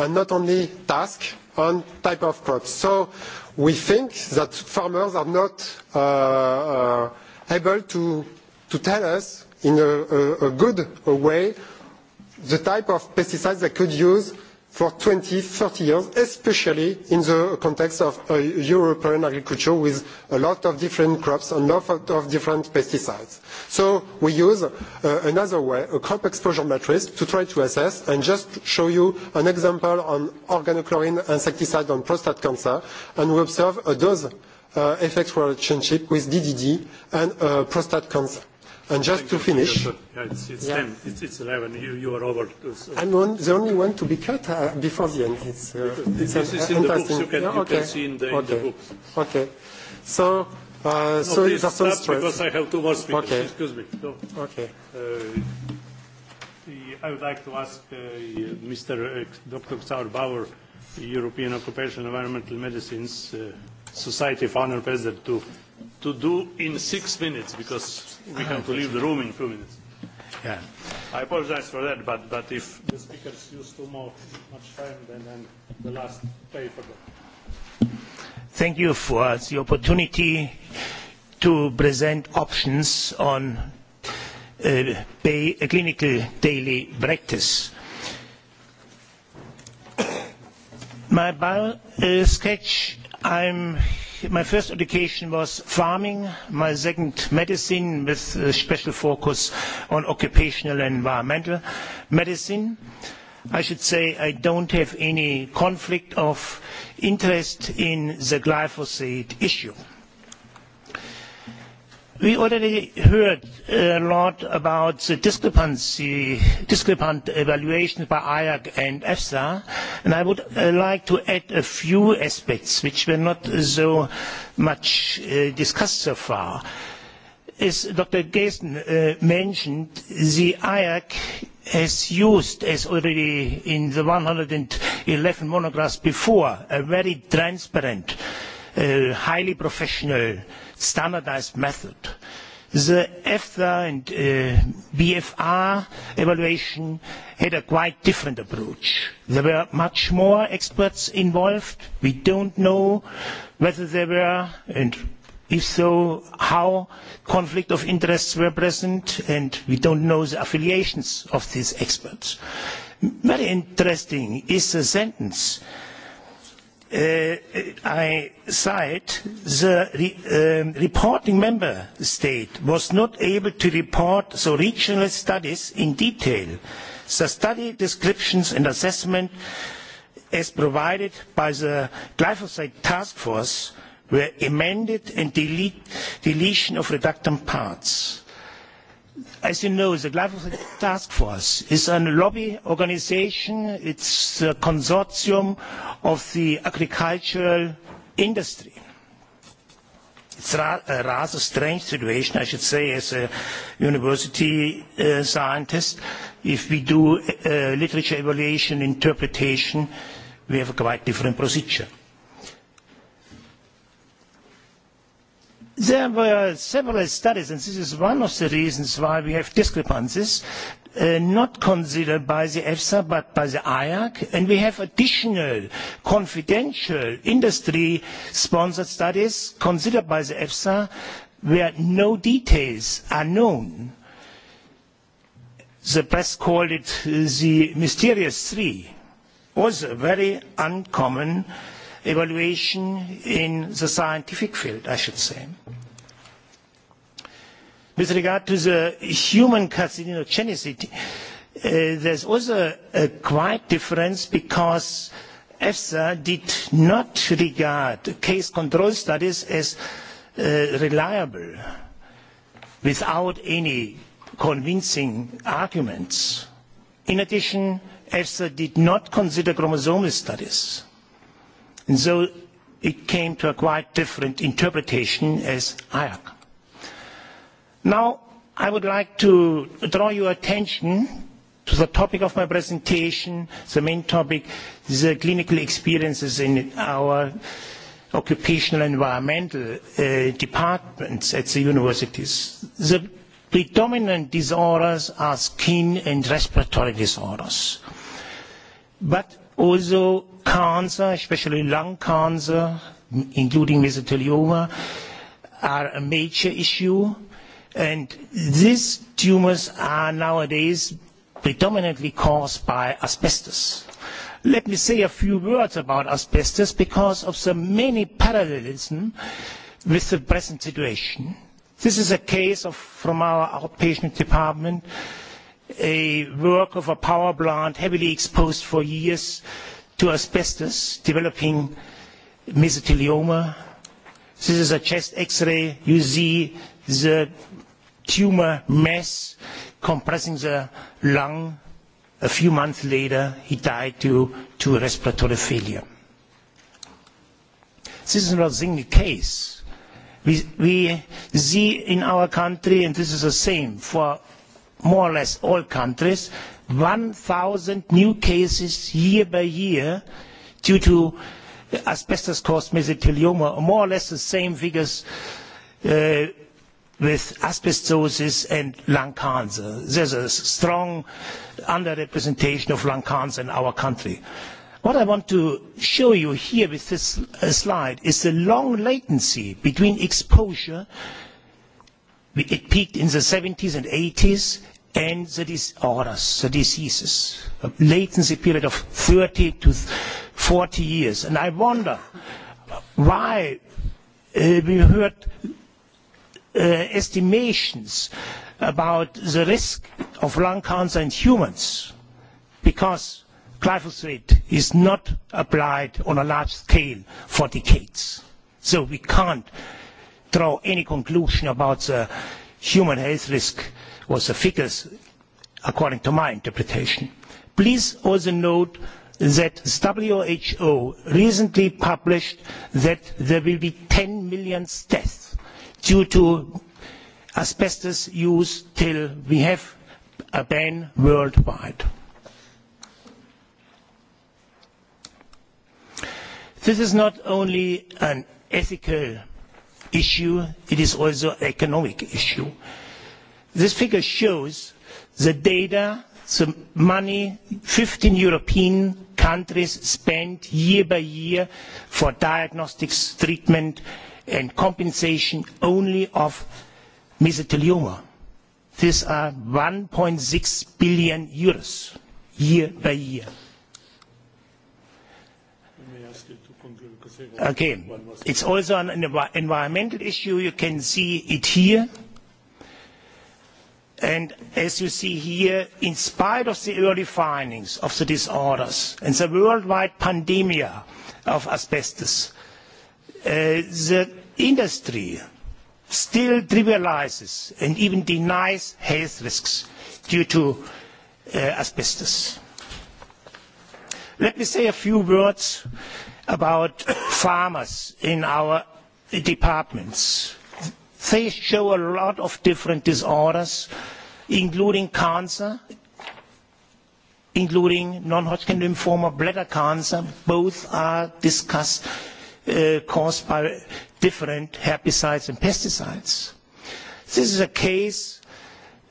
and not only task and type of crops. So we think that farmers are not uh, uh, able to, to tell us in a, a, a good way the type of pesticides they could use for 20, 30 years, especially in the context of European agriculture with a lot of different crops and a lot of different pesticides. So we use another way, a crop exposure matrix, to try to assess and just show you an example on organochlorine insecticide on prostate cancer, and we observe a dose effect relationship with DDD and prostate cancer. And just to finish. It's, yeah. 10, it's, it's 11. You, you are over. So. I'm on, the only one to be cut uh, before the end. It's, uh, it's this is in the books. You can, yeah, okay. you can see in the, okay. in the books. Okay. So, uh, no, so please stop stress. because I have two more speakers. Okay. Excuse me. No. Okay. Uh, I would like to ask uh, Mr. Dr. Xaur Bauer, European Occupational Environmental Medicines uh, Society Founder President, to to do in six minutes because we have to leave the room in two minutes. Yeah. I apologize for that, but, but if the speakers use too much, much time, then, then the last pay for that. Thank you for the opportunity to present options on uh, pay, uh, clinical daily practice. My bio uh, sketch, I'm my first education was farming, my second medicine with a special focus on occupational and environmental medicine. I should say I don't have any conflict of interest in the glyphosate issue We already heard a lot about the discrepancy, discrepant evaluation by IAC and EFSA, and I would like to add a few aspects which were not so much discussed so far. As Dr. Gessen mentioned, the IAC has used, as already in the one hundred and eleven monographs before, a very transparent highly professional, standardised method. The EFTA and BFR evaluation had a quite different approach. There were much more experts involved. We do not know whether there were, and if so, how conflict of interests were present, and we do not know the affiliations of these experts. Very interesting is the sentence I cite the reporting member state was not able to report the regional studies in detail. The study descriptions and assessment as provided by the glyphosate task force were amended and deletion of reductant parts As you know, the glyphosate task force is a lobby organisation. It is a consortium of the agricultural industry. It's ra- a rather strange situation, I should say, as a university uh, scientist. If we do uh, literature evaluation interpretation, we have a quite different procedure. There were several studies, and this is one of the reasons why we have discrepancies, not considered by the EFSA but by the IAC, and we have additional confidential industry-sponsored studies considered by the EFSA where no details are known. The press called it the mysterious three. Was a very uncommon uh, evaluation in the scientific field, I should say. With regard to the human carcinogenicity, there is also a quite difference because EFSA did not regard case control studies as reliable without any convincing arguments. In addition, EFSA did not consider chromosomal studies. And so it came to a quite different interpretation as IAC. Now, I would like to draw your attention to the topic of my presentation, the main topic, the clinical experiences in our occupational environmental departments at the universities. The predominant disorders are skin and respiratory disorders. But Also cancer, especially lung cancer, including mesothelioma, are a major issue. And these tumors are nowadays predominantly caused by asbestos. Let me say a few words about asbestos because of the many parallelism with the present situation. This is a case of, from our outpatient department a work of a power plant heavily exposed for years to asbestos, developing mesothelioma. This is a chest X-ray. You see the tumor mass compressing the lung. A few months later, he died due to respiratory failure. This is not a single case. We, we see in our country, and this is the same for more or less all countries, 1,000 new cases year by year due to asbestos-caused mesothelioma, more or less the same figures with asbestosis and lung cancer. There's a strong underrepresentation of lung cancer in our country. What I want to show you here with this slide is the long latency between exposure It peaked in the 70s and 80s, and the disorders, the diseases, a latency period of 30 to 40 years. And I wonder why uh, we heard uh, estimations about the risk of lung cancer in humans because glyphosate is not applied on a large scale for decades. So we can't draw any conclusion about the human health risk or the figures according to my interpretation. Please also note that the WHO recently published that there will be ten million deaths due to asbestos use till we have a ban worldwide. This is not only an ethical issue, it is also an economic issue. This figure shows the data, the money fifteen European countries spend year by year for diagnostics, treatment and compensation only of mesothelioma. These are EUR one six billion year by year. Okay. It's also an environmental issue. You can see it here. And as you see here, in spite of the early findings of the disorders and the worldwide pandemic of asbestos, the industry still trivializes and even denies health risks due to asbestos. Let me say a few words about farmers in our departments. They show a lot of different disorders, including cancer, including non-Hodgkin lymphoma, bladder cancer. Both are discussed caused by different herbicides and pesticides. This is a case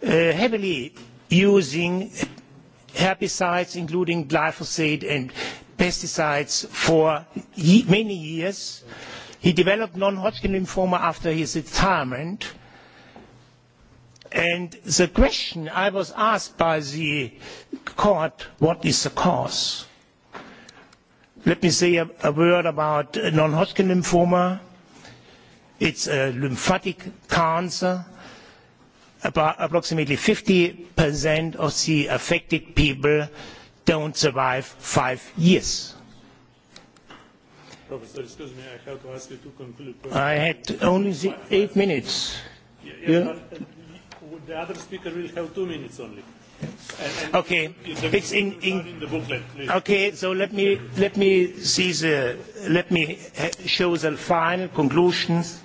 heavily using herbicides including glyphosate and pesticides for many years. He developed non-Hodgkin lymphoma after his retirement. And the question I was asked by the court, what is the cause? Let me say a, a word about non-Hodgkin lymphoma. It's a lymphatic cancer. About approximately 50% of the affected people don't survive five years. Professor, excuse me, I have to ask you to conclude. I had only the eight minutes. Yeah, yeah, But the other speaker will have two minutes only. And, okay, it's in, in, in the booklet. Please. Okay, so let me let me see the let me show the final conclusions.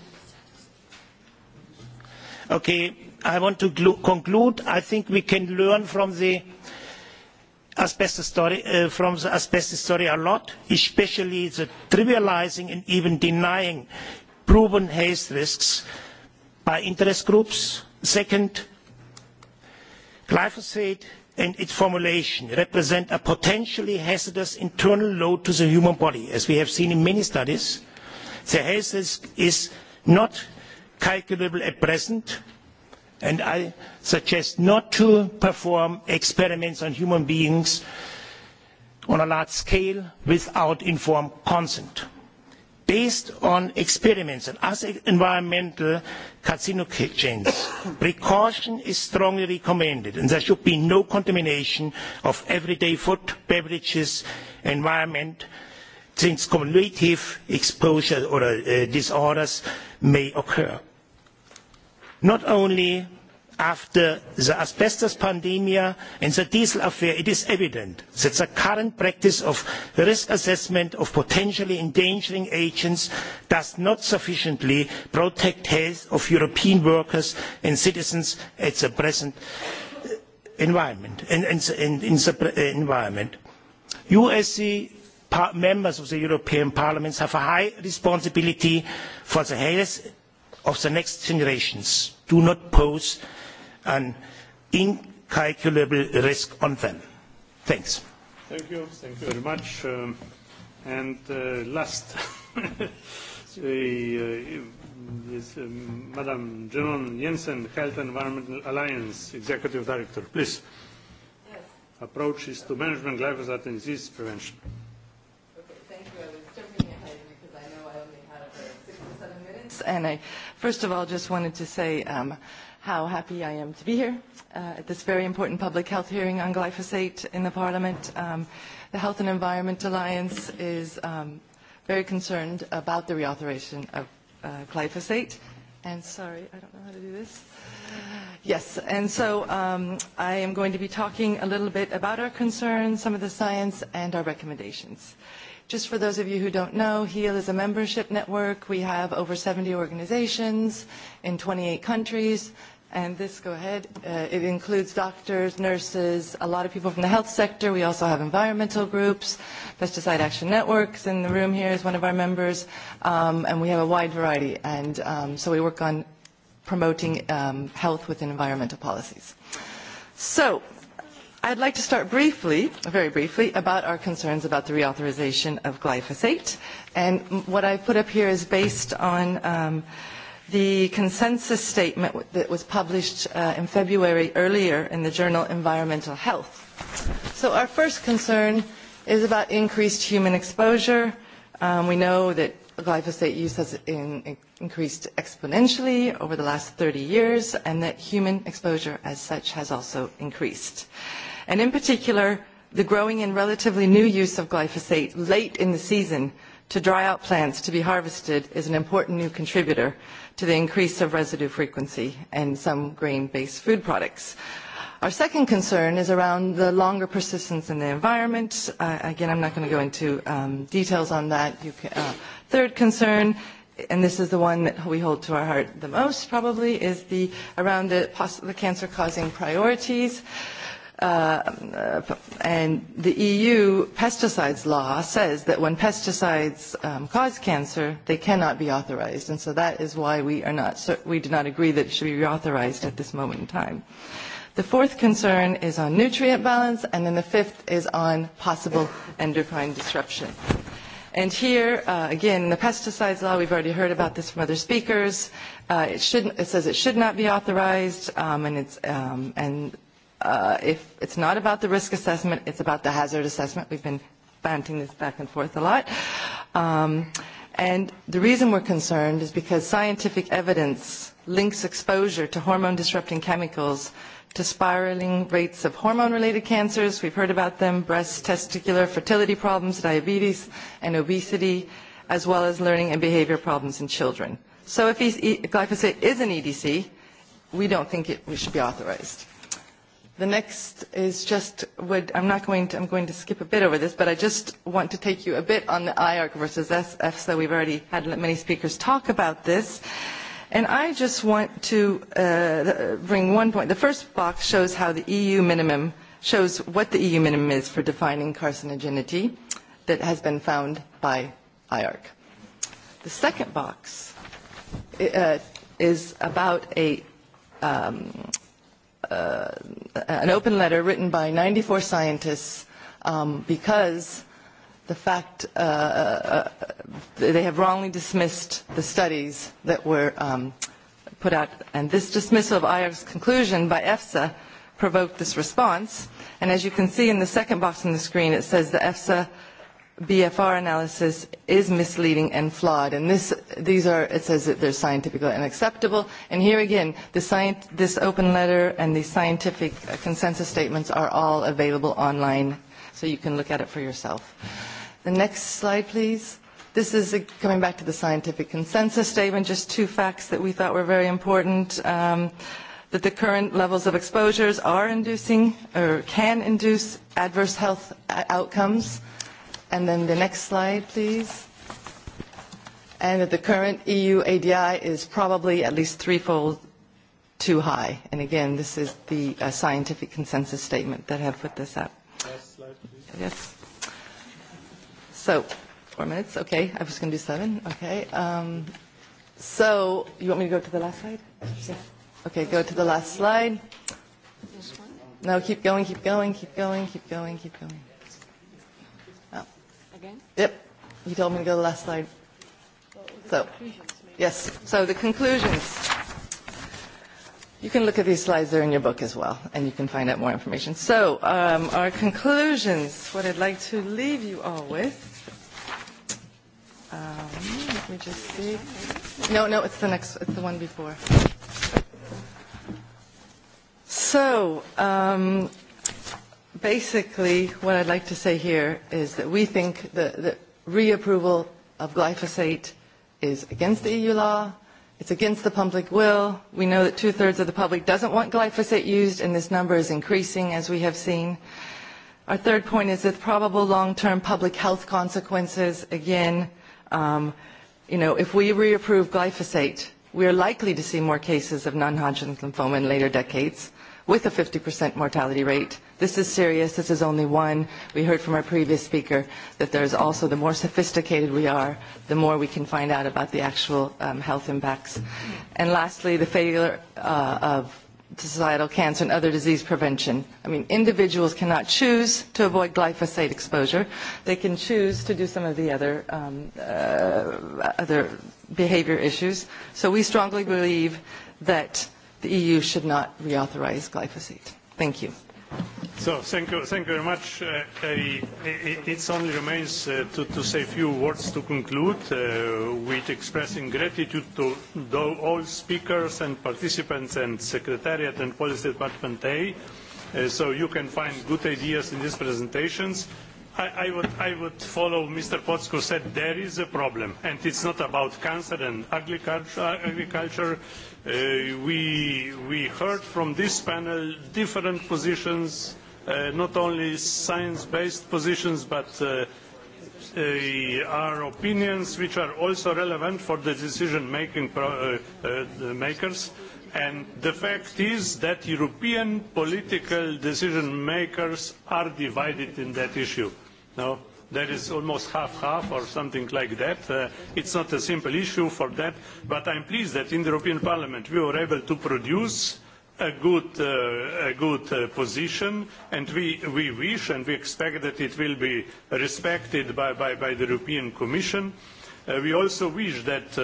Okay, I want to conclude. I think we can learn from the asbestos story, from the asbestos story a lot, especially the trivializing and even denying proven health risks by interest groups. Second, glyphosate and its formulation represent a potentially hazardous internal load to the human body, as we have seen in many studies. The health risk is not calculable at present, and i suggest not to perform experiments on human beings on a large scale without informed consent. based on experiments and other environmental carcinogens precaution is strongly recommended and there should be no contamination of everyday food beverages and environment since cumulative exposure or disorders may occur not only after the asbestos pandemia and the diesel affair it is evident that the current practice of risk assessment of potentially endangering agents does not sufficiently protect the health of european workers and citizens in the present environment. you as the members of the european parliament have a high responsibility for the health of the next generations do not pose an incalculable risk on them. Thanks. Thank you. Thank you very much. Um, and uh, last, is, Madam Jenon Jensen, Health and Environmental Alliance Executive Director. Please. Yes. Approaches to management glyphosate and disease prevention. And I, first of all, just wanted to say um, how happy I am to be here uh, at this very important public health hearing on glyphosate in the Parliament. Um, the Health and Environment Alliance is um, very concerned about the reauthorization of uh, glyphosate. And sorry, I don't know how to do this. Yes, and so um, I am going to be talking a little bit about our concerns, some of the science, and our recommendations. Just for those of you who don't know, HEAL is a membership network. We have over 70 organizations in 28 countries. And this, go ahead, uh, it includes doctors, nurses, a lot of people from the health sector. We also have environmental groups. Pesticide Action Networks in the room here is one of our members. Um, and we have a wide variety. And um, so we work on promoting um, health within environmental policies. So I'd like to start briefly, very briefly, about our concerns about the reauthorization of glyphosate. And what I've put up here is based on um, the consensus statement that was published uh, in February earlier in the journal Environmental Health. So our first concern is about increased human exposure. Um, we know that glyphosate use has in, in, increased exponentially over the last 30 years and that human exposure as such has also increased and in particular the growing and relatively new use of glyphosate late in the season to dry out plants to be harvested is an important new contributor to the increase of residue frequency in some grain-based food products. Our second concern is around the longer persistence in the environment. Uh, again, I'm not going to go into um, details on that. You can, uh, third concern, and this is the one that we hold to our heart the most probably, is the around the, poss- the cancer-causing priorities. Uh, and the EU pesticides law says that when pesticides um, cause cancer, they cannot be authorized. And so that is why we, are not, we do not agree that it should be reauthorized at this moment in time. The fourth concern is on nutrient balance, and then the fifth is on possible endocrine disruption. And here, uh, again, the pesticides law, we've already heard about this from other speakers. Uh, it, should, it says it should not be authorized, um, and, it's, um, and uh, if it's not about the risk assessment, it's about the hazard assessment. We've been banting this back and forth a lot. Um, and the reason we're concerned is because scientific evidence links exposure to hormone disrupting chemicals to spiraling rates of hormone related cancers. We've heard about them breast, testicular, fertility problems, diabetes, and obesity, as well as learning and behavior problems in children. So if glyphosate is an EDC, we don't think it, we should be authorized. The next is just would I'm not going to I'm going to skip a bit over this, but I just want to take you a bit on the IARC versus SF. So we've already had many speakers talk about this. And I just want to uh, bring one point. The first box shows how the EU minimum shows what the EU minimum is for defining carcinogenity that has been found by IARC. The second box uh, is about a um, an open letter written by 94 scientists um, because the fact uh, uh, they have wrongly dismissed the studies that were um, put out. And this dismissal of IARC's conclusion by EFSA provoked this response. And as you can see in the second box on the screen, it says the EFSA BFR analysis is misleading and flawed. And this, these are, it says that they're scientifically unacceptable. And here again, the science, this open letter and the scientific consensus statements are all available online, so you can look at it for yourself. The next slide, please. This is a, coming back to the scientific consensus statement, just two facts that we thought were very important. Um, that the current levels of exposures are inducing or can induce adverse health outcomes And then the next slide, please. And that the current EU ADI is probably at least threefold too high. And again, this is the uh, scientific consensus statement that have put this up. Last slide, please. Yes. So, four minutes. Okay, I was going to do seven. Okay. Um, so, you want me to go to the last slide? Yeah. Okay, go to the last slide. No, keep going, keep going, keep going, keep going, keep going again? Yep. You told me to go to the last slide. So, yes. So the conclusions. You can look at these slides. They're in your book as well, and you can find out more information. So um, our conclusions, what I'd like to leave you all with. Um, let me just see. No, no, it's the next, it's the one before. So, um, Basically, what I'd like to say here is that we think that the reapproval of glyphosate is against the EU law. It's against the public will. We know that two-thirds of the public doesn't want glyphosate used, and this number is increasing, as we have seen. Our third point is that probable long-term public health consequences, again, um, you know, if we reapprove glyphosate, we are likely to see more cases of non-Hodgkin's lymphoma in later decades with a 50% mortality rate. This is serious. This is only one. We heard from our previous speaker that there's also the more sophisticated we are, the more we can find out about the actual um, health impacts. And lastly, the failure uh, of societal cancer and other disease prevention. I mean, individuals cannot choose to avoid glyphosate exposure. They can choose to do some of the other, um, uh, other behavior issues. So we strongly believe that the EU should not reauthorize glyphosate. Thank you. So Thank you thank you very much. Uh, It it only remains uh, to to say a few words to conclude uh, with expressing gratitude to all speakers and participants and Secretariat and Policy Department A. Uh, So You can find good ideas in these presentations. I I, would I would follow Mr. Potsko said there is a problem, and it's not about cancer and agriculture. agriculture we heard from this panel different positions, not only science-based positions, but our opinions which are also relevant for the decision-making makers. And the fact is that European political decision makers are divided in that issue. No? There is almost half-half or something like that. It's not a simple issue for that, but I'm pleased that in the European Parliament we were able to produce a good position, and we wish and we expect that it will be respected by the European Commission. We also wish that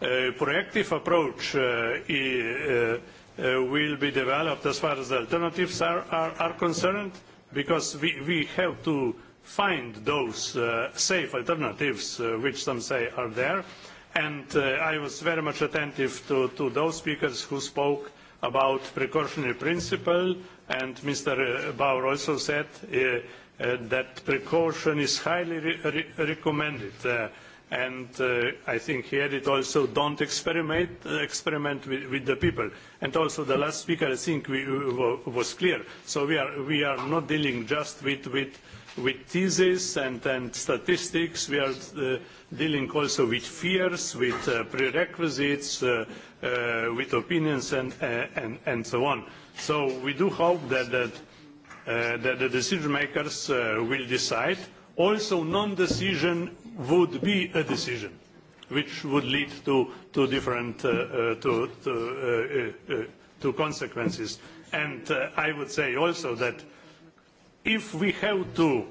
a proactive approach will be developed as far as alternatives are concerned, because we have to find those safe alternatives, which some say are there. And I was very much attentive to, those speakers who spoke about precautionary principle, and Mr. Bauer also said that precaution is highly recommended. and I think he added also, don't experiment, experiment with, with the people. And also the last speaker, I think, we, was clear. So we are, we are not dealing just with, with with thesis and, and statistics. We are uh, dealing also with fears, with uh, prerequisites, uh, uh, with opinions, and, uh, and, and so on. So we do hope that, that, uh, that the decision makers uh, will decide. Also, non-decision would be a decision, which would lead to, to different uh, uh, to, to, uh, uh, to consequences. And uh, I would say also that if we have to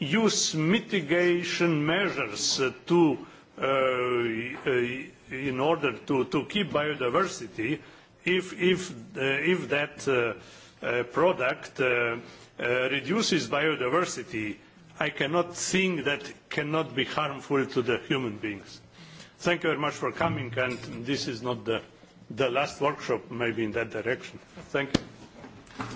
use mitigation measures to in order to, keep biodiversity if, that product reduces biodiversity, I cannot think that cannot be harmful to the human beings. Thank you very much for coming, and this is not the, the last workshop, maybe in that direction. Thank you.